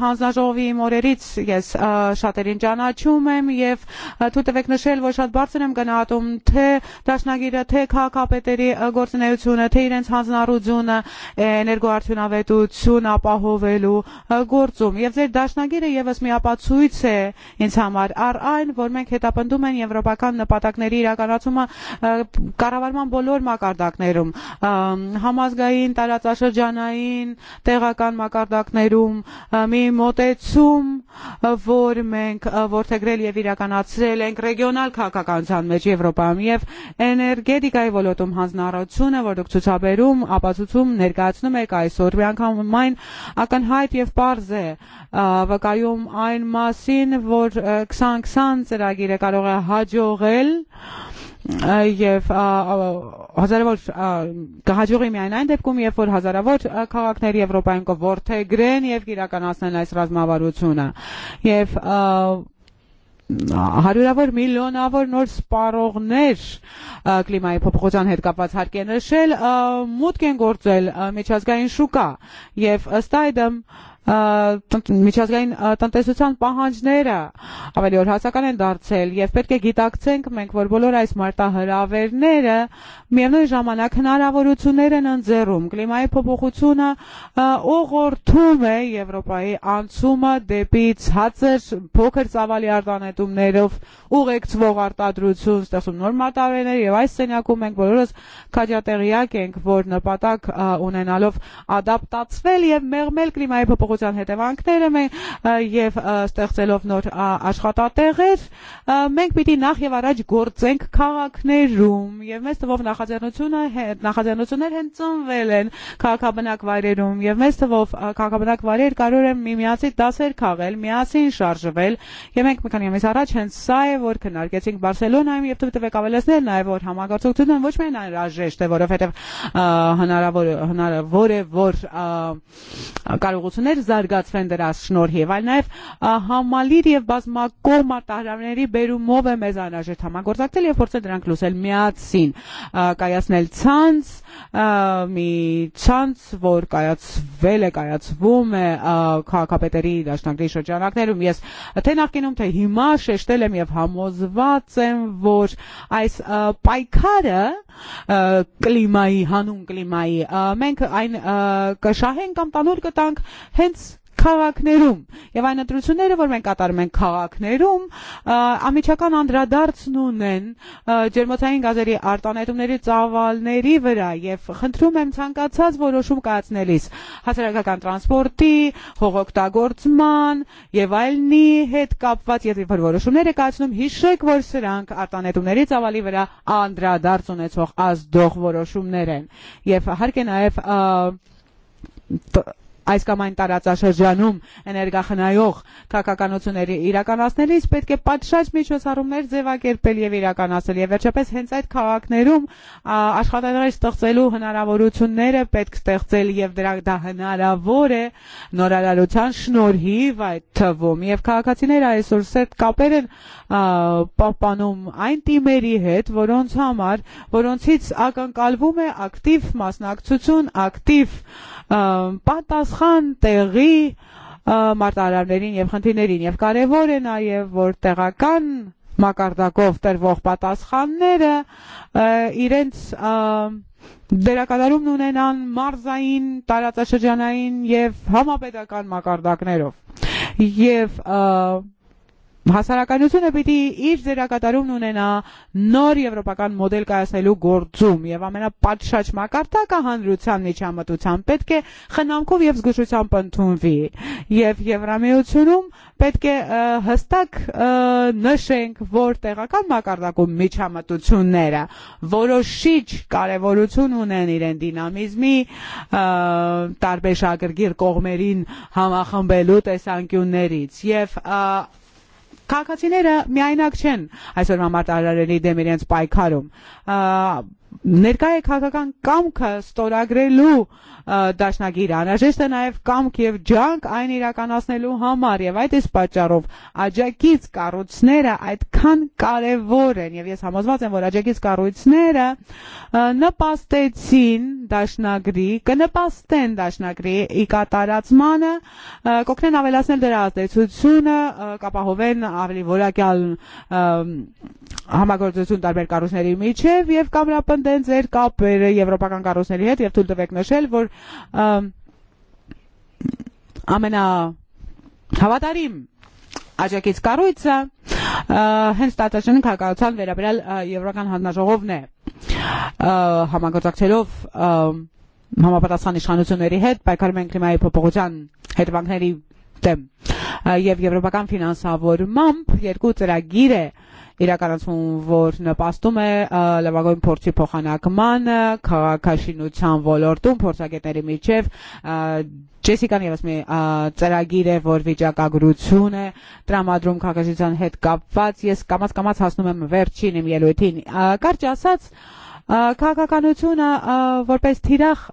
հանձնաժողովի մորերից ես շատերին ճանաչում եմ եւ թույլ տվեք նշել որ շատ բարձր եմ գնահատում թե դաշնագիրը թե քաղաքապետերի գործունեությունը թե իրենց հանձնառությունը էներգոարդյունավետություն ապահովելու գործում եւ ձեր դաշնագիրը եւս միապացույց է ինձ համար Դար այլ, որ մենք հետապնդում են եվրոպական նպատակների իրականացումը կառավարման բոլոր մակարդակներում, համազգային, տարածաշրջանային, տեղական մակարդակներում, մի մոտեցում, որ մենք որթեգրել եւ իրականացրել ենք ռեգիոնալ քաղաքականության մեջ Եվրոպայում եւ էներգետիկայի ոլորտում հանձնառությունը, որ դուք ցուցաբերում, ապացուցում ներկայացնում եք այսօր, մի անգամ այն ակնհայտ եւ པարզ է վկայում այն մասին, որ 20 120 ծրագիր է կարող է հաջողել եւ հազարավոր կհաջողի միայն այն դեպքում, երբ որ հազարավոր քաղաքներ Եվրոպայում կորթեգրեն եւ իրականացնեն այս ռազմավարությունը։ Եվ հարյուրավոր միլիոնավոր նոր սպառողներ կլիմայի փոփոխության հետ կապված հարկ է նշել, մուտք են գործել միջազգային շուկա եւ ըստ այդմ միջազգային տնտեսության պահանջները ավելի օր հասական են դարձել եւ պետք է գիտակցենք մենք, որ բոլոր այս մարտահրավերները միևնույն ժամանակ հնարավորություններ են ընձեռում։ Կլիմայի փոփոխությունը օղորթում է Եվրոպայի անցումը դեպի ցածր փոքր ծավալի արտանետումներով ուղեկցվող արտադրություն, ստեղծում նոր մարտահրավերներ եւ այս սենյակում մենք բոլորս քաջատեղյակ ենք, որ նպատակ ունենալով ադապտացվել եւ մեղմել կլիմայի փոփոխության կոռուպցիան հետևանքները մենք եւ ստեղծելով նոր աշխատատեղեր մենք պիտի նախ եւ առաջ գործենք քաղաքներում եւ մեզ թվով նախաձեռնությունը նախաձեռնություններ հենց ծնվել են քաղաքաբնակ վայրերում եւ մեզ թվով քաղաքաբնակ վայրեր կարող են միմյանցից դասեր քաղել, միասին շարժվել եւ մենք մի քանի ամիս առաջ հենց սա է որ քննարկեցինք Բարսելոնայում եւ թվիթվեք ավելացնել նաեւ որ համագործակցությունը ոչ միայն անհրաժեշտ է, որովհետեւ հնարավոր հնարավոր է որ կարողություններ ծրագրեր զարգացվեն դրա շնորհիվ, այլ նաև համալիր եւ բազմակողմ արտահանումների բերումով է մեզ անհրաժեշտ համագործակցել եւ փորձել դրանք լուծել միասին, կայացնել ցանց, մի ցանց, որ կայացվել է, կայացվում է քաղաքապետերի դաշնակցի շրջանակներում։ Ես թե նախկինում թե հիմա շեշտել եմ եւ համոզված եմ, որ այս պայքարը կլիմայի, հանուն կլիմայի, մենք այն կշահենք կամ տանուլ կտանք հենց իրենց քաղաքներում եւ այն ընտրությունները, որ մենք կատարում ենք քաղաքներում, ամիջական անդրադարձն ունեն ջերմոցային գազերի արտանետումների ծավալների վրա եւ խնդրում եմ ցանկացած որոշում կայացնելիս հասարակական տրանսպորտի, հողօգտագործման եւ այլնի հետ կապված եթե որոշումներ եք կայացնում, հիշեք, որ սրանք արտանետումների ծավալի վրա անդրադարձ ունեցող ազդող որոշումներ են եւ իհարկե նաեւ այս կամ այն տարածաշրջանում էներգախնայող քաղաքականությունների իրականացնելիս պետք է պատշաճ միջոցառումներ ձևակերպել եւ իրականացնել եւ վերջապես հենց այդ քաղաքներում աշխատանքներ ստեղծելու հնարավորությունները պետք ստեղծել եւ դրա դա հնարավոր է նորարարության շնորհիվ այդ թվում եւ քաղաքացիները այսօր սետ կապեր են պահպանում այն թիմերի հետ որոնց համար որոնցից ակնկալվում է ակտիվ մասնակցություն ակտիվ և պատասխան տեղի մարտահրավերին եւ խնդիրներին եւ կարեւոր է նաեւ որ տեղական մակարդակով տրվող պատասխանները իրենց դերակատարումն ունենան մարզային, տարածաշրջանային եւ համապետական մակարդակներով։ Եվ և, և, և, և, և, և, և, և, և հասարակայնությունը պիտի իր ձերակատարումն ունենա նոր եվրոպական մոդել կայացնելու գործում եւ ամենապատշաճ մակարդակը հանրության միջամտության պետք է խնամքով եւ զգուշությամբ ընդունվի եւ եվրամիությունում պետք է հստակ նշենք որ տեղական մակարդակում միջամտությունները որոշիչ կարեւորություն ունեն իրեն դինամիզմի տարբեր շագրգիռ կողմերին համախմբելու տեսանկյուններից եւ Քաղաքացիները միայնակ չեն այսօր համարտարարելի դեմ իրենց պայքարում։ ներկայ է քաղաքական կամքը ստորագրելու դաշնագիր անհրաժեշտ է նաև կամք եւ ջանք այն իրականացնելու համար եւ այդ էս պատճառով աջակից կառույցները այդքան կարեւոր են եւ ես համոզված եմ որ աջակից կառույցները նպաստեցին դաշնագրի կնպաստեն դաշնագրի ի կատարածմանը կօգնեն ավելացնել դրա ազդեցությունը կապահովեն ավելի որակյալ համագործություն տարբեր կառույցների միջև եւ կամրապն տենդենսեր կապ եվրոպական կառույցների հետ եւ թույլ տվեք նշել, որ ամենա հավատարիմ աջակից կառույցը հենց տվյալների քաղաքացիական վերաբերյալ եվրոպական հանձնաժողովն է համագործակցելով համապատասխան իշխանությունների հետ պայքարում են կլիմայի փոփոխության հետևանքների դեմ եւ եվրոպական ֆինանսավորմամբ երկու ծրագիր է և, իրականացում, որ նպաստում է լավագույն փորձի փոխանակմանը, քաղաքաշինության ոլորտում փորձագետների միջև Ջեսիկան եւս մի ծրագիր է, որ վիճակագրություն է տրամադրում քաղաքացիության հետ կապված։ Ես կամած-կամած հասնում եմ վերջին իմ ելույթին։ Կարճ ասած, քաղաքականությունը որպես թիրախ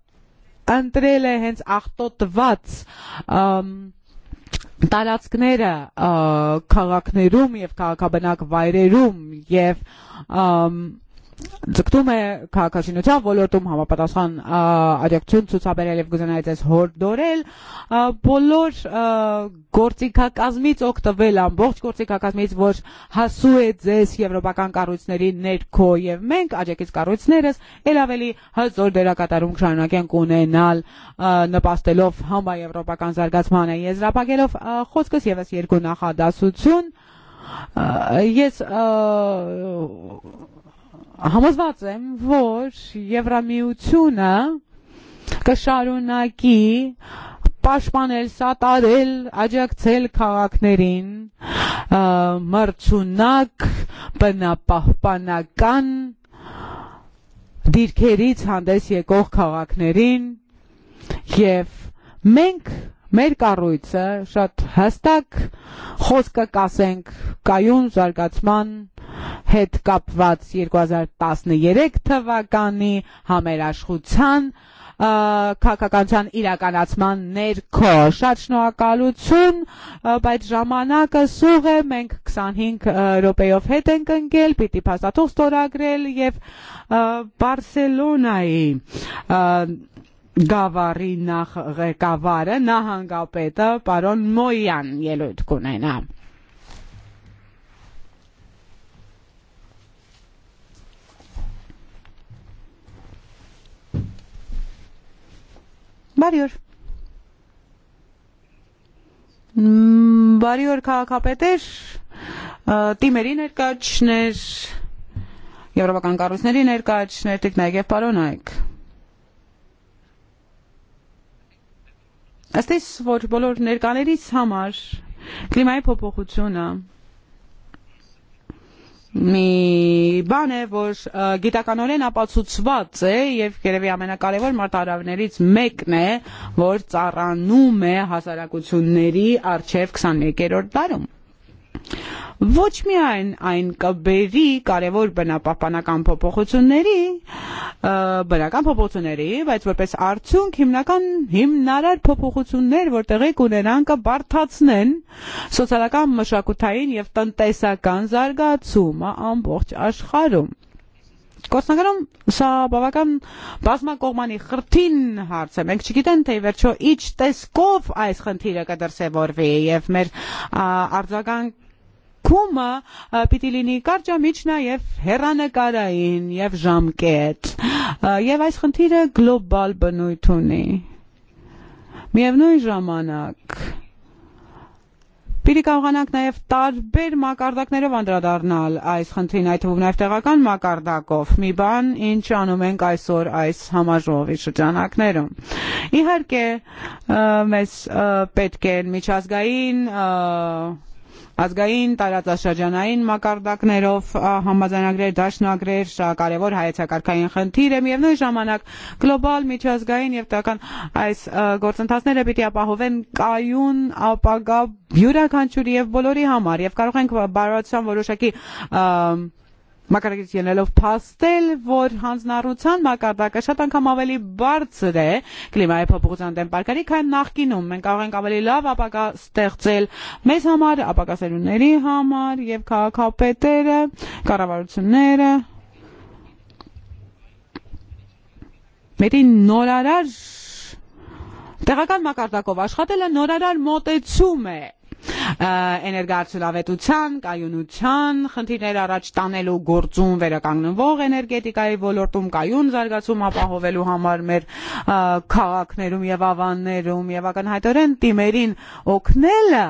ընտրել է հենց ախտոտված տարածքները քաղաքներում եւ քաղաքաբնակ վայրերում եւ և, և ձգտում է քաղաքաշինության ոլորտում համապատասխան աջակցություն ցուցաբերել եւ գուզանայեցես հորդորել բոլոր գործիքակազմից օգտվել ամբողջ գործիքակազմից որ հասու է ձեզ եվրոպական կառույցների ներքո եւ մենք աջակից կառույցներս ել ավելի հզոր դերակատարում շարունակենք ունենալ նպաստելով համաեվրոպական զարգացմանը եզրափակելով խոսքս եւս երկու նախադասություն ես համոզված եմ, որ Եվրամիությունը կշարունակի պաշտպանել, սատարել, աջակցել քաղաքներին, մրցունակ, բնապահպանական դիրքերից հանդես եկող քաղաքներին եւ մենք մեր կառույցը շատ հստակ խոսքը կասենք կայուն զարգացման հետ կապված 2013 թվականի համերաշխության քաղաքականության իրականացման ներքո շատ շնորհակալություն բայց ժամանակը սուղ է մենք 25 րոպեով հետ ենք ընկել պիտի փաստաթուղթ ստորագրել եւ բարսելոնայի գավառի նախ ղեկավարը նահանգապետը պարոն մոյան ելույթ կունենա Barjur. Barjur kā, kāpēc ir? Տիմերին էր կաչներ, եվրոպական կառույցներին էր կաչներ, տիկնայք և պարոնայք։ Ըստ էս, որ բոլոր ներկաներից համար կլիմայի փոփոխությունը մի բան է, որ գիտականորեն ապացուցված է եւ երևի ամենակարևոր մարտահրավերներից մեկն է, որ ծառանում է հասարակությունների արչեւ 21-րդ դարում։ ոչ միայն այն կբերի կարևոր բնապահպանական փոփոխությունների, բնական փոփոխությունների, բայց որպես արդյունք հիմնական հիմնարար փոփոխություններ, որտեղ եք ունենան կբարթացնեն սոցիալական, մշակութային եւ տնտեսական զարգացումը ամբողջ աշխարհում։ Կոսնականում սա բավական բազմակողմանի խրթին հարց է։ Մենք չգիտեն թե վերջո ինչ տեսքով այս խնդիրը կդրսևորվի եւ մեր արձագանք կոմը պիտի լինի կարճամիջնա եւ հերանեկարային եւ ժամկետ եւ այս խնդիրը գլոբալ բնույթ ունի միևնույն ժամանակ Պիտի կարողանանք նաև տարբեր մակարդակներով անդրադառնալ այս խնդրին, այդ թվում նաև տեղական մակարդակով։ Մի բան, ինչ անում ենք այսօր այս համաժողովի շրջանակներում։ Իհարկե, մեզ պետք են միջազգային ազգային տարածաշրջանային մակարդակներով համաձայնագրեր, դաշնակրեր, շա կարևոր հայեցակարգային խնդիր է եւ նույն ժամանակ գլոբալ միջազգային եւ տական այս գործընթացները պիտի ապահովեն կայուն ապագա յուրաքանչյուրի եւ բոլորի համար եւ կարող ենք բարոյական որոշակի մակարդակից ելնելով փաստել, որ հանձնառության մակարդակը շատ անգամ ավելի բարձր է կլիմայի փոփոխության դեմ պարկարի, քան նախկինում։ Մենք կարող ենք ավելի լավ ապակա ստեղծել մեզ համար, ապակասերունների համար եւ քաղաքապետերը, կառավարությունները։ Մերի նորարար տեղական մակարդակով աշխատելը նորարար մոտեցում է էներգարդյունավետության, կայունության խնդիրներ առաջ տանելու գործում վերականգնվող էներգետիկայի ոլորտում կայուն զարգացում ապահովելու համար մեր քաղաքներում եւ ավաններում եւ ակնհայտորեն դիմերին օգնելը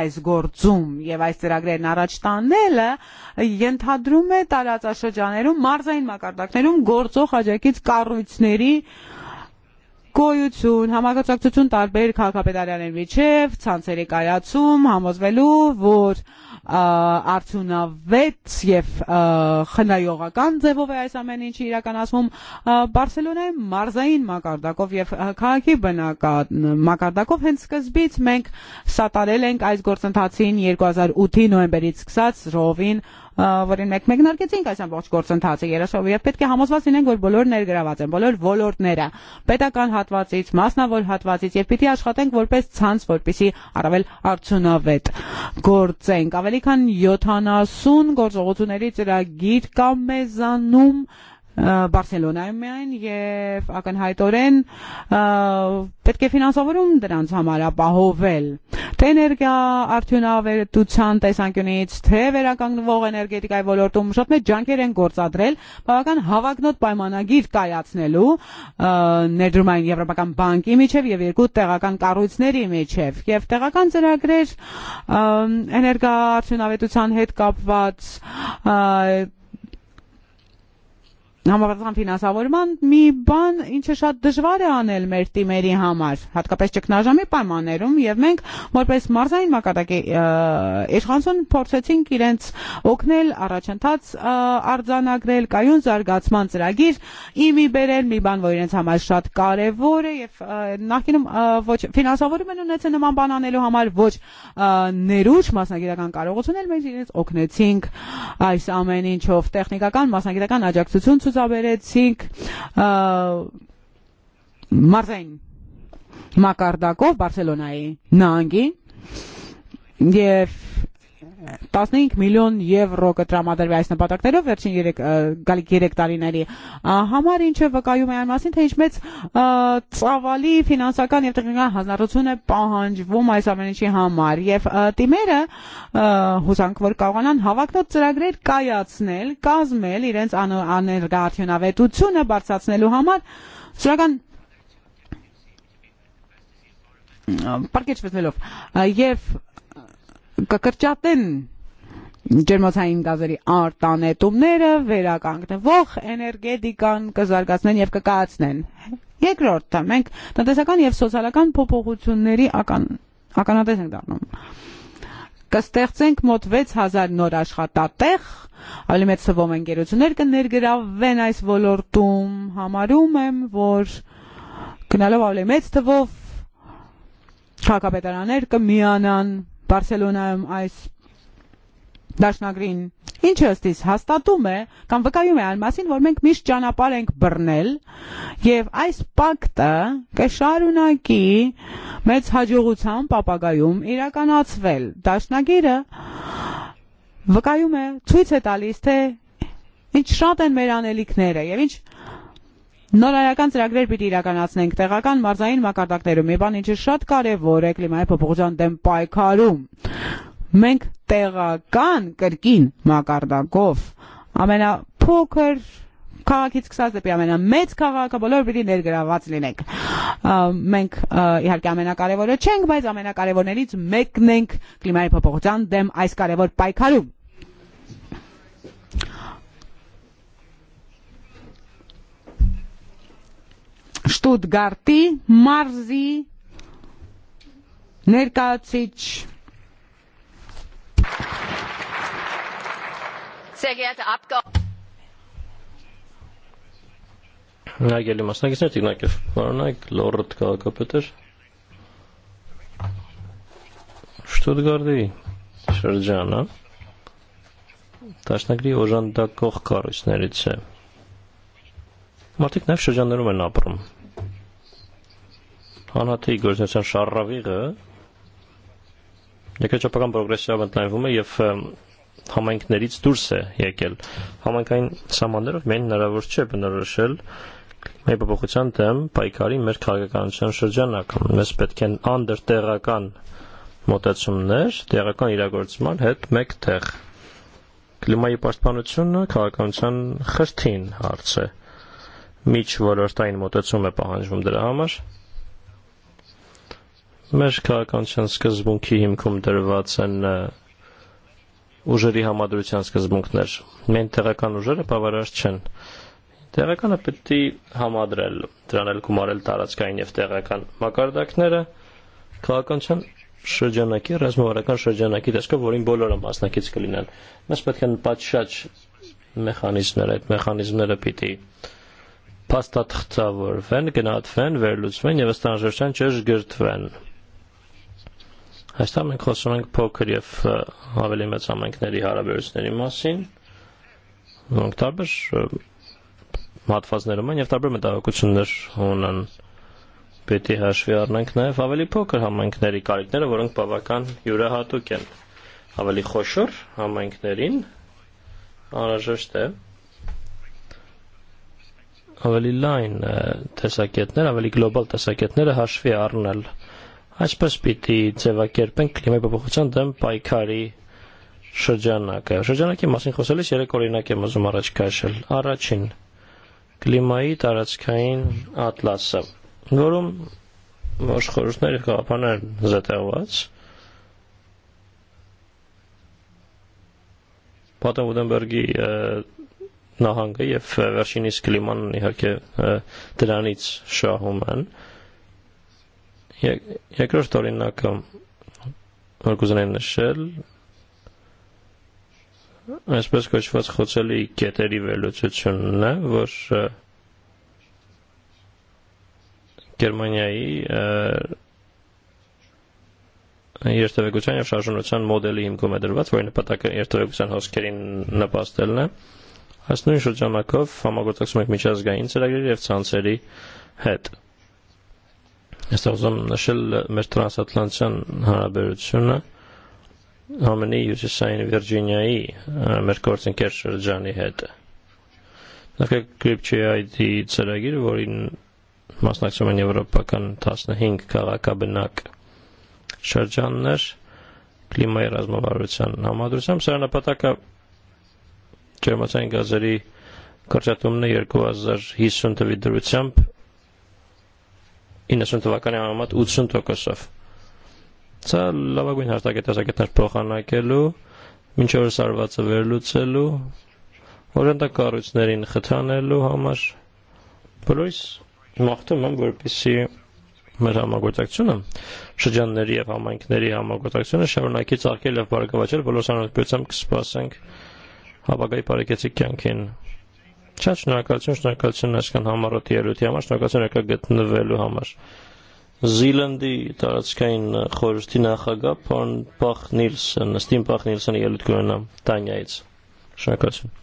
այս գործում եւ այս ծրագրերն առաջ տանելը ենթադրում է տարածաշրջաներում մարզային մակարդակներում գործող աջակից կառույցների գոյություն, համագործակցություն տարբեր քաղաքապետարանների միջև, ցանցերի կայացում, համոզվելու, որ արդյունավետ եւ խնայողական ձևով է այս ամեն ինչը իրականացվում Բարսելոնայի մարզային մակարդակով եւ քաղաքի բնական մակարդակով հենց սկզբից մենք սատարել ենք այս գործընթացին 2008-ի նոյեմբերից սկսած ռովին որին մեկ մեկնարկեցինք այս ամբողջ գործընթացը երեսով եւ պետք է համոզված լինենք որ բոլոր ներգրաված են բոլոր ոլորտները պետական հատվածից մասնավոր հատվածից եւ պիտի աշխատենք որպես ցանց որպիսի առավել արդյունավետ գործենք ավելի քան 70 գործողությունների ծրագիր կամ մեզանում Բարսելոնայում են եւ ակնհայտորեն պետք է ֆինանսավորում դրանց համար ապահովել թե էներգիա արդյունավետության տեսանկյունից թե վերականգնվող էներգետիկայի ոլորտում շատ մեծ ջանքեր են գործադրել բավական հավակնոտ պայմանագիր կայացնելու ներդրումային եվրոպական բանկի միջև եւ երկու տեղական կառույցների միջև եւ տեղական ծրագրեր էներգիա արդյունավետության հետ կապված համապատասխան ֆինանսավորման մի բան, ինչը շատ դժվար է անել մեր թիմերի համար, հատկապես ճգնաժամի պայմաններում եւ մենք որպես մարզային մակարդակի իշխանություն փորձեցինք իրենց օգնել առաջընթաց արձանագրել, կայուն զարգացման ծրագիր իմի բերել, մի բան, որ իրենց համար շատ կարեւոր է եւ նախինում ոչ ֆինանսավորում են ունեցել նման բան անելու համար ոչ ներուժ մասնագիտական կարողություններ մենք իրենց օգնեցինք այս ամեն ինչով տեխնիկական մասնագիտական աջակցություն Zaberetszink, Մարզային մակարդակով Բարսելոնայի նահանգին եւ 15 միլիոն եվրո կտրամադրվի այս նպատակներով վերջին 3 գալիք 3 տարիների համար ինչը վկայում է այն մասին թե ինչ մեծ ծավալի ֆինանսական եւ տեխնիկական հանրություն է պահանջվում այս ամենի համար եւ թիմերը հուսանք որ կարողանան հավակնոտ ծրագրեր կայացնել կազմել իրենց աներգարթյունավետությունը բարձրացնելու համար սրական պարկեշվեցնելով եւ կկրճատեն ջերմոցային գազերի արտանետումները, վերականգնվող էներգետիկան կզարգացնեն եւ կկայացնեն։ Երկրորդը, մենք տնտեսական եւ սոցիալական փոփոխությունների ական ականատես ենք դառնում։ Կստեղծենք մոտ 6000 նոր աշխատատեղ, ավելի մեծ թվով ընկերություններ կներգրավվեն այս ոլորտում։ Համարում եմ, որ գնալով ավելի մեծ թվով քաղաքապետարաններ կմիանան Barcelonaym այս դաշնագրին Ինչըստիս հաստատում է կամ վկայում է այն մասին, որ մենք միշտ ճանապարհ ենք բռնել եւ այս պակտը կշարունակի մեծ հաջողությամբ ապագայում իրականացվել։ Դաշնագիրը վկայում է, ցույց է տալիս, թե ինչ շատ են մեր անելիքները եւ ինչ նորարարական ծրագրեր պիտի իրականացնենք տեղական մարզային մակարդակներում։ Մի բան ինչը շատ կարևոր է կլիմայի փոփոխության դեմ պայքարում։ Մենք տեղական կրկին մակարդակով ամենափոքր քաղաքից սկսած դեպի ամենամեծ քաղաքը բոլորը պիտի ներգրաված լինենք։ Մենք իհարկե ամենակարևորը չենք, բայց ամենակարևորներից մեկն ենք կլիմայի փոփոխության դեմ այս կարևոր պայքարում։ Штутгарти, Марзи, Ներկայացիչ Նայելի մասնակիցներ Տիգնակև Վարնայք լորդ քաղաքապետեր Շտուտգարտի շրջանը Տաշնագրի օժանդակող կառույցներից է Մարդիկ նաև շրջաններում են ապրում անհատի գործնական շարռավիղը եկեղեցական պրոգրեսիվ ընդլայնվում է եւ համայնքներից դուրս է եկել։ Համայնքային սահմաններով մենք հնարավոր չէ բնորոշել մեր փոփոխության դեմ պայքարի մեր քաղաքականության շրջանակը։ Մեզ պետք են անդերտեղական մոտեցումներ տեղական իրագործման հետ մեկտեղ։ Կլիմայի պաշտպանությունը քաղաքականության խրթին հարց է։ Միջ ոլորտային մոտեցում է պահանջվում դրա համար։ Մերկա կանչան սկզբունքի հիմքում դրված են ուժերի համադրության սկզբունքներ։ Մեն տեղական ուժերը բավարար չեն։ Տեղականը պետք է համադրել, դրան էլ գումարել տարածքային եւ տեղական մակարդակները քաղաքական շրջանակի, ռազմավարական շրջանակի տեսքով, որին բոլորը մասնակից կլինեն։ Մենք պետք են պատշաճ մեխանիզմներ, այդ մեխանիզմները պիտի փաստաթղթավորվեն, գնահատվեն, վերլուծվեն եւ ըստանջերշան չժգրտվեն։ չժ Այստեղ մենք խոսում ենք փոքր եւ ավելի մեծ համայնքների հարաբերությունների մասին, որոնք տարբեր մատվածներում են եւ տարբեր մտահոգություններ ունեն։ Պետք է հաշվի առնենք նաեւ ավելի փոքր համայնքների կարիքները, որոնք բավական յուրահատուկ են։ Ավելի խոշոր համայնքներին անհրաժեշտ է ավելի լայն տեսակետներ, ավելի գլոբալ տեսակետները հաշվի առնել։ Ա, այսպեսպիտի ձևակերպենք կլիմայպոպոխության դեմ պայքարի շրջանակը։ Շրջանակի մասին խոսելիս երեք օրինակ եմ ուզում առաջ քաշել։ Առաջին կլիմայի տարածքային ատլասը, որում աշխորհները կապաներ զտեղված։ Պատը Ուդենբերգի նահանգը եւ վերջինիս կլիման իհարկե դրանից շահում են։ և, երկրորդ օրինակը որ կուզենայի նշել այսպես կոչված խոցելի կետերի վերլուծությունն է, որ Գերմանիայի երթևեկության եւ շարժունության մոդելի հիմքում է դրված, որի նպատակը երթևեկության հոսքերին նպաստելն է։ Այս նույն շրջանակով համագործակցում ենք միջազգային ծրագրերի եւ ցանցերի հետ։ Ա, nistawżom naxil mir transatlantian ħabirġuna għamni ju ċessajn Virginia i mir kortin kerċer ġani ħed. Nafka kribċi għajdi t-saragir vorin masnak sumen Europa kan tasna hink kala kabinak xarġannax klima jirazma barriċan. Għamadur sam sarna pataka ċerma ċajn għazari korċatum nejr kwa għazzar jissun ta' vidru ċamp innesuntu väga nemad uudsuntu Kosovo. Սա լավագույն հարտակետազագետներ փոխանակելու, մինչև սարվածը վերլուծելու, օրենտակառույցներին խթանելու համար բոլորիս մաղթում եմ, որպեսզի մեր համագործակցությունը, շրջանների եւ համայնքների համագործակցությունը շարունակի ծաղկել եւ բարգավաճել, բոլոր ցանոթ գործամ կսպասենք հավագայի բարեկեցիկ կյանքին։ Շատ շնորհակալություն, շնորհակալություն այսքան համառոտ ելույթի համար, շնորհակալություն եկա գտնվելու համար։ Զիլանդի տարածքային խորհրդի նախագահ Փոն Փախ Նիլսեն, Ստին Փախ Նիլսեն ելույթ կունենա Տանյայից։ Շնորհակալություն։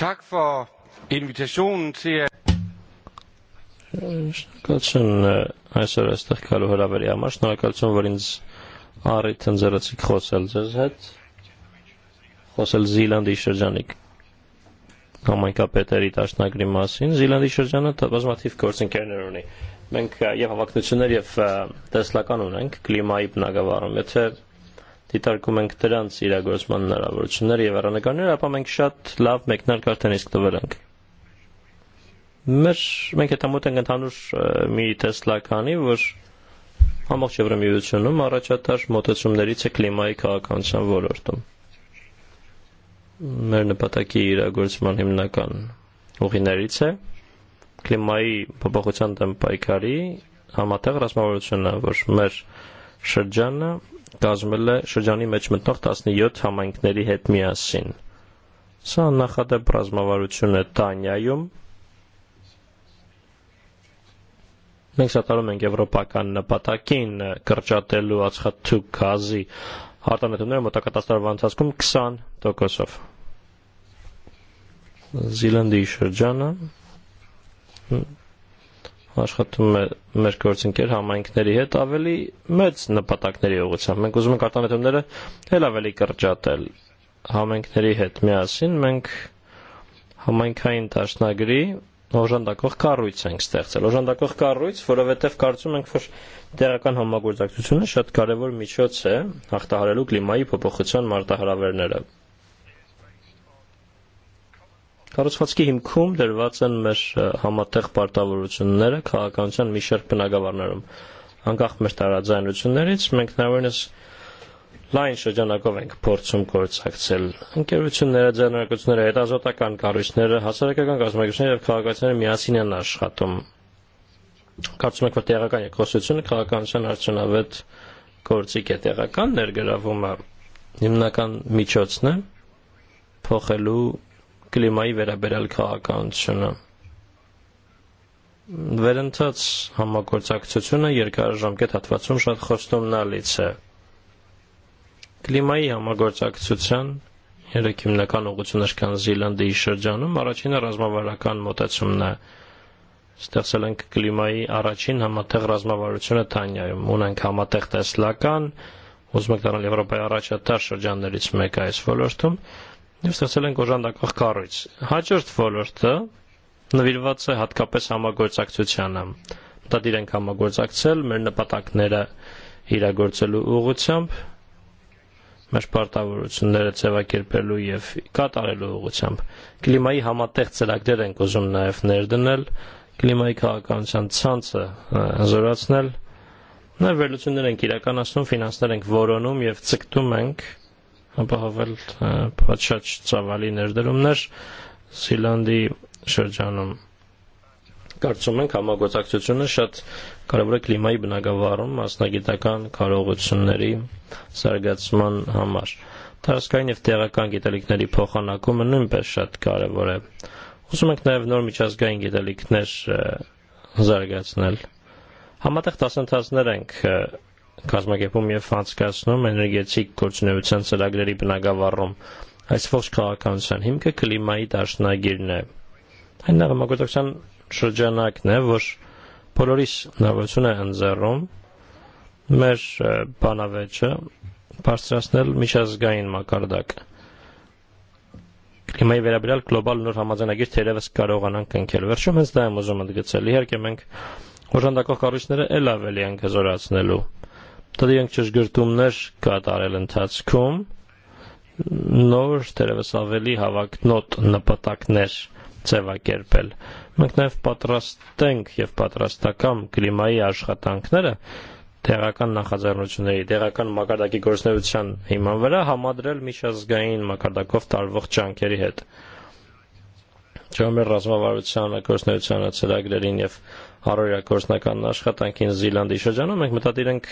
Tak for invitationen til at Շնորհակալություն այսօր այստեղ գալու հրավերի համար, շնորհակալություն, որ ինձ առիթ ընձեռեցիք խոսել ձեզ հետ, խոսել Զիլանդի շրջանիկ համայնքապետերի տաշնագրի մասին։ Զիլանդի շրջանը բազմաթիվ գործընկերներ ունի։ Մենք եւ հավակնություններ եւ տեսլական ունենք կլիմայի բնագավառում։ Եթե դիտարկում ենք դրանց իրագործման հնարավորությունները եւ առանցքները, ապա մենք շատ լավ մեկնարկ արդեն իսկ տվել ենք։ Մեր մենք հետամոտ ենք ընդհանուր մի տեսլականի, որ Ամբողջ Եվրամիությունում առաջատար մոտեցումներից է կլիմայի քաղաքականության ոլորտում։ Մեր նպատակի իրագործման հիմնական ուղիներից է կլիմայի փոփոխության դեմ պայքարի համատեղ ռազմավարությունը, որ մեր շրջանը կազմել է շրջանի մեջ մտնող 17 համայնքների հետ միասին։ Սա նախադեպ ռազմավարություն է Տանյայում, Մենք սատարում ենք եվրոպական նպատակին կրճատելու ածխաթու գազի արտանետումները մոտակա 10 տարվա ընթացքում 20%-ով։ Զիլանդի շրջանը աշխատում է մեր գործընկեր համայնքների հետ ավելի մեծ նպատակների ուղղությամբ։ Մենք ուզում ենք արտանետումները հել ավելի կրճատել համայնքների հետ միասին։ Մենք համայնքային դաշնագրի օժանդակող կառույց ենք ստեղծել։ Օժանդակող կառույց, որովհետև կարծում ենք, որ տեղական համագործակցությունը շատ կարևոր միջոց է հաղթահարելու կլիմայի փոփոխության մարտահրավերները։ Կառուցվածքի հիմքում դրված են մեր համատեղ պարտավորությունները քաղաքականության մի շարք բնագավառներում։ Անկախ մեր տարաձայնություններից մենք նույնիսկ լայն շրջանակով ենք փորձում գործակցել։ Ընկերությունները, ձեռնարկությունները, հետազոտական կառույցները, հասարակական կազմակերպությունները եւ քաղաքացիները միասին են աշխատում։ Կարծում եք, որ տեղական երկխոսությունը քաղաքականության արդյունավետ գործիք է տեղական ներգրավումը հիմնական միջոցն է փոխելու կլիմայի վերաբերյալ քաղաքականությունը վերընթաց համագործակցությունը երկարաժամկետ հատվածում շատ խոստումնալից է Կլիմայի համագործակցության երեք հիմնական ուղղություններ կան Զիլանդիի շրջանում։ Առաջինը ռազմավարական մոտեցումն է։ Ստեղծել ենք կլիմայի առաջին համատեղ ռազմավարությունը Թանյայում։ Ունենք համատեղ տեսլական, ուզում ենք դառնալ Եվրոպայի առաջատար շրջաններից մեկը այս ոլորտում, եւ ստեղծել ենք օժանդակող կառույց։ Հաջորդ ոլորտը նվիրված է հատկապես համագործակցությանը։ Մտադիր ենք համագործակցել մեր նպատակները իրագործելու ուղղությամբ մեր պարտավորությունները ձևակերպելու եւ կատարելու ուղղությամբ։ Կլիմայի համատեղ ծրագրեր ենք ուզում նաեւ ներդնել, կլիմայի քաղաքականության ցանցը զորացնել։ Նաեւ վերլուծություններ ենք իրականացնում, ֆինանսներ ենք որոնում եւ ցկտում ենք ապահովել փաչաճ ծավալի ներդրումներ Սիլանդի շրջանում։ Կարծում ենք համագործակցությունը շատ կարևոր է կլիմայի բնագավառում մասնագիտական կարողությունների զարգացման համար։ Տարածքային եւ տեղական գիտելիքների փոխանակումը նույնպես շատ կարևոր է։ Ուզում ենք նաեւ նոր միջազգային գիտելիքներ զարգացնել։ Համատեղ դասընթացներ ենք կազմակերպում եւ անցկացնում էներգետիկ գործունեության ծրագրերի բնագավառում։ Այս ողջ քաղաքականության հիմքը կլիմայի դաշնագիրն է։ Այն նավագործության շրջանակն է, որ բոլորիս հնարավորություն է ընձեռում մեր բանավեճը բարձրացնել միջազգային մակարդակը։ Կլիմայի վերաբերյալ գլոբալ նոր համաձայնագիր թերևս կարողանանք ընկել։ Վերջում հենց դա եմ ուզում ընդգծել։ Իհարկե մենք օժանդակող կառույցները ել ավելի ենք հզորացնելու։ Դրանք ճշգրտումներ կատարել ընթացքում նոր թերևս ավելի հավակնոտ նպատակներ ձևակերպել։ մենք նաև պատրաստ ենք եւ պատրաստական կլիմայի աշխատանքները տեղական նախաձեռնությունների, տեղական մակարդակի գործնեության հիման վրա համադրել միջազգային մակարդակով տարվող ջանքերի հետ։ Ճամեր ռազմավարության գործնեության ծրագրերին եւ առօրյա գործնական աշխատանքին Զիլանդի շրջանում մենք մտադիր ենք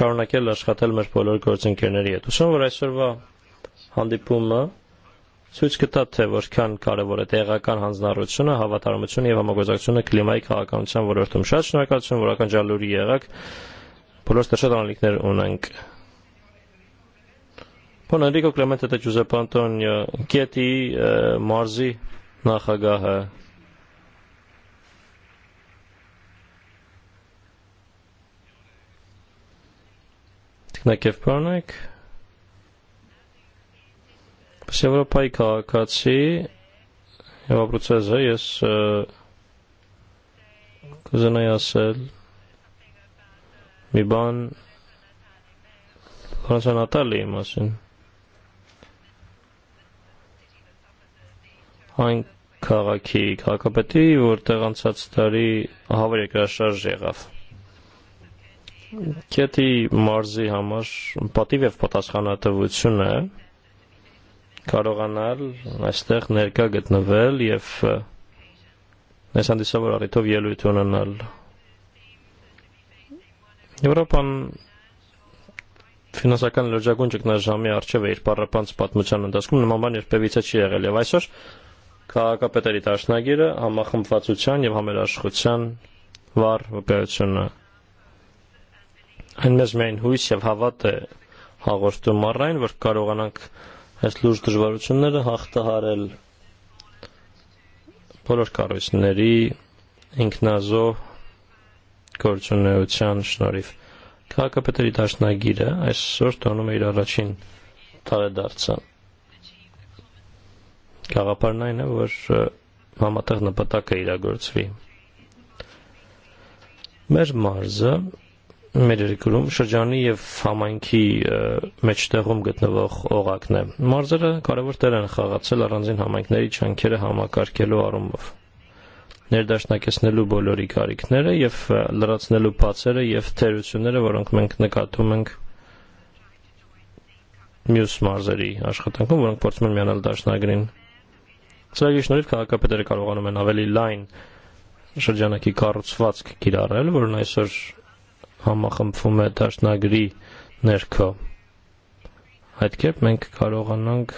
շարունակել աշխատել մեր բոլոր գործընկերների հետ։ Ուսում որ այսօրվա հանդիպումը ցույց կտա, թե որքան կարևոր է տեղական հանձնառությունը, հավատարմությունը եւ համագործակցությունը կլիմայի քաղաքականության ոլորտում։ Շատ շնորհակալություն, որ ականջալուրի եղաք։ Բոլորս շատ անելիքներ ունենք։ Պոն Էնրիկո Կլեմենտե դե Ջուզեպե Անտոնիո Գետի մարզի նախագահը Թիկնակեվ բանակ Kas Европа Икалакации, Ева процеса есть Кузена Ясель, Мибан, Франса Натали Масин. Այն քաղաքի քաղաքապետի, որտեղ անցած տարի հավեր երկրաշարժ եղավ։ Կետի մարզի համար պատիվ եւ պատասխանատվություն է, կարողանալ այստեղ ներկա գտնվել եւ այս հանդիսավոր առիթով ելույթ ունենալ։ Եվրոպան ֆինանսական լրջագույն ճգնաժամի արժեվ է իր պարապանց պատմության ընթացքում նման բան երբևիցե չի եղել եւ այսօր քաղաքապետերի դաշնագիրը համախմբվածության եւ համերաշխության վառ վկայությունն է։ Այն մեզ միայն հույս եւ հավատ է հաղորդում առայն, որ կարողանանք Այս լուրջ դժվարությունները հաղթահարել բոլոր կառույցների ինքնազոհ գործունեության շնորհիվ։ Քաղաքապետարի դաշնագիրը այսօր տոնում է իր առաջին տարեդարձը։ Գաղափարն այն է, որ համատեղ նպատակը իրագործվի։ Մեր մարզը մեջերիկում շրջանի եւ համայնքի մեջտեղում գտնվող օղակն է։ Մարզերը կարևոր դեր են խաղացել առանձին համայնքների ճանկերը համակարգելու առումով ներդաշնակեցնելու բոլորի կարիքները եւ լրացնելու բացերը եւ թերությունները, որոնք մենք նկատում ենք մյուս մարզերի աշխատանքում, որոնք փորձում են միանալ դաշնագրին։ Ծրագրի շնորհիվ քաղաքապետերը կարողանում են ավելի լայն շրջանակի կառուցվածք կիրառել, որն այսօր համախմբվում է դաշնագրի ներքո։ Այդ կերպ մենք կարողանանք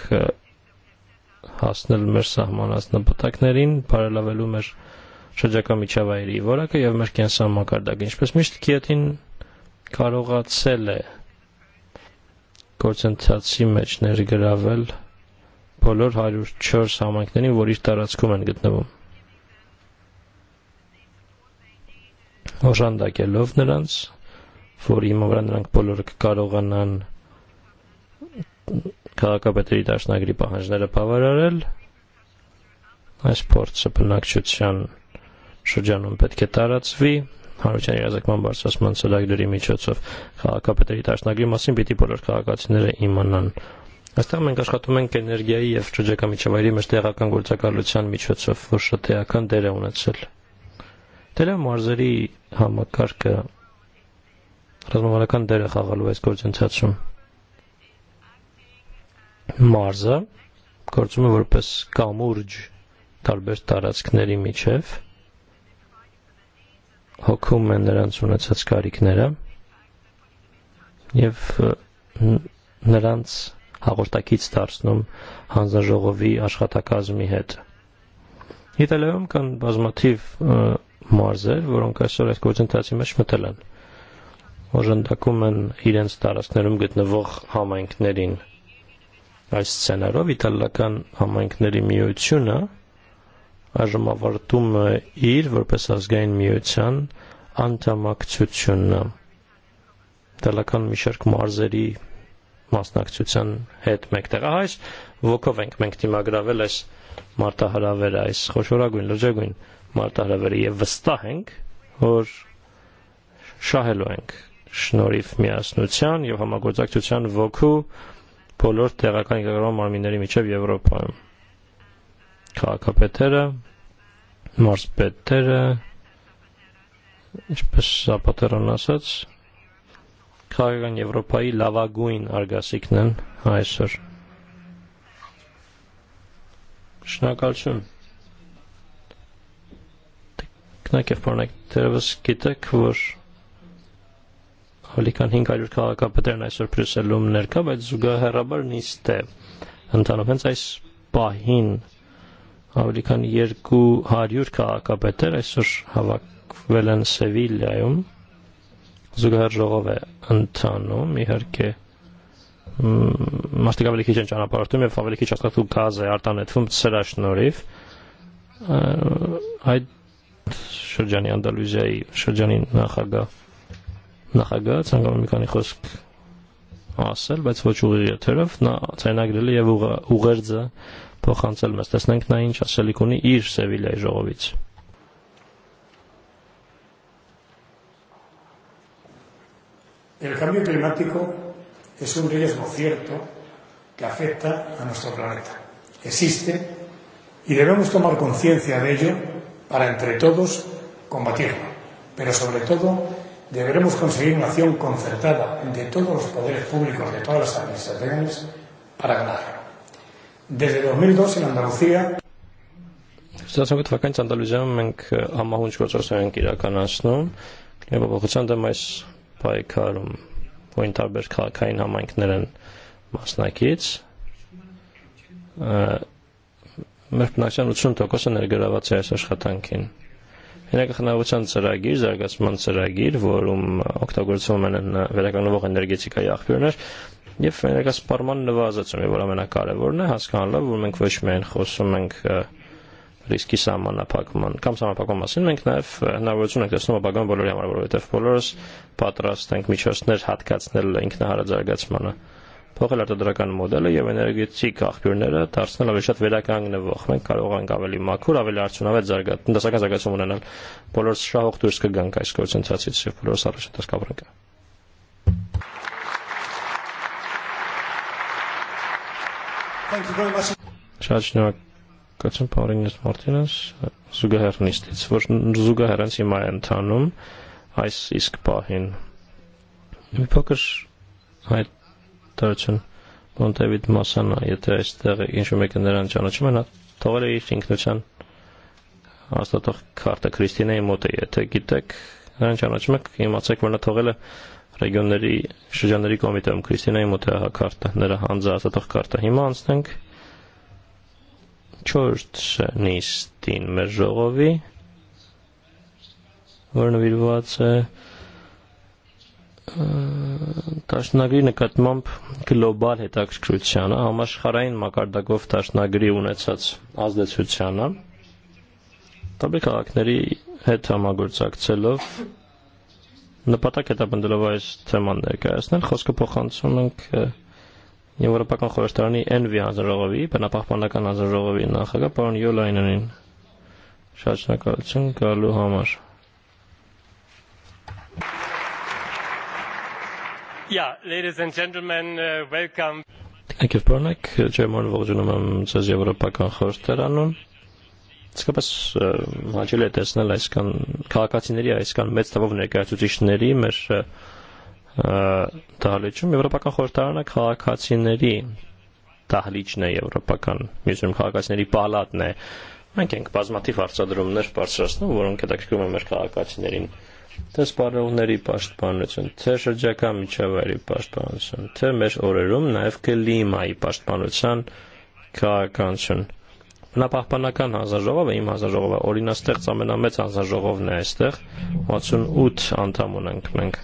հասնել մեր սահմանած նպատակներին, բարելավելու մեր շրջակա միջավայրի որակը եւ մեր կենսան մակարդակը։ Ինչպես միշտ Կիետին կարողացել է գործընթացի մեջ ներգրավել բոլոր 104 համայնքներին, որ իր տարածքում են գտնվում։ օժանդակելով նրանց, որ իմ վրա նրանք բոլորը կկարողանան քաղաքապետերի դաշնագրի պահանջները բավարարել, այս փորձը բնակչության շրջանում պետք է տարածվի հանրության իրազեկման բարձրացման ծրագրերի միջոցով քաղաքապետերի դաշնագրի մասին պիտի բոլոր քաղաքացիները իմանան Այստեղ մենք աշխատում ենք էներգիայի եւ շրջակա միջավայրի մեջ տեղական գործակալության միջոցով, որ շատ էական դեր է ունեցել։ Տելեմ մարզերի համակարգը ռազմավարական դեր է խաղալու այս գործընթացում։ Մարզը գործում է որպես կամուրջ տարբեր տարածքների միջև հոգում են նրանց ունեցած կարիքները եւ նրանց հաղորդակից դարձնում հանձնաժողովի աշխատակազմի հետ։ Իտալիայում կան բազմաթիվ և, մարզեր, որոնք այսօր այս գործընթացի մեջ մտել են օժանդակում են իրենց տարածքներում գտնվող համայնքներին այս սցենարով իտալական համայնքների միությունը այժմ ավարտում է իր որպես ազգային միության անդամակցությունը իտալական մի շարք մարզերի մասնակցության հետ մեկտեղ այս ոգով ենք մենք դիմագրավել այս մարտահրավերը այս խոշորագույն լրջագույն մարտահրավերը եւ վստահ ենք, որ շահելու ենք շնորհիվ միասնության եւ համագործակցության ոգու բոլոր տեղական ինտեգրալ մարմինների միջև Եվրոպայում։ Քաղաքապետերը, մարզպետերը, ինչպես Զապատերոն ասաց, քաղաքական Եվրոպայի լավագույն արգասիքն են այսօր։ Շնորհակալություն։ Kif kif pornek tervis kitek vur għalli kan ħinkaġur ka ka paterna jisur prisellum nerka bħed zuga ħarrabar niste għantan uħenza jis paħin għalli kan jirku ħarjur ka ka paterna jisur ħavak velen Sevilla jum zuga ħarrogove għantanum iħarke Masti mm, għabli kħiċen ċana partu, mi fabli kħiċa statu kaza jartanet fum t-serax norif. Għajd xurġani Andalużej, xurġani naħaga. Naħaga, tsangon mikani xusk għassel, bet fuċu għirja tërëf, na tajna grilli jew u għerdza po xancel mes tesnen knajn xassel ikuni irx Sevilla Iżogovic. El cambio climático es un riesgo cierto que afecta a nuestro planeta. Existe y debemos tomar conciencia de ello para entre todos combatirlo. Pero sobre todo deberemos conseguir una acción concertada de todos los poderes públicos, de todas las administraciones, para ganarlo. Desde 2002 en Andalucía Ստացանք թվականից Անդալուզիայում մենք համահունչ գործողություն ենք իրականացնում եւ բողոքության դեմ այս պայքարում որին տարբեր քաղաքային համայնքներ են մասնակից Մերպնակցան 80%-ը ներգրաված է այս աշխատանքին։ Հինակախնավության ծրագիր, զարգացման ծրագիր, որում օգտագործվում են վերականգնվող էներգետիկայի աղբյուրներ, եւ հինակասպարման նվազեցումը, որ ամենակարևորն է, հասկանալով, որ մենք ոչ միայն խոսում ենք ռիսկի սահմանափակման կամ սահմանափակման մասին մենք նաև հնարավորություն ենք տեսնում ապագան բոլորի համար, որովհետև բոլորս պատրաստ ենք միջոցներ հատկացնել ինքնահարաձարգացմանը։ թողել արտադրական մոդելը եւ էներգետիկ աղբյուրները դարձնել ավելի շատ վերականգնվող։ Մենք կարող ենք ավելի մաքուր, ավելի արդյունավետ զարգացում, տնտեսական զարգացում ունենալ։ Բոլոր շահող դուրս կգանք այս գործընթացից եւ բոլորս առաջ դասկավորենք։ Thank you very much. Շատ շնորհակալություն Փարինես Մարտինես զուգահեռնիստից, որ զուգահեռանց հիմա է ընթանում այս իսկ պահին։ Մի փոքր այդ Ընտրություն Մոնտեվիդ Մասանա, եթե այստեղ ինչ-որ մեկներն ճանաչում են, թողել իր ինքնության հաստատող քարտը Քրիստինեի մոտ է, եթե գիտեք, նրան ճանաչում եք, իմացեք, որ նա թողել է ռեգիոնների շրջանների կոմիտեում Քրիստինեի մոտ է հա քարտը, նրա հանձը հաստատող քարտը։ Հիմա անցնենք 4-րդ նիստին մեր ժողովի, որ նվիրված է Տաշնագրի նկատմամբ գլոբալ հետաքրքրությանը, համաշխարհային մակարդակով տաշնագրի ունեցած ազդեցությանը, տաբի քաղաքների հետ համագործակցելով նպատակ հետապնդելով այս թեման ներկայացնել, խոսքը փոխանցում ենք Եվրոպական խորհրդարանի Envy հանձնաժողովի, բնապահպանական հանձնաժողովի նախագահ պարոն Յոլայնենին շարունակալություն գալու համար։ Yeah, ladies and gentlemen, uh, welcome. Thank you, Pronek. Ġemon volġunumam zazja Europa kan xorsteranun. Skapes uh, maġile tesna la iskan kalakacinerija iskan mezz ta' vovneka tu tixneri mer uh, taħliċum Europa kan xortarana kalakacineri taħliċne Europa kan mizum kalakacineri palatne. Մենք ենք բազմաթիվ արծադրումներ բարձրացնում, որոնք հետաքրքրում են մեր քաղաքացիներին։ Tas παρόν ερήπαστ πάνω τσον. Τέσσερα τζακάμι τσάβα ερήπαστ πάνω τσον. Τέμες օրερούμ να ευκελήμα είπαστ πάνω τσάν քաղաքան չն։ Բնապահպանական հանձնաժողովը իմ հանձնաժողովը, օրինաստեղծ ամենամեծ հանձնաժողովն է այստեղ, 68 անդամ ունենք մենք։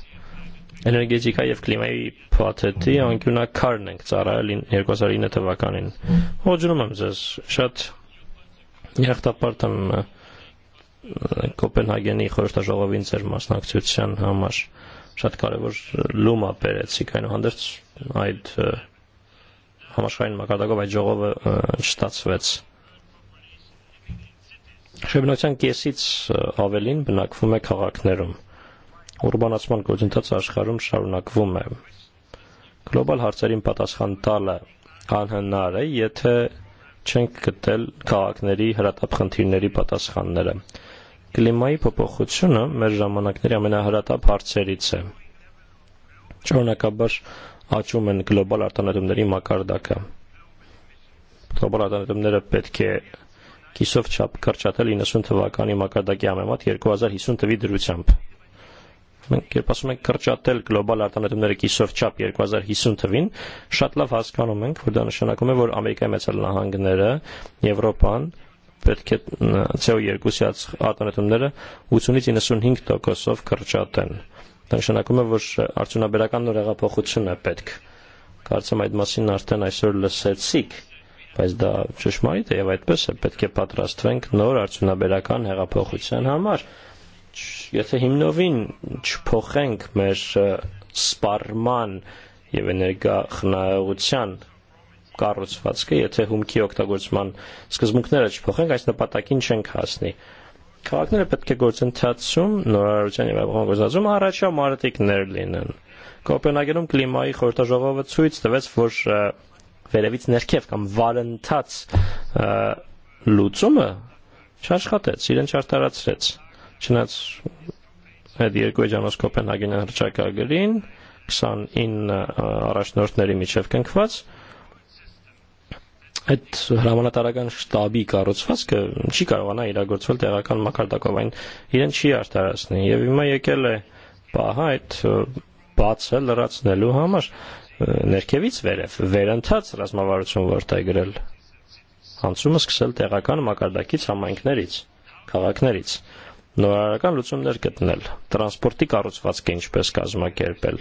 Էներգետիկա եւ կլիմայի փաթեթի անկյունակարն ենք ծառայել 2009 թվականին։ Հոջնում եմ ձեզ, շատ երախտապարտ եմ Կոպենհագենի խորհրդաժողովին ծեր մասնակցության համար շատ կարևոր լումա բերեցիք այնուհանդերձ այդ համաշխարհային մակարդակով այդ ժողովը չստացվեց Շրջանության կեսից ավելին բնակվում է քաղաքներում ուրբանացման գործընթացը աշխարհում շարունակվում է գլոբալ հարցերին պատասխան տալը անհնար է եթե չենք գտել քաղաքների հրատապ խնդիրների պատասխանները Կլիմայի փոփոխությունը մեր ժամանակների ամենահրատապ հարցերից է։ Շարունակաբար աճում են գլոբալ արտանետումների մակարդակը։ Գլոբալ արտանետումները պետք է կիսով չափ կրճատել 90 թվականի մակարդակի համեմատ 2050 թվի դրությամբ։ Մենք երբ ասում ենք կրճատել գլոբալ արտանետումները կիսով չափ 2050 թվին, շատ լավ հասկանում ենք, որ դա նշանակում է, որ Ամերիկայի մեծ նահանգները, Եվրոպան, պետք է CO2 ատամնետումները 80-ից 95%-ով կրճատեն։ Դա նշանակում է, որ արդյունաբերական նորեղափոխություն է պետք։ Կարծեմ այդ մասին արդեն այսօր լսեցիք, բայց դա ճշմարիտ է եւ այդպես է պետք է պատրաստվենք նոր արդյունաբերական հեղափոխության համար։ Եթե հիմնովին չփոխենք մեր սպառման եւ էներգա խնայողության կառուցվածքը, եթե հումքի օգտագործման սկզբունքները չփոխենք, այս նպատակին չենք հասնի։ Քաղաքները պետք է գործընթացում, նորարարության եւ ապահովագրում առաջամարտիկներ լինեն։ Կոպենհագենում կլիմայի խորհրդաժողովը ցույց տվեց, որ վերևից ներքև կամ վարընթաց լուծումը չաշխատեց, իրեն չարտարացրեց։ Չնայած այդ երկու էջանոց Կոպենհագենի հռչակագրին 29 առաջնորդների միջև կնքված այդ հրամանատարական շտաբի կառուցվածքը չի կարողանա իրագործվել տեղական մակարդակով այն իրեն չի արտարացնի եւ հիմա եկել է պահա այդ բացը լրացնելու համար ներքևից վերև վերընթաց ռազմավարություն որտեղ գրել հանցումը սկսել տեղական մակարդակից համայնքներից քաղաքներից նորարարական լուծումներ գտնել տրանսպորտի կառուցվածքը ինչպես կազմակերպել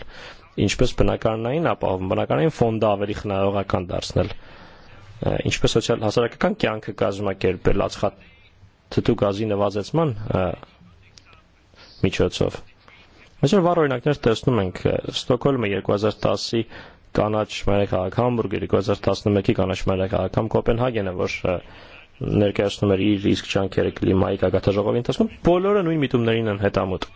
ինչպես բնակարանային ապահով բնակարանային ֆոնդը ավելի խնայողական դարձնել ինչպես սոցիալ հասարակական կյանքը կազմակերպել ածխաթթու գազի նվազեցման միջոցով։ Այսօր վառ օրինակներ տեսնում ենք Ստոկհոլմը 2010-ի կանաչ մայրաքաղաք, Համբուրգը 2011-ի կանաչ մայրաքաղաք, կամ Կոպենհագենը, որ ներկայացնում էր իր իսկ ջանքերը կլիմայի գագաթաժողովի ընթացքում, բոլորը նույն միտումներին են հետամուտ։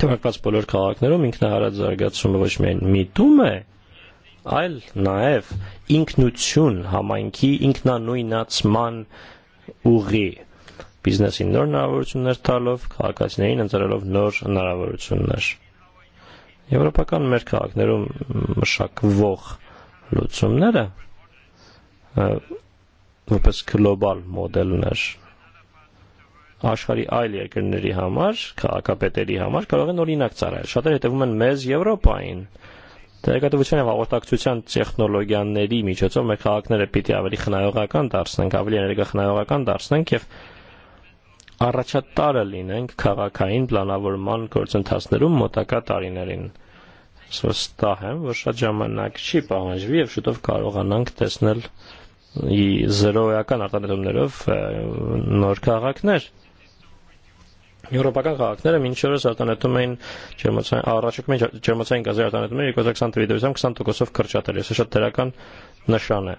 Թվարկված բոլոր քաղաքներում ինքնահարած զարգացումը ոչ միայն միտում է, այլ նաև ինքնություն համայնքի ինքնանույնացման ուղի բիզնեսին նոր հնարավորություններ տալով, քաղաքացիներին ընտրելով նոր հնարավորություններ։ Եվրոպական մեր քաղաքներում մշակվող լուծումները որպես գլոբալ մոդելներ աշխարհի այլ երկրների համար, քաղաքապետերի համար կարող են օրինակ ծառայել։ Շատերը հետևում են մեզ Եվրոպային, եվ Տեղեկատվության եւ հաղորդակցության տեխնոլոգիաների միջոցով մեր քաղաքները պիտի ավելի խնայողական դարձնենք, ավելի էներգախնայողական դարձնենք եւ առաջատարը լինենք քաղաքային պլանավորման գործընթացներում մոտակա տարիներին։ Վստահ եմ, որ շատ ժամանակ չի պահանջվի եւ շուտով կարողանանք տեսնել զրոյական արտադրումներով նոր քաղաքներ։ Եվրոպական քաղաքները մինչ օրս արտանետում էին ջերմոցային առաջիկա մեջ ջերմոցային գազի արտանետումը 2020 դեպքում 20%-ով կրճատել։ Սա շատ դրական նշան է։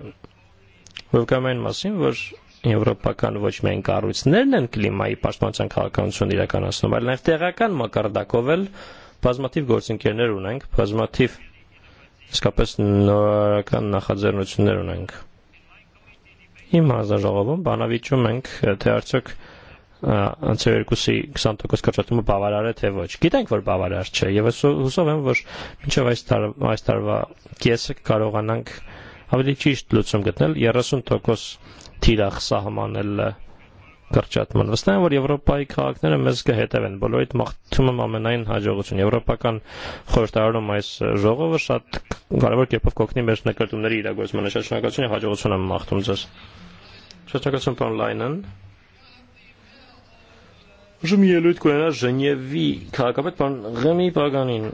Հովկամային մասին, որ եվրոպական ոչ միայն կառույցներն են կլիմայի պաշտպանության քաղաքականություն իրականացնում, այլ նաև տեղական մակարդակով էլ բազմաթիվ գործընկերներ ունենք, բազմաթիվ իսկապես նորական նախաձեռնություններ ունենք։ Իմ հանձնաժողովում բանավիճում ենք, թե արդյոք ցերկուսի 20 տոկոս կրճատումը բավարար է թե ոչ։ Գիտենք, որ բավարար չէ, եւ ես հուսով եմ, որ մինչեւ այս տարվա այս տարվա կեսը կարողանանք ավելի ճիշտ լուծում գտնել 30% թիրախ սահմանել կրճատման։ Վստահ եմ, որ Եվրոպայի քաղաքները մեզ կհետևեն։ Բոլորիդ մաղթում եմ ամենայն հաջողություն։ Եվրոպական խորհրդարանում այս ժողովը շատ կարևոր կերպով կօգնի մեր նկարտումների իրագործմանը։ Շատ շնորհակալություն եւ հաջողություն եմ մաղթում ձեզ։ Շնորհակալություն, պարոն Լայնեն։ Žumije Ljudkojena Ženjevi Kaka, bet pan Remi Paganin.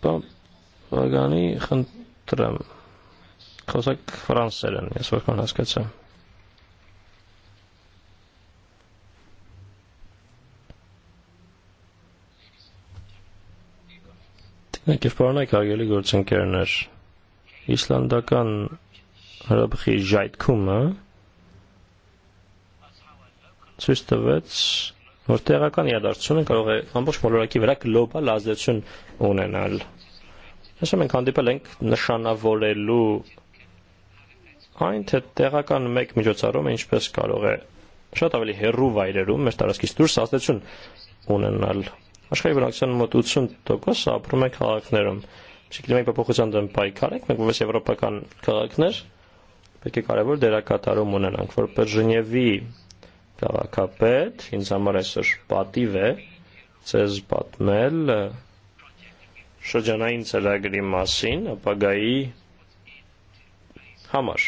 Pa, Pagani Hantram. Kozak Franseren, ja svak man sketsa. Տեքնիկիվ պարոնայք արգելի գործընկերներ, իսլանդական հրաբխի ժայթքումը ցույց տվեց որ տեղական իրադարձությունը կարող է ամբողջ մոլորակի վրա գլոբալ ազդեցություն ունենալ։ Հեսա մենք հանդիպել ենք նշանավորելու այն թե տեղական մեկ միջոցառումը ինչպես կարող է շատ ավելի հեռու վայրերում մեր տարածքից դուրս ազդեցություն ունենալ։ Աշխարհի բնակչության մոտ 80% ապրում է քաղաքներում։ Իսկ դեմի փոփոխության դեմ պայքար ենք, մենք ովս եվրոպական քաղաքներ պետք է կարևոր դերակատարում ունենանք, որպես Ժնևի Քաղաքապետ, ինձ համար այսօր պատիվ է ցեզ պատմել շրջանային ծրագրի մասին ապագայի համար։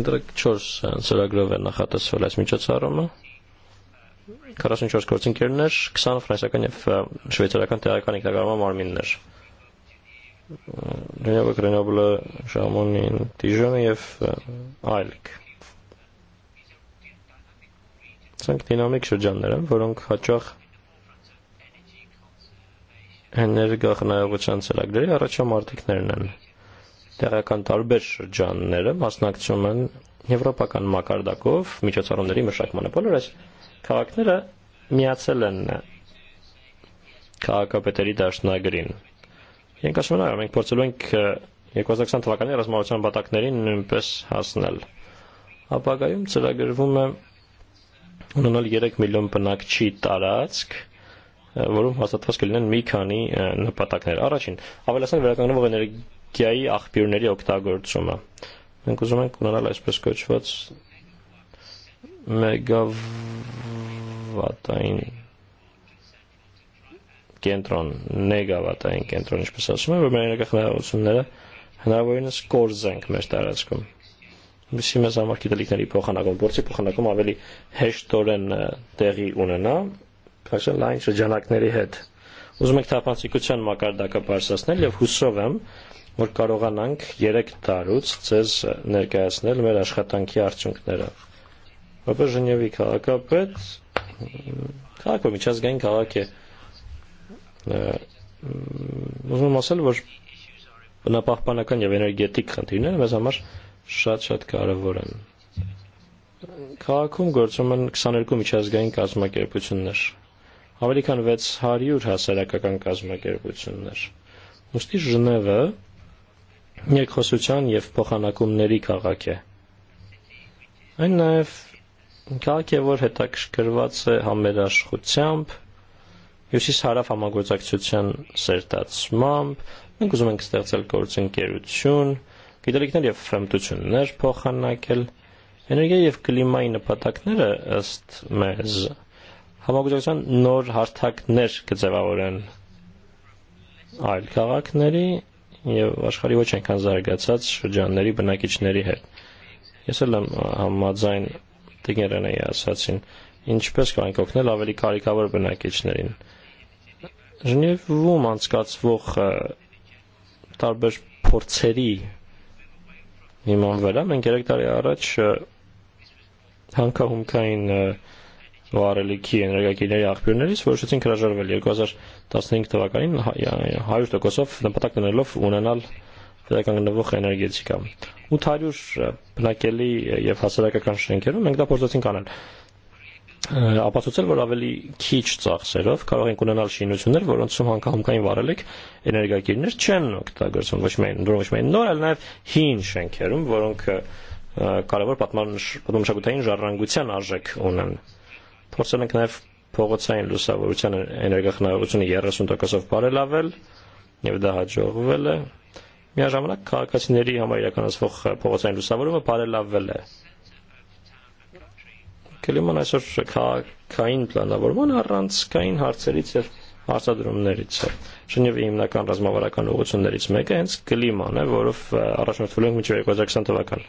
Ինտրեք 4 ծրագրով է նախատեսվել այս միջոցառումը։ 44 գործընկերներ, 20 ֆրանսիական եւ շվեյցարական տեղական ինտեգրալման մարմիններ։ Ջնևը Գրենոբլը Շամոնին Տիժանը եւ այլք։ Սրանք դինամիկ շրջաններ են, որոնք հաճախ էներգախնայողության ծրագրերի առաջամարտիկներն են։ Տեղական տարբեր շրջանները մասնակցում են եվրոպական մակարդակով միջոցառումների մշակմանը։ Բոլոր այս քաղաքները միացել են քաղաքապետերի դաշնագրին Jenkax minnajo minn porzu e l-wink jekk għazak sant vakan jera zmaw ċan batak nerin nimpes ħasnel. Għabaga jum t-sela għirvume un għal jirek millum pennak ċit għal-għazk vorum għasta t-faskilnen mikani n-patak ner. Arraċin, għavela san vera kannu għavener għaj għaxpir ner jgħu kta għord summa. Nku zumen kun għala espres koċ fatz megavatajn կենտրոն, նեգավատային կենտրոն, ինչպես ասում են, որ մեր ներգաղթությունները հնարավորինս կորզենք մեր տարածքում։ Միսի մեզ համար գիտելիքների փոխանակում, գործի փոխանակում ավելի հեշտորեն տեղի ունենա, քաշել լայն շրջանակների հետ։ Ուզում եք թափանցիկության մակարդակը բարձրացնել եւ հուսով եմ, որ կարողանանք 3 տարուց ձեզ ներկայացնել մեր աշխատանքի արդյունքները։ Որպես Ժնևի քաղաքապետ քաղաքը միջազգային քաղաք է, քաղաք է ուզում ասել, որ բնապահպանական եւ էներգետիկ խնդիրները մեզ համար շատ-շատ կարեւոր են։ Քաղաքում գործում են 22 միջազգային կազմակերպություններ, ավելի քան 600 հասարակական կազմակերպություններ։ Ոստի Ժնևը երկխոսության եւ փոխանակումների քաղաք է։ Այն նաեւ քաղաք է, որ հետաքրքրված է համերաշխությամբ, հյուսիս հարավ համագործակցության սերտացմամբ մենք ուզում ենք ստեղծել գործընկերություն, գիտելիքներ եւ ֆեմտություններ փոխանակել, էներգիա եւ կլիմայի նպատակները ըստ մեզ համագործակցության նոր հարթակներ կձևավորեն այլ քաղաքների եւ աշխարհի ոչ այնքան զարգացած շրջանների բնակիչների հետ։ Ես էլ եմ համաձայն Տիգերեն էի ասացին, ինչպես կարող ենք օգնել ավելի կարիքավոր բնակիչներին։ Ժնևում անցկացվող տարբեր փորձերի հիման վրա մենք 3 տարի առաջ հանքահումքային վարելիքի էներգակիրների աղբյուրներից որոշեցինք հրաժարվել 2015 թվականին 100%-ով նպատակ դնելով ունենալ վերականգնվող էներգետիկա։ 800 բնակելի եւ հասարակական շենքերում մենք դա փորձեցինք անել։ ապացուցել, որ ավելի քիչ ծախսերով կարող ենք ունենալ շինություններ, որոնցում հանգամանքային վարելիք էներգակիրներ չեն օգտագործվում ոչ միայն ոչ միայն նոր, այլ նաև հին շենքերում, որոնք կարևոր պատմամշակութային ժառանգության արժեք ունեն։ Փորձել ենք նաև փողոցային լուսավորության էներգախնայողությունը 30%-ով բարելավել, եւ դա հաջողվել է։ Միաժամանակ քաղաքացիների համար իրականացվող փողոցային լուսավորումը բարելավվել է։ բարել կլիման այսօր քաղաքային պլանավորման առանց կային հարցերից եւ հարցադրումներից է։ Շնևի հիմնական ռազմավարական ուղղություններից մեկը հենց կլիման է, որով առաջնորդվել ենք մինչև 2020 թվական։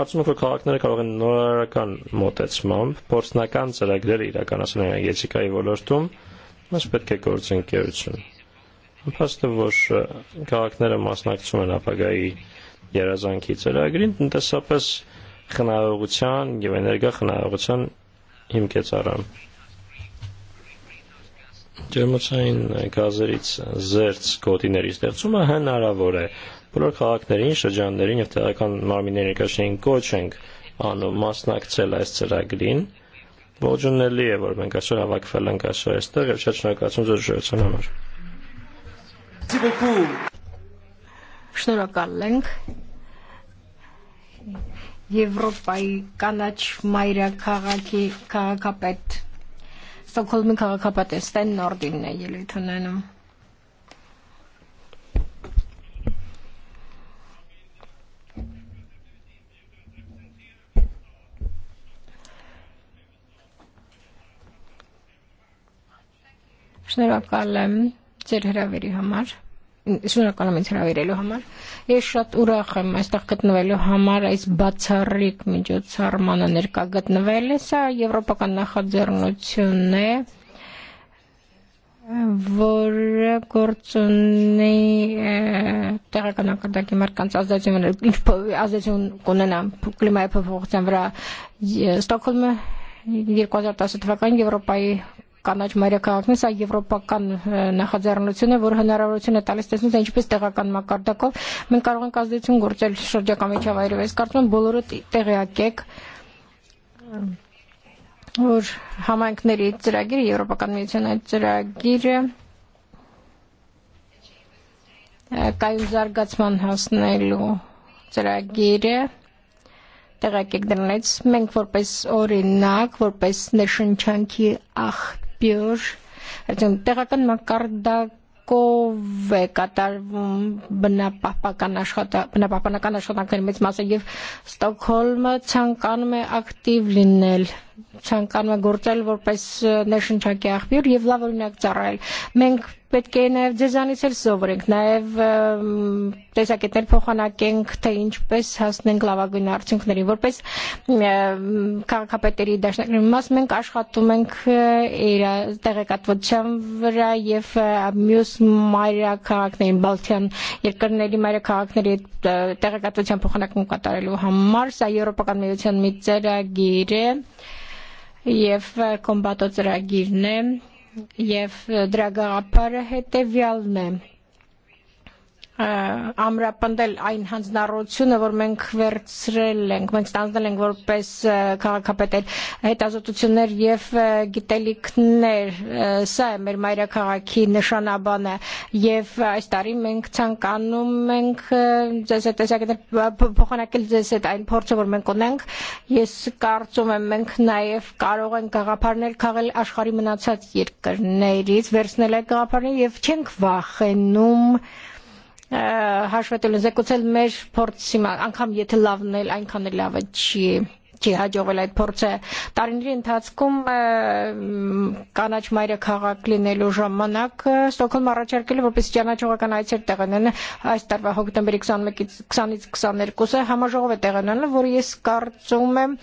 Կարծում եմ, որ քաղաքները կարող են նորարարական մոտեցմամբ փորձնական ծրագրեր իրականացնել էներգետիկայի ոլորտում, մաս պետք է գործընկերություն։ Ըմբաստը, որ քաղաքները մասնակցում են ապագայի երազանքի ծրագրին, տնտեսապես խնայողության եւ էներգա խնայողության հիմքեց առան։ Ջերմոցային գազերից զերծ գոտիների ստեղծումը հնարավոր է։ Բոլոր քաղաքներին, շրջաններին եւ տեղական մարմինների ներկայացնին կոչ ենք անում մասնակցել այս ծրագրին։ Ողջունելի է, որ մենք այսօր հավաքվել ենք այսօր այստեղ եւ շատ շնորհակալություն ձեր ժողովրդության համար։ Շնորհակալ ենք։ Եվրոպայի կանաչ մայրը քաղաքի քաղաքապետ Ստոկհոլմի քաղաքապետ Ստեն Նորդինն է ելույթ ունենում։ Շնորհակալ եմ ձեր հրավերի համար։ շնորհակալում ինձ հրավիրելու համար։ Ես շատ ուրախ եմ այստեղ գտնվելու համար, այս բացառիկ միջոցառմանը ներկա գտնվել է, սա եվրոպական նախաձեռնություն է որը գործունի տեղական ակարդակի մարդկանց ազդեցություն ազդեցություն կունենա կլիմայի փոփոխության վրա Ստոկհոլմը 2010 թվականին Եվրոպայի կանաչ մայրաքաղաքն է, սա եվրոպական նախաձեռնություն է, որ հնարավորություն է տալիս տեսնել, թե ինչպես տեղական մակարդակով մենք կարող ենք ազդեցություն գործել շրջակա միջավայրով։ Ես կարծում եմ բոլորը տեղյակ եք որ համայնքների ծրագիրը, Եվրոպական միության այդ ծրագիրը կայուն զարգացման հասնելու ծրագիրը տեղակեք դրանից մենք որպես օրինակ, որպես ներշնչանքի ախտ Piuș, տեղական մակարդակով է կատարվում բնապահպանական աշխատանքների մեծ մասը եւ Ստոկհոլմը ցանկանում է ակտիվ լինել ցանկանում է գործել որպես նշնչակի աղբյուր եւ լավ օրինակ ծառայել։ Մենք պետք է նաեւ ձեզանից էլ սովորենք, նաեւ տեսակետներ փոխանակենք, թե ինչպես հասնենք լավագույն արդյունքների։ Որպես քաղաքապետերի դաշնակցության մաս մենք աշխատում ենք իր տեղեկատվության վրա եւ մյուս մայրաքաղաքներին, Բալթյան երկրների մայրաքաղաքների տեղեկատվության փոխանակում կատարելու համար։ Սա եվրոպական միության մի ծրագիր է։ Ա, եւ կոմբատոց ռագիրն է եւ դրագաղափարը հետեւյալն է ամրապնդել այն հանձնառությունը, որ մենք վերցրել ենք, մենք ստանձնել ենք որպես քաղաքապետեր հետազոտություններ եւ գիտելիքներ։ Սա է մեր մայրաքաղաքի նշանաբանը եւ այս տարի մենք ցանկանում ենք ձեզ հետ տեսակետներ փոխանակել ձեզ հետ այն փորձը, որ մենք ունենք։ Ես կարծում եմ մենք նաեւ կարող ենք գաղափարներ քաղել աշխարհի մնացած երկրներից, վերցնել այդ գաղափարները եւ չենք վախենում Thank you հաշվետվելու զեկուցել մեր փորձի, անգամ եթե լավն էլ այնքան էլ լավ չի։ չի հաջողվել այդ փորձը։ Տարիների ընթացքում կանաչ մայրը քաղաք լինելու ժամանակ Ստոկհոլմ առաջարկել է որպես ճանաչողական այցեր տեղանան այս տարվա հոկտեմբերի 21-ից 20-ից 22-ը համաժողով է տեղանալը, որը ես կարծում եմ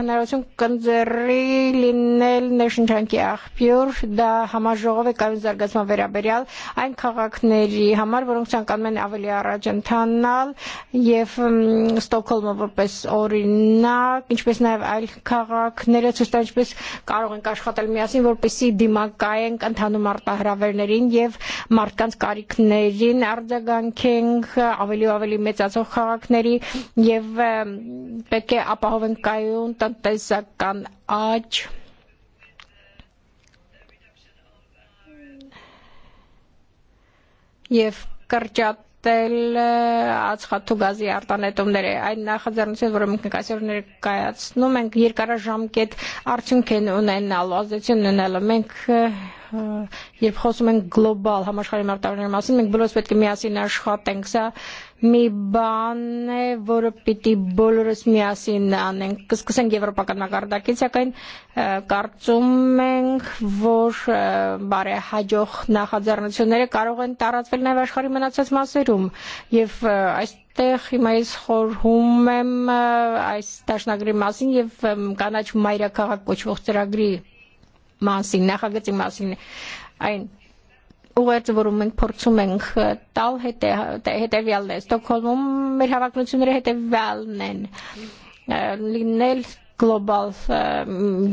հնարավորություն կընձեռի լինել ներշնչանքի աղբյուր, դա համաժողով է կայուն զարգացման վերաբերյալ այն քաղաքների համար, որոնք ցանկանում են ավելի առաջ ընթանալ եւ Ստոկհոլմը որպես օրինակ օրինակ, ինչպես նաև այլ քաղաքները ցույց տան ինչպես կարող ենք աշխատել միասին, որպեսզի դիմակայենք ընդհանուր արտահրավերներին եւ մարդկանց կարիքներին արձագանքենք ավելի ու ավելի մեծացող քաղաքների եւ պետք է ապահովենք կայուն տնտեսական աճ եւ կրճատ tel ածխաթու գազի արտանետումները այն նախաձեռնությունը որ մենք կասերներ կայացնում ենք երկարաժամկետ արդյունք են ունենալու ազդեցություն ունենալու մենք երբ խոսում ենք գլոբալ համաշխարհային մարտավարների մասին մենք բոլորս պետք է միասին աշխատենք սա Mibane vor պիտի բոլորս միասին անենք, կսկսենք եվրոպական մակարդակից, սակայն կարծում ենք, որ բարեհաջող նախաձեռնությունները կարող են տարածվել նաև աշխարհի մնացած մասերում եւ այստեղ հիմա ես խորհում եմ այս դաշնագրի մասին եւ կանաչ մայրաքաղաք կոչվող ծրագրի մասին, նախագծի մասին այն ուղերձվորում մենք փորձում ենք տալ հետևյալն է, Ստոքոլմում մեր հավակնությունները հետևյալն են լինել գլոբալ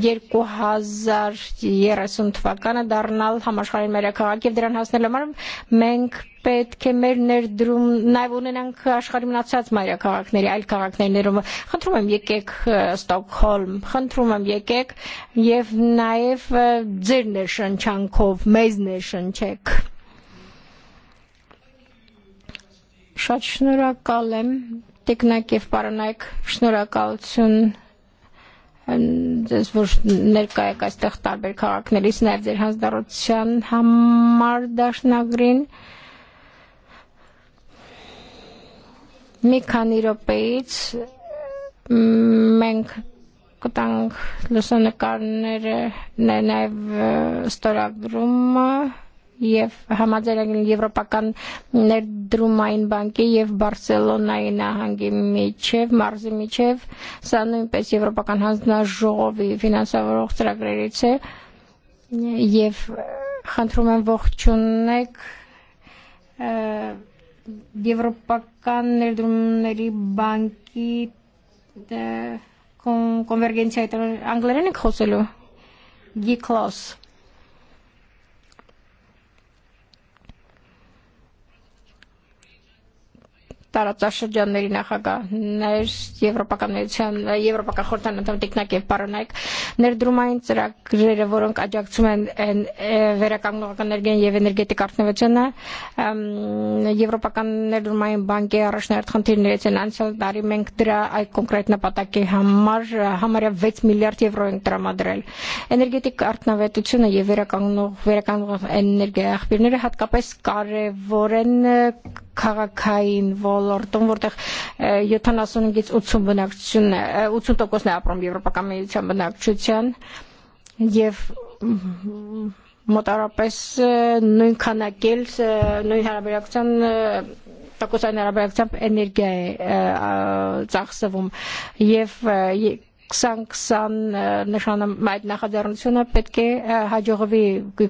ե2030 թվականը դառնալ համաշխարհային մայրաքաղաք եւ դրան հասնել համար մենք պետք է մեր ներդրում նաև ունենանք աշխարհի մնացած մայրաքաղաքների, այլ քաղաքների ներումը։ Խնդրում եմ եկեք Ստոկհոլմ, խնդրում եմ եկեք եւ նաև ձեր ներշնչանքով մեզ ներշնչեք։ Շատ շնորհակալ եմ, տեխնակ եւ պարոնայք, շնորհակալություն որ ներկայեք այստեղ տարբեր քաղաքներից նաև ձեր հանձնարարության համար դաշնագրին մի քանի րոպեից մենք կտանք լուսանկարները նաև ստորագրումը եւ համաձայնագրին եվրոպական ներդրումային բանկի եւ բարսելոնայի նահանգի միջև մարզի միջև սա նույնպես եվրոպական հանձնաժողովի ֆինանսավորող ծրագրերից է եւ խնդրում եմ ողջունեք եվրոպական ներդրումների բանկի կոնվերգենցիայի անգլերեն եք խոսելու G-Class տարածաշրջանների նախագահներ, Եվրոպական միության, Եվրոպական խորհրդան անդամ տեխնակ եւ պարոնայք ներդրումային ծրագրերը, որոնք աջակցում են վերականգնողական էներգիան եւ էներգետիկ արդյունավետությունը, Եվրոպական ներդրումային բանկի առաջնահերթ խնդիրներից են անցյալ տարի մենք դրա այդ կոնկրետ նպատակի համար համարյա 6 միլիարդ եվրո ենք տրամադրել։ Էներգետիկ արդյունավետությունը եւ վերականգնող վերականգնող էներգիա աղբյուրները հատկապես կարեւոր են քաղաքային ոլորտ ոլորտում, որտեղ 75-ից 80 բնակչությունն է, 80%-ն է ապրում Եվրոպական միության բնակչության եւ մոտարապես նույն քանակել նույն հարաբերակցության տոկոսային հարաբերակցությամբ էներգիա է ծախսվում եւ 2020 նշանում այդ նախաձեռնությունը պետք է հաջողվի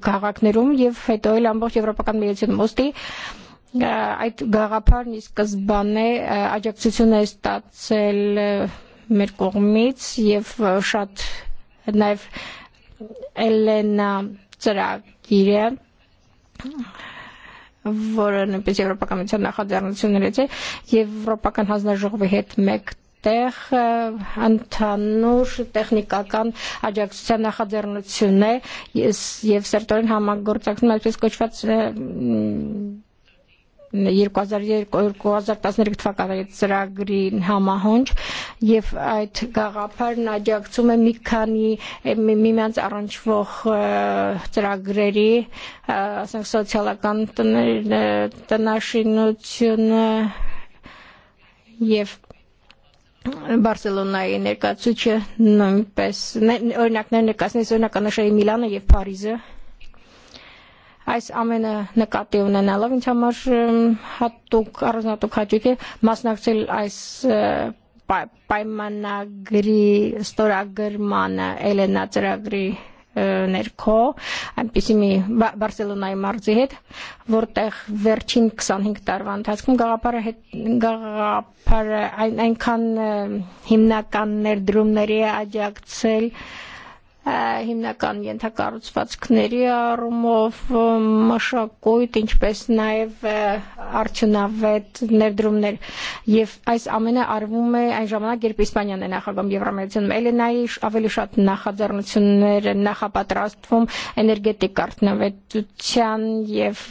քաղաքներում եւ հետո էլ ամբողջ եվրոպական միությունում ոստի և այդ գաղափարն ի սկզբանե աջակցություն է ստացել մեր կողմից եւ շատ նաեւ Էլենա ծրագիրը որը նույնպես Եվրոպական միության նախաձեռնություններից է Եվրոպական հանձնաժողովի հետ մեկ տեղ ընդհանուր տեխնիկական աջակցության նախաձեռնություն է եւ սերտորեն համագործակցում այսպես կոչված 2002-2011 թվականի ծրագրի համահունչ եւ այդ գաղափարն աջակցում է մի քանի միմյանց առնչվող ծրագրերի, ասենք սոցիալական տնաշինությունը եւ Բարսելոնայի ներկայացուցիչը նույնպես օրինակներ ներկայացնեց օրինականաշայի Միլանը եւ Փարիզը Այս ամենը նկատի ունենալով ինձ համար հատուկ առանձնատուկ հաճույք է մասնակցել այս պայմանագրի ստորագրմանը Էլենա ծրագրի ներքո այնպիսի մի Բարսելոնայի մարզի հետ, որտեղ վերջին 25 տարվա ընթացքում գաղափարը հետ գաղափարը այն այնքան հիմնական ներդրումների աջակցել հիմնական ենթակառուցվածքների առումով մշակույթ, ինչպես նաև արդյունավետ ներդրումներ։ Եվ այս ամենը արվում է այն ժամանակ, երբ Իսպանիան է նախագահում Եվրամիությունում։ Էլենայի ավելի շատ նախաձեռնություններ են նախապատրաստվում էներգետիկ արդյունավետության եւ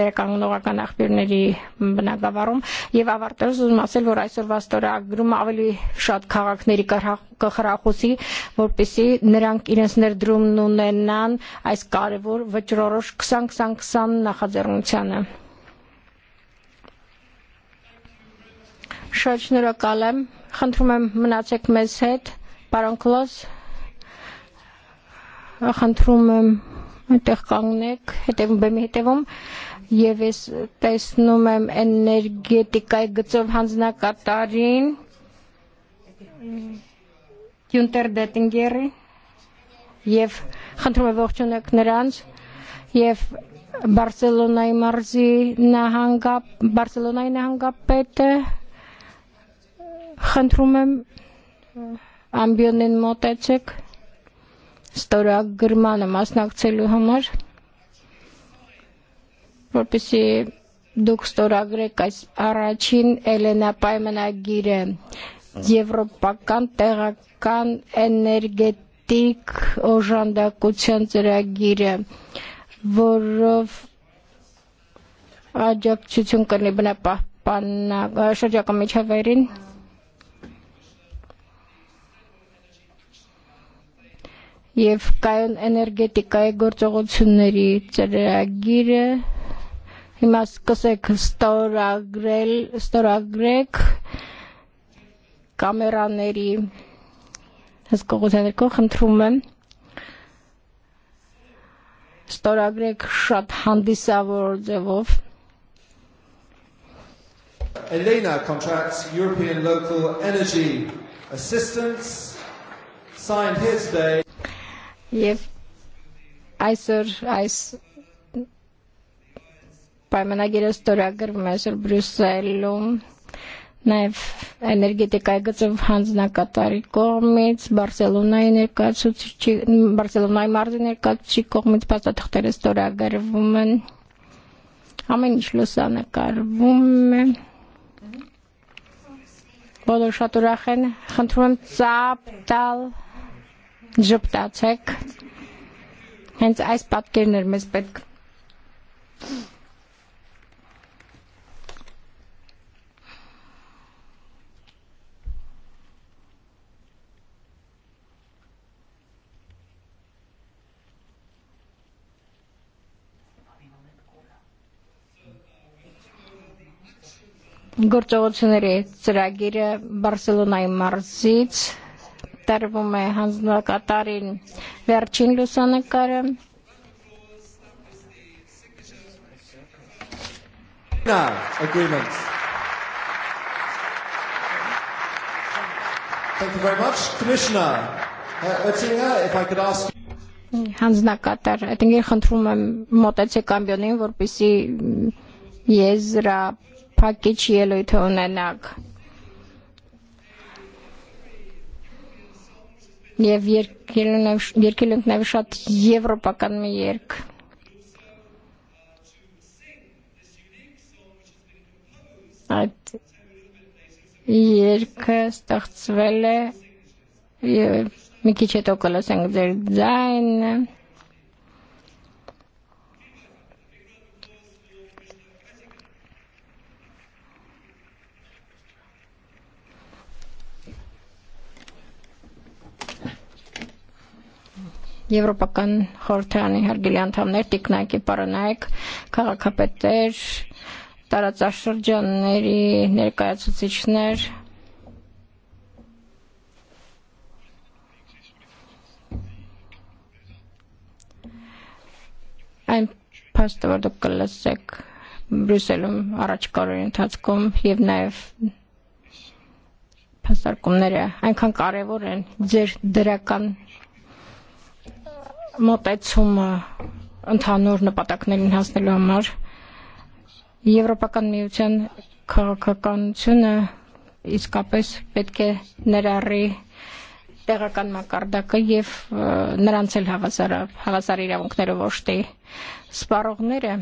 վերականգնողական աղբյուրների բնագավառում եւ ավարտելուց ուզում ասել, որ այսօրվա ստորագրումը ավելի շատ քաղաքների կարող կխրախուսի, որպիսի նրանք իրենց ներդրումն ունենան այս կարևոր վճռորոշ 2020 նախաձեռնությանը։ Շատ շնորհակալ եմ։ Խնդրում եմ մնացեք մեզ հետ, պարոն Կլոս։ Խնդրում եմ այդտեղ կանգնեք, հետևում բեմի հետևում եւ ես տեսնում եմ էներգետիկայի գծով հանձնակատարին Յունտեր Դետինգերի եւ խնդրում եմ ողջունեք նրանց եւ Բարսելոնայի մարզի նահանգապետ Բարսելոնայի նահանգապետը խնդրում եմ ամբիոնին մոտեցեք ստորագրմանը մասնակցելու համար որպեսի դուք ստորագրեք այս առաջին Էլենա պայմանագիրը եվրոպական տեղական էներգետիկ օժանդակության ծրագիրը, որով աջակցություն կլինի բնապահպանակ շրջակա միջավայրին։ Եվ կայուն էներգետիկայի գործողությունների ծրագիրը հիմա սկսեք ստորագրել, ստորագրեք, ստորագրեք կամերաների հսկողության ներքո խնդրում եմ ստորագրեք շատ հանդիսավոր ձևով Elena contracts European Local Energy Assistance signed here today. Եվ այսօր այս պայմանագիրը ստորագրվում է այսօր Բրյուսելում նաև էներգետիկայի գծով հանձնակատարի կողմից Բարսելոնայի ներկայացուցիչի Բարսելոնայի մարզի ներկայացուցիչի կողմից փաստաթղթերը ստորագրվում են ամեն ինչ լուսանկարվում է բոլոր շատ ուրախ են խնդրում եմ ծապ տալ ժպտացեք հենց այս պատկերն էր մեզ պետք Thank you. Горчалочен реагира Барселона и Марзиц. Tervume Hansla Katarin Vercinlusana care agreements. Thank you very much. Commissioner uh, Oettinger, if I could ask you հանձնակատար այդինքեր խնդրում եմ մոտեցեք ամբյոնին որպեսի եզրափ package ելույթ ունենաք։ Եվ երկելունքն է շատ եվրոպական մի երկ։ Այդ երկը ստեղծվել է մի քիչ հետո կլսենք ձեր ձայնը։ Եվրոպական խորհրդարանի հարգելի անդամներ, տիկնայք եւ պարոնայք, քաղաքապետեր, տարածաշրջանների ներկայացուցիչներ, այն փաստը, որ դուք կլսեք Բրյուսելում առաջկա օրերի ընթացքում եւ նաեւ փաստարկումները այնքան կարեւոր են ձեր դրական մոտեցումը ընդհանուր նպատակներին հասնելու համար։ Եվրոպական միության քաղաքականությունը իսկապես պետք է ներառի տեղական մակարդակը եւ նրանց էլ հավասար հավասար իրավունքներով ոչտի սպառողները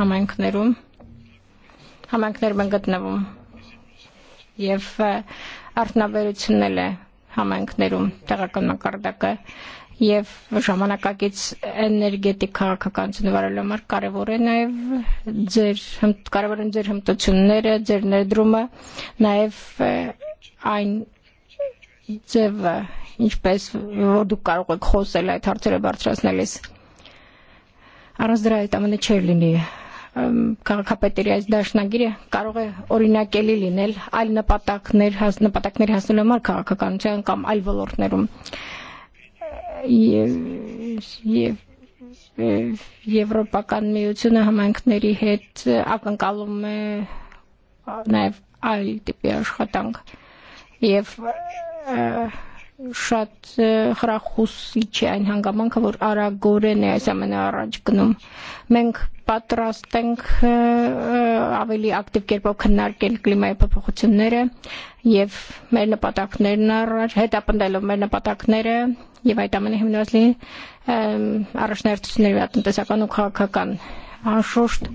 համայնքներում համայնքներում են գտնվում եւ արդնաբերությունն էլ է համայնքներում տեղական մակարդակը եւ ժամանակակից էներգետիկա քաղաքականություններում համար կարեւոր է նաեւ ձեր կարեւոր են ձեր հմտությունները, ձեր ներդրումը, նաեւ այն ձևը, ինչպես որ դուք կարող եք խոսել այդ հարցերը բարձրացնելիս։ Առանց դրա այդ ամենը չէր լինի քաղաքապետերի այս դաշնագիրը կարող է օրինակելի լինել այլ նպատակներ, նպատակներ հասնելու համար քաղաքականության կամ այլ ոլորտներում։ հաս, եւ եւ Եվրոպական միությունը համայնքների հետ ակնկալում է նաև այլ տիպի աշխատանք եւ շատ հրախուսիչ է այն հանգամանքը, որ արագորեն է այս ամենը առաջ գնում։ Մենք պատրաստ ենք ավելի ակտիվ կերպով քննարկել կլիմայի փոփոխությունները եւ մեր նպատակներն առաջ, հետապնդելով մեր նպատակները եւ այդ ամենի հիմնված լինի առաջնահերթությունների վրա տնտեսական ու քաղաքական անշուշտ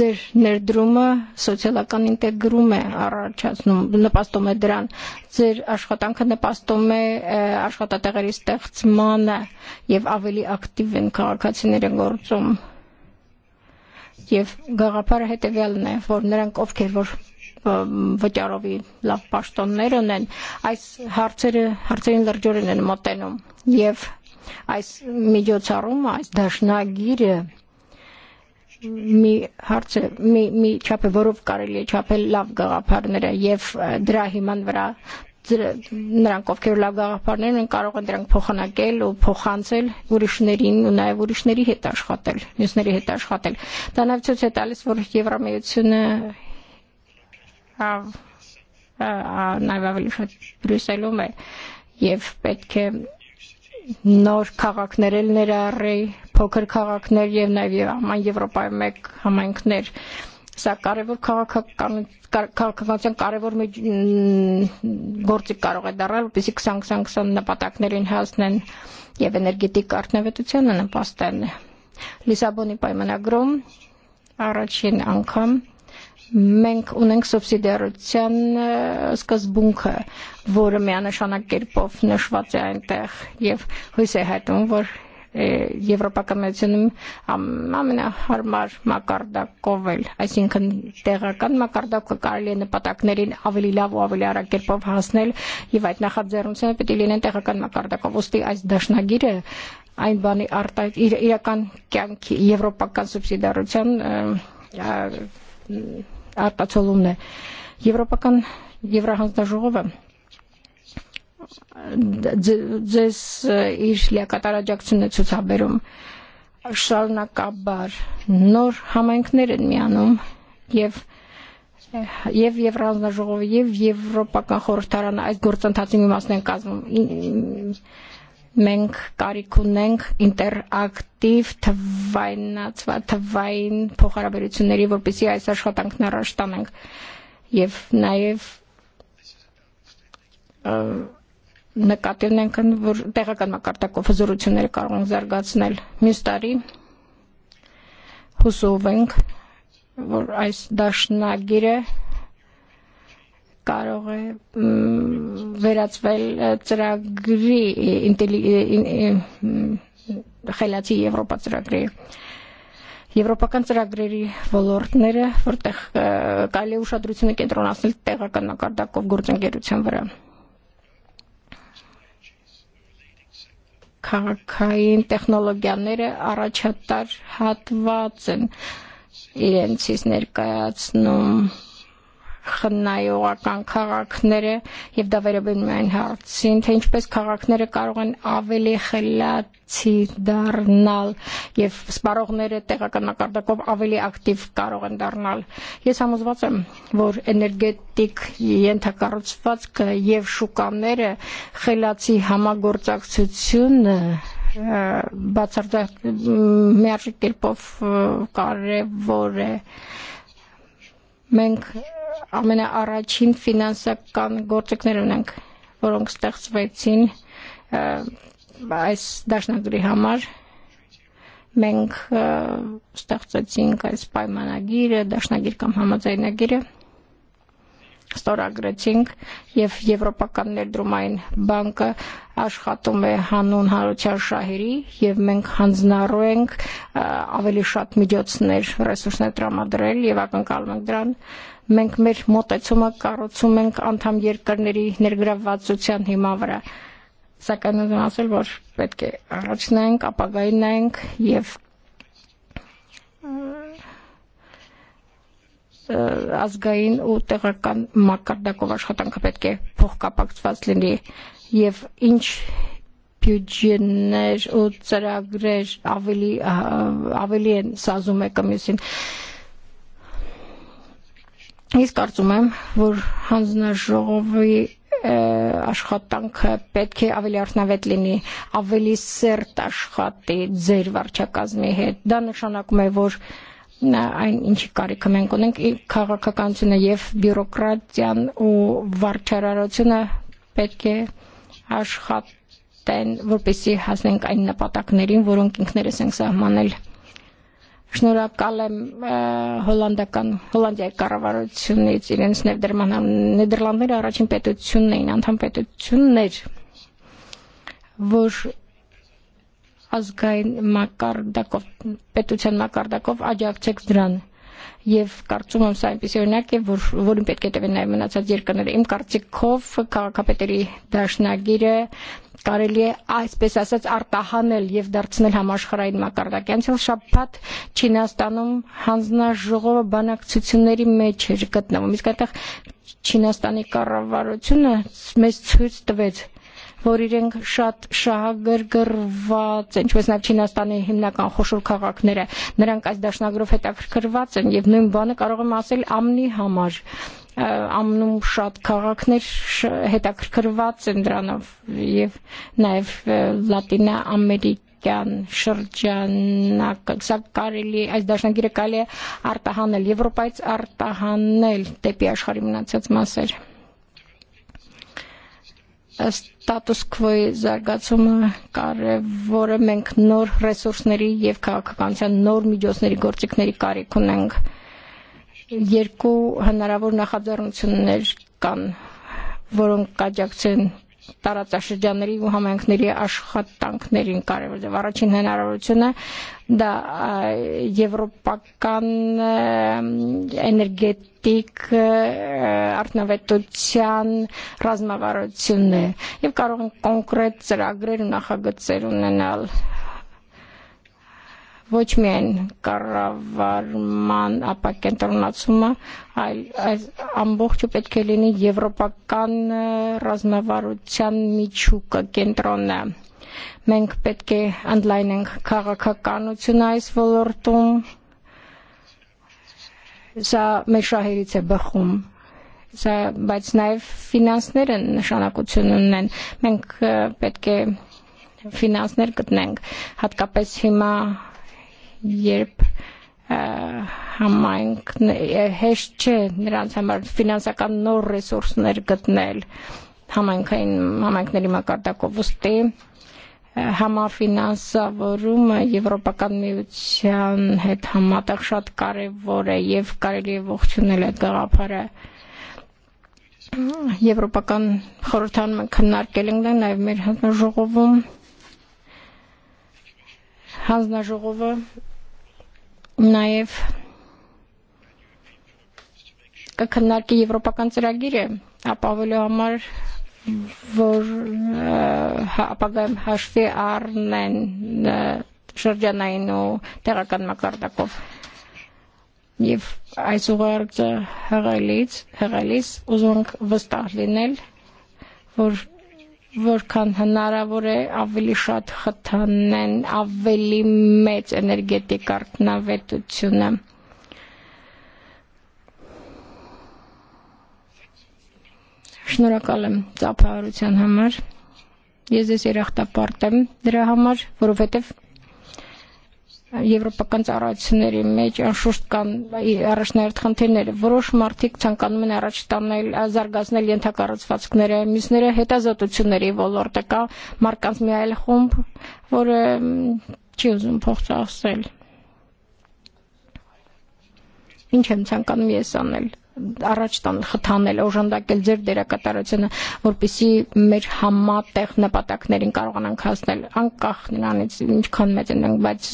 ձեր ներդրումը սոցիալական ինտեգրում է առաջացնում, նպաստում է դրան։ Ձեր աշխատանքը նպաստում է աշխատատեղերի ստեղծմանը եւ ավելի ակտիվ են քաղաքացիները գործում։ Եվ գաղափարը հետեւյալն է, որ նրանք ովքեր որ վճարովի լավ պաշտոններ ունեն, այս հարցերը հարցերին լրջորեն են մոտենում եւ այս միջոցառումը, այս դաշնագիրը մի հարց է, մի մի չափը, որով կարելի է չափել լավ գաղափարները եւ դրա հիման վրա նրանք ովքեր լավ գաղափարներ ունեն կարող են դրանք փոխանակել ու փոխանցել ուրիշներին ու նաև ուրիշների հետ աշխատել, մյուսների հետ աշխատել։ Դա նաև ցույց է տալիս, որ Եվրամիությունը նայվավելուշը բրյուսելում է և պետք է նոր քաղաքներ էլ ներառի, փոքր քաղաքներ եւ նաեւ ամեն Եվրոպայի մեկ համայնքներ։ Սա կարևոր քաղաքական քաղաքական կարևոր մի գործիք կարող է դառնալ, որպեսզի 2020 նպատակներին հասնեն եւ էներգետիկ արդյունավետությանը նպաստեն։ Լիսաբոնի պայմանագրում առաջին անգամ մենք ունենք սուբսիդիարության սկզբունքը, որը միանշանակ կերպով նշված է այնտեղ եւ հույս է հայտնում, որ Եվրոպական միությունում ամենահարմար մակարդակով էլ, այսինքն տեղական մակարդակը կարելի է նպատակներին ավելի լավ ու ավելի արագ կերպով հասնել եւ այդ նախաձեռնությունը պետք է լինեն տեղական մակարդակով։ Ոստի այս դաշնագիրը այն բանի արտահայտ իրական կյանքի եվրոպական սուբսիդարության արտացոլումն է։ Եվրոպական Եվրահանձնաժողովը ձեզ իր լիակատարաջակցությունն է ցուցաբերում շարունակաբար նոր համայնքներ են միանում եւ եւ Եվրահանձնաժողովը եւ Եվրոպական խորհրդարանը այդ գործընթացի մի մասն են կազմում մենք կարիք ունենք ինտերակտիվ թվայնացված թվային փոխհարաբերությունների, որպեսզի այս աշխատանքն առաջ տանենք։ Եվ նաև նկատի ունենք, որ տեղական մակարդակով հզորությունները կարող են զարգացնել։ Մյուս տարի հուսով ենք, որ այս դաշնագիրը կարող է վերածվել ծրագրի խելացի Եվրոպա ծրագրի Եվրոպական ծրագրերի ոլորտները, որտեղ կարելի է ուշադրությունը կենտրոնացնել տեղական նկարդակով գործընկերության վրա։ Քաղաքային տեխնոլոգիաները առաջատար հատված են իրենցից ներկայացնում խնայողական քաղաքները եւ դա վերաբերում է այն հարցին, թե ինչպես քաղաքները կարող են ավելի խելացի դառնալ եւ սպառողները տեղական նկատակով ավելի ակտիվ կարող են դառնալ։ Ես համոզված եմ, որ էներգետիկ ենթակառուցվածքը եւ շուկաները խելացի համագործակցությունը բացարձակ միաժամանակ կարևոր է մենք ամենաառաջին ֆինանսական գործիքներ ունենք, որոնք ստեղծվեցին այս դաշնագրի համար։ Մենք ստեղծեցինք այս պայմանագիրը, դաշնագիր կամ համաձայնագիրը, ստորագրեցինք եւ Եվրոպական ներդրումային բանկը աշխատում է հանուն հանրության շահերի եւ մենք հանձնառու ենք ավելի շատ միջոցներ, ռեսուրսներ տրամադրել եւ ակնկալում ենք դրան։ և մենք մեր մոտեցումը կառուցում ենք անդամ երկրների ներգրավվածության հիման վրա։ Սակայն ուզում ասել, որ պետք է առաջ նայենք, ապագային նայենք եւ ազգային ու տեղական մակարդակով աշխատանքը պետք է փոխկապակցված լինի եւ ինչ բյուջեներ ու ծրագրեր ավելի ավելի են սազում է կմյուսին Ես կարծում եմ, որ հանձնաժողովի աշխատանքը պետք է ավելի արդյունավետ լինի, ավելի սերտ աշխատի ձեր վարչակազմի հետ։ Դա նշանակում է, որ այն ինչի կարիքը մենք ունենք, քաղաքականությունը եւ բյուրոկրատիան ու վարչարարությունը պետք է աշխատեն, որպեսզի հասնենք այն նպատակներին, որոնք ինքներս ենք սահմանել։ են շնորհակալ եմ հոլանդական հոլանդիայի կառավարությունից իրենց ներդրման Նեդերլանդները առաջին պետությունն էին, անդամ պետություններ, որ ազգային մակարդակով, պետության մակարդակով աջակցեց դրան։ եւ կարծում եմ սա այնպիսի օրինակ է, որ որին պետք է տևեն նաեւ մնացած երկրները։ Իմ կարծիքով քաղաքապետերի դաշնագիրը կարելի է այսպես ասած արտահանել եւ դարձնել համաշխարհային մակարդակ։ Անցյալ շաբաթ Չինաստանում հանձնաժողովը բանակցությունների մեջ էր գտնվում։ Իսկ այդտեղ Չինաստանի կառավարությունը մեզ ցույց տվեց, լորիրենք շատ շահագրգռված, ինչպես նաև Չինաստանի հիմնական խոշոր քաղաքները։ Նրանք այս դաշնագրով հետաքրքրված են եւ նույն բանը կարող եմ ասել ԱՄՆ-ի համար ամնում շատ քաղաքներ հետաքրքրված են դրանով եւ նաեւ լատինա ամերիկյան շրջանակ սա կարելի այս դաշնագիրը կարելի արտահանել եվրոպայից արտահանել դեպի աշխարհի մնացած մասեր ստատուս քվոյի զարգացումը կարևոր է մենք նոր ռեսուրսների եւ քաղաքականության նոր միջոցների գործիքների կարիք ունենք երկու հնարավոր նախաձեռնություններ կան որոնք կաջակցեն տարածաշրջանների ու համայնքների աշխատանքներին կարևոր դեպ առաջին հնարավորությունը դա եվրոպական էներգետ Politik, արդնավետության, ռազմավարությունն է եւ կարող են կոնկրետ ծրագրեր ու նախագծեր ունենալ ոչ միայն կառավարման ապակենտրոնացումը, այլ այս ամբողջը պետք է լինի եվրոպական ռազմավարության միջուկը, կենտրոնը։ Մենք պետք է ընդլայնենք քաղաքականությունը այս ոլորտում за մեշահերիցե բխում բայց նաև ֆինանսները նշանակություն ունեն։ Մենք պետք է ֆինանսներ գտնենք, հատկապես հիմա, երբ համայնք հեշտ չէ նրանց համար ֆինանսական նոր ռեսուրսներ գտնել համայնքային համայնքների մակարդակով ուստի համաֆինանսավորումը Եվրոպական միության հետ համատեղ շատ կարևոր է եւ կարելի է ողջունել այդ գաղափարը։ Եվրոպական խորհրդան մենք քննարկել ենք դա նաեւ մեր հանձնաժողովում։ Հանձնաժողովը նաեւ կքննարկի Եվրոպական ծրագիրը ապավելու համար απαντάμε χαστή άρνεν Շրջանային տեղական մակարդակով եւ այս ուղղարձը հղալից հղալից ուզում վստահ լինել որ որքան հնարավոր է ավելի շատ խթանեն ավելի մեծ էներգետիկ արդյունավետությունը Շնորհակալ եմ ծափահարության համար։ Ես ես երախտապարտ եմ դրա համար, որովհետև եվրոպական ծառայությունների մեջ անշուշտ կան առաջնահերթ խնդիրներ։ Որոշ մարդիկ ցանկանում են առաջ տանել զարգացնել ենթակառուցվածքները, մյուսները հետազոտությունների ոլորտը կա մարկանց մի այլ խումբ, որը չի ուզում փոխծասել։ Ինչ եմ ցանկանում ես անել։ առաջ տան խթանել, օժանդակել ձեր դերակատարությունը, որպիսի մեր համատեղ նպատակներին կարողանանք հասնել, անկախ նրանից ինչքան մեծ ենք, բայց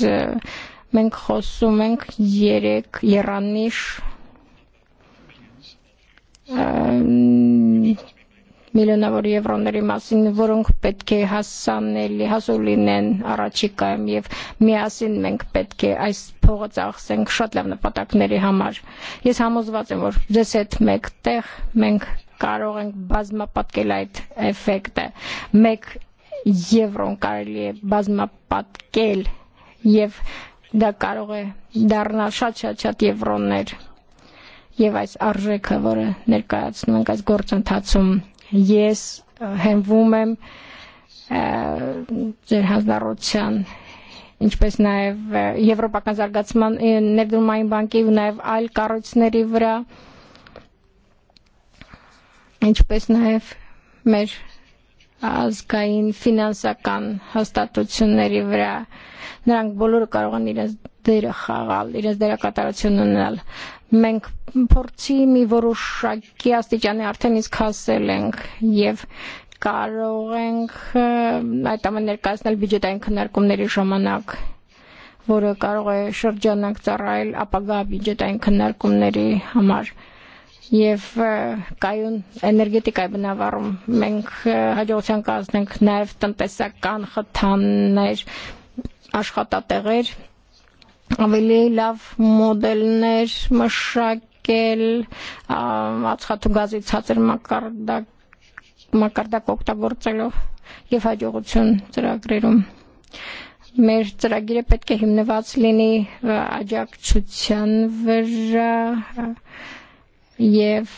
մենք խոսում ենք երեք երանիշ միլիոնավոր եվրոների մասին, որոնք պետք է հասանելի, հասու լինեն առաջիկայում եւ միասին մենք պետք է այս փողը ծախսենք շատ լավ նպատակների համար։ Ես համոզված եմ, որ ձեզ հետ մեկտեղ մենք կարող ենք բազմապատկել այդ էֆեկտը։ Մեկ եվրոն կարելի է բազմապատկել եւ դա կարող է դառնալ շատ-շատ-շատ եվրոններ։ Եվ այս արժեքը, որը ներկայացնում ենք այս գործընթացում, jest hemwumem, ձեր հանձնառության ինչպես նաև եվրոպական զարգացման ներդրումային բանկի ու նաև այլ կառույցների վրա ինչպես նաև մեր ազգային ֆինանսական հաստատությունների վրա նրանք բոլորը կարող են իրենց դերը խաղալ, իրենց դերակատարություն ունենալ։ Մենք փորձի մի որոշակի աստիճանի արդեն իսկ հասել ենք եւ կարող ենք այդ ամենը ներկայացնել բյուջետային քննարկումների ժամանակ, որը կարող է շրջանակ ծառայել ապագա բյուջետային քննարկումների համար։ Ա, եւ կայուն էներգետիկայ բնավարում մենք հաջողության կազմենք նաեւ տնտեսական խթաններ աշխատատեղեր ավելի լավ մոդելներ մշակել ածխաթու գազի ցածր մակարդակ մակարդակ օգտագործելով եւ հաջողություն ծրագրերում մեր ծրագիրը պետք է հիմնված լինի աջակցության վրա եւ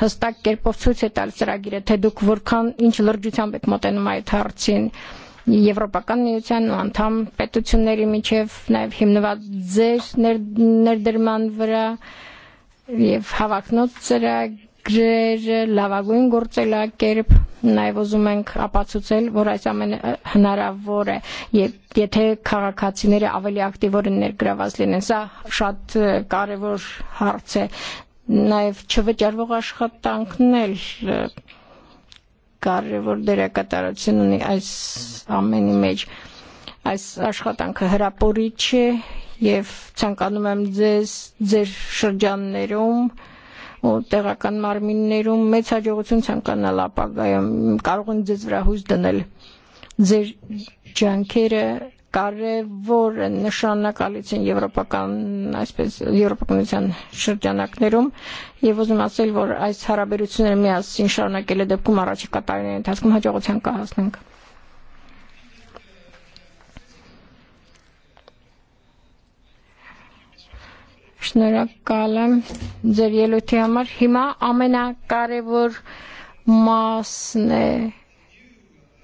հստակ կերպով ցույց է տալ ծրագիրը, թե դուք որքան ինչ լրջությամբ եք մոտենում այդ հարցին Եվրոպական միության ու անդամ պետությունների միջև նաև հիմնված ձեր ներ, ներդրման վրա եւ հավակնոտ ծրագրերը լավագույն գործելակերպ նաև ուզում ենք ապացուցել, որ այս ամենը հնարավոր է, եթե քաղաքացիները ավելի ակտիվորեն ներգրաված լինեն։ Սա շատ կարևոր հարց է։ Նաև չվճարվող աշխատանքն էլ կարևոր դերակատարություն ունի այս ամենի մեջ։ Այս աշխատանքը հրապուրիչ է եւ ցանկանում եմ ձեզ ձեր շրջաններում ձեր ու տեղական մարմիններում մեծ հաջողություն ցանկանալ ապագայում կարող են ձեզ վրա հույս դնել ձեր ջանքերը կարևոր են նշանակալից են եվրոպական այսպես եվրոպականության շրջանակներում եւ ուզում ասել որ այս հարաբերությունները միասին շարունակելու դեպքում առաջիկա տարիների ընթացքում հաջողության կհասնենք շնորհակալ եմ ձեր ելույթի համար։ Հիմա ամենակարևոր մասն է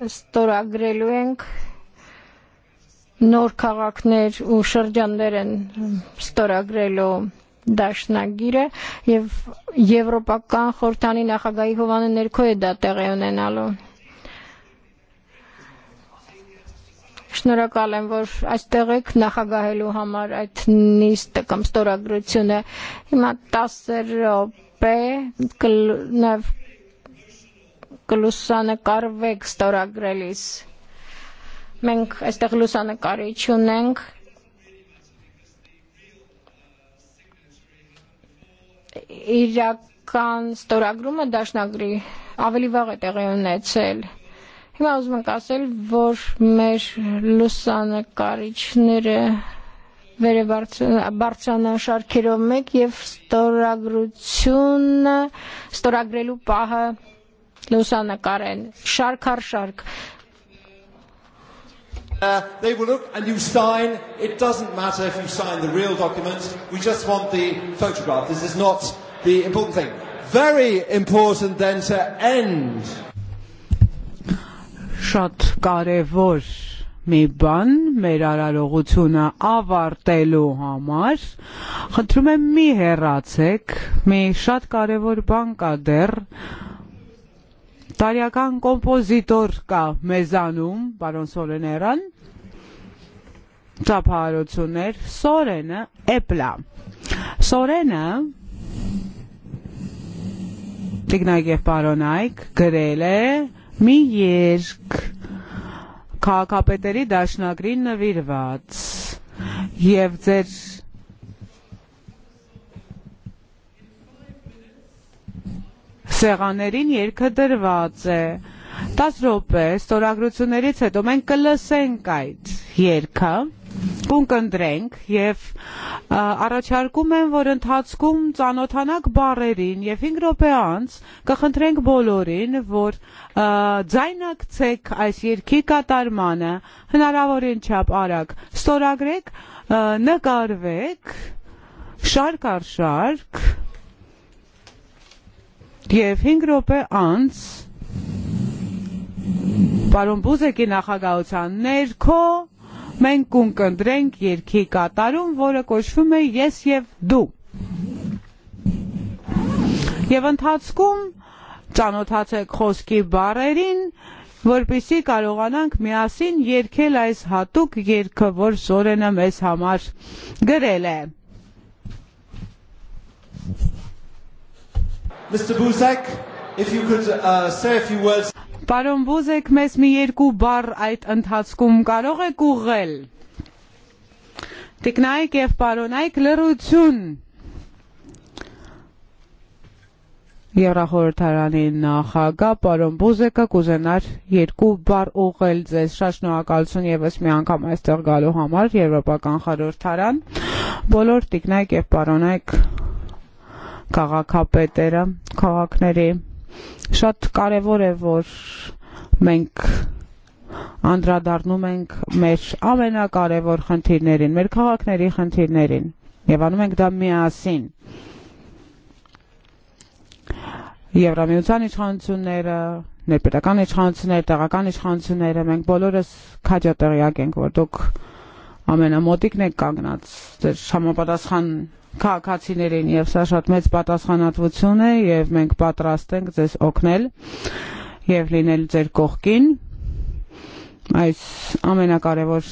ստորագրելու ենք նոր քաղաքներ ու շրջաններ են ստորագրելու դաշնագիրը եւ եվրոպական խորհրդանի նախագահի հովանը ներքո է դա տեղի ունենալու։ Շնորհակալ եմ, որ այստեղ եք նախագահելու համար այդ նիստը կամ ստորագրությունը։ Հիմա 10 րոպե նաև կլուսանկարվեք ստորագրելիս։ Մենք այստեղ լուսանկարիչ ունենք, իրական ստորագրումը դաշնագրի ավելի վաղ է տեղի ունեցել Հիմա ուզում ենք ասել, որ մեր լուսանկարիչները վերաբարձանաշարքերով մեկ եւ ստորագրությունը ստորագրելու պահը լուսանկարեն շարք առ շարք Uh, they will look and you sign. It doesn't matter if you sign the real document. We just want the photograph. This is not the important thing. Very important then to end Շատ կարևոր մի բան մեր արարողությունը ավարտելու համար խնդրում եմ մի հեռացեք մի շատ կարևոր բան կա դեռ տարիական կոմպոզիտոր կա մեզանում պարոն Սորեներան ճափարություններ Սորենը Էպլա Սորենը Տիգնակ եւ պարոն Այկ գրել է miérk KKP teridášanā Grina virvāts. Jevdzer սեղաներին երկդրված է։ 10 րոպե ստորագրություններից հետո մենք կլսենք այդ երգը։ կընտրենք եւ առաջարկում եմ, որ ընթացքում ծանոթանաք բարերին եւ 5 րոպե անց կխնդրենք բոլորին, որ ձայնակցեք այս երկի կատարմանը հնարավորին չափ արագ ստորագրեք, նկարվեք շարք առ շարք եւ 5 րոպե անց Պարոն Բուզեկի նախագահության ներքո մենք կունկնդրենք երկի կատարում, որը կոչվում է ես եւ դու։ Եվ ընթացքում ճանոթացեք խոսքի բարերին, որպիսի կարողանանք միասին երկել այս հատուկ երգը, որ Սորենը մեզ համար գրել է։ Mr. Busek, if you could uh, say a few words. Պարոն Բուզեք, մեզ մի երկու բառ այդ ընթացքում կարող եք ուղղել։ Տիկնայք եւ պարոնայք լրություն։ Եվրախորհրդարանի նախագահ պարոն Բուզեկը կուզենար երկու բառ ուղղել ձեզ շատ շնորհակալություն եւս մի անգամ այստեղ գալու համար եվրոպական խորհրդարան բոլոր տիկնայք եւ պարոնայք քաղաքապետերը քաղաքների Շատ կարևոր է, որ մենք անդրադառնում ենք մեր ամենակարևոր խնդիրներին, մեր քաղաքների խնդիրներին եւ անում ենք դա միասին։ Եվրամիության իշխանությունները, ներպետական իշխանությունները, տեղական իշխանությունները, մենք բոլորս քաջատեղյակ ենք, որ դուք ամենամոտիկն եք կանգնած ձեր համապատասխան քաղաքացիներին եւ սա շատ մեծ պատասխանատվություն է եւ մենք պատրաստ ենք ձեզ օգնել եւ լինել ձեր կողքին այս ամենակարևոր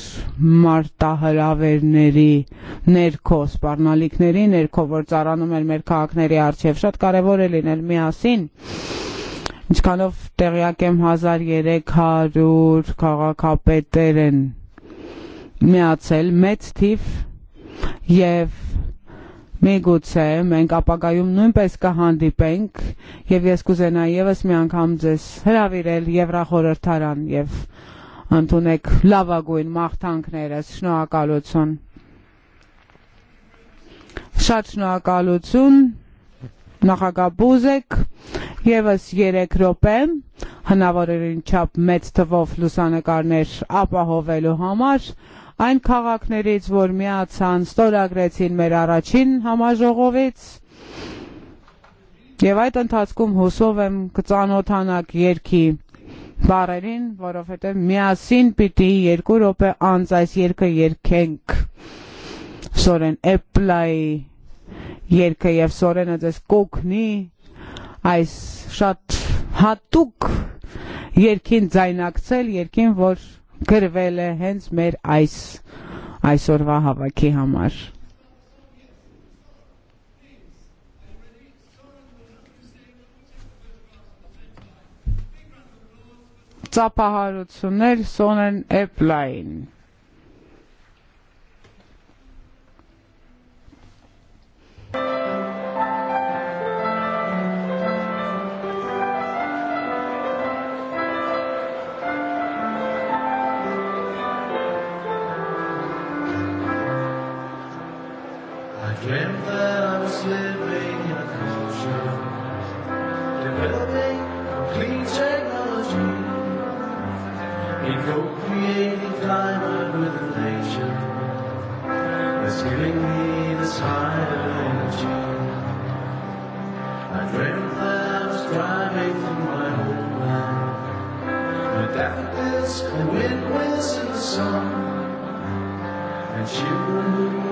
մարտահրավերների ներքո սպառնալիքների ներքո որ ծառանում են մեր քաղաքների արչեւ շատ կարևոր է լինել միասին ինչքանով տեղյակ եմ 1300 քաղաքապետեր են միացել մեծ թիվ եւ még ապագայում նույնպես կհանդիպենք եւ ես կուզենա եւս մի անգամ ձեզ հրավիրել Եվրախորհրդարան եւ ընդունեք լավագույն մաղթանքներս շնորհակալություն շատ շնորհակալություն նախագահ Բուզեկ եւս 3 րոպե հնարավորին չափ մեծ թվով լուսանկարներ ապահովելու համար այնքաղաքներից, որ միացան ստորագրեցին մեր առաջին համաժողովից։ Եվ այդ ընթացքում հուսով եմ կծանոթանաք երկի բարերին, որովհետև միասին պիտի երկու րոպե անց այս երկը երկենք։ Սորեն Apple-ի երկը եւ Սորենը ձեզ կոգնի այս շատ հատուկ երկին ձայնակցել, երկին, որ գրվել է հենց մեր այս այսօրվա հավաքի համար։ Ծափահարություններ Սոնեն Էպլային dreamt that I was living in a culture developing clean technology, in co-creating climate with the nature that's giving me this higher energy. I dreamt that I was driving through my homeland, with daffodils and windmills in the sun, and children who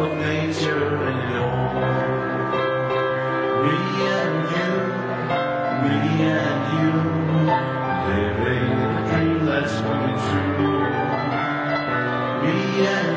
of nature and all. Me and you, me and you, living the dream that's coming true. Me and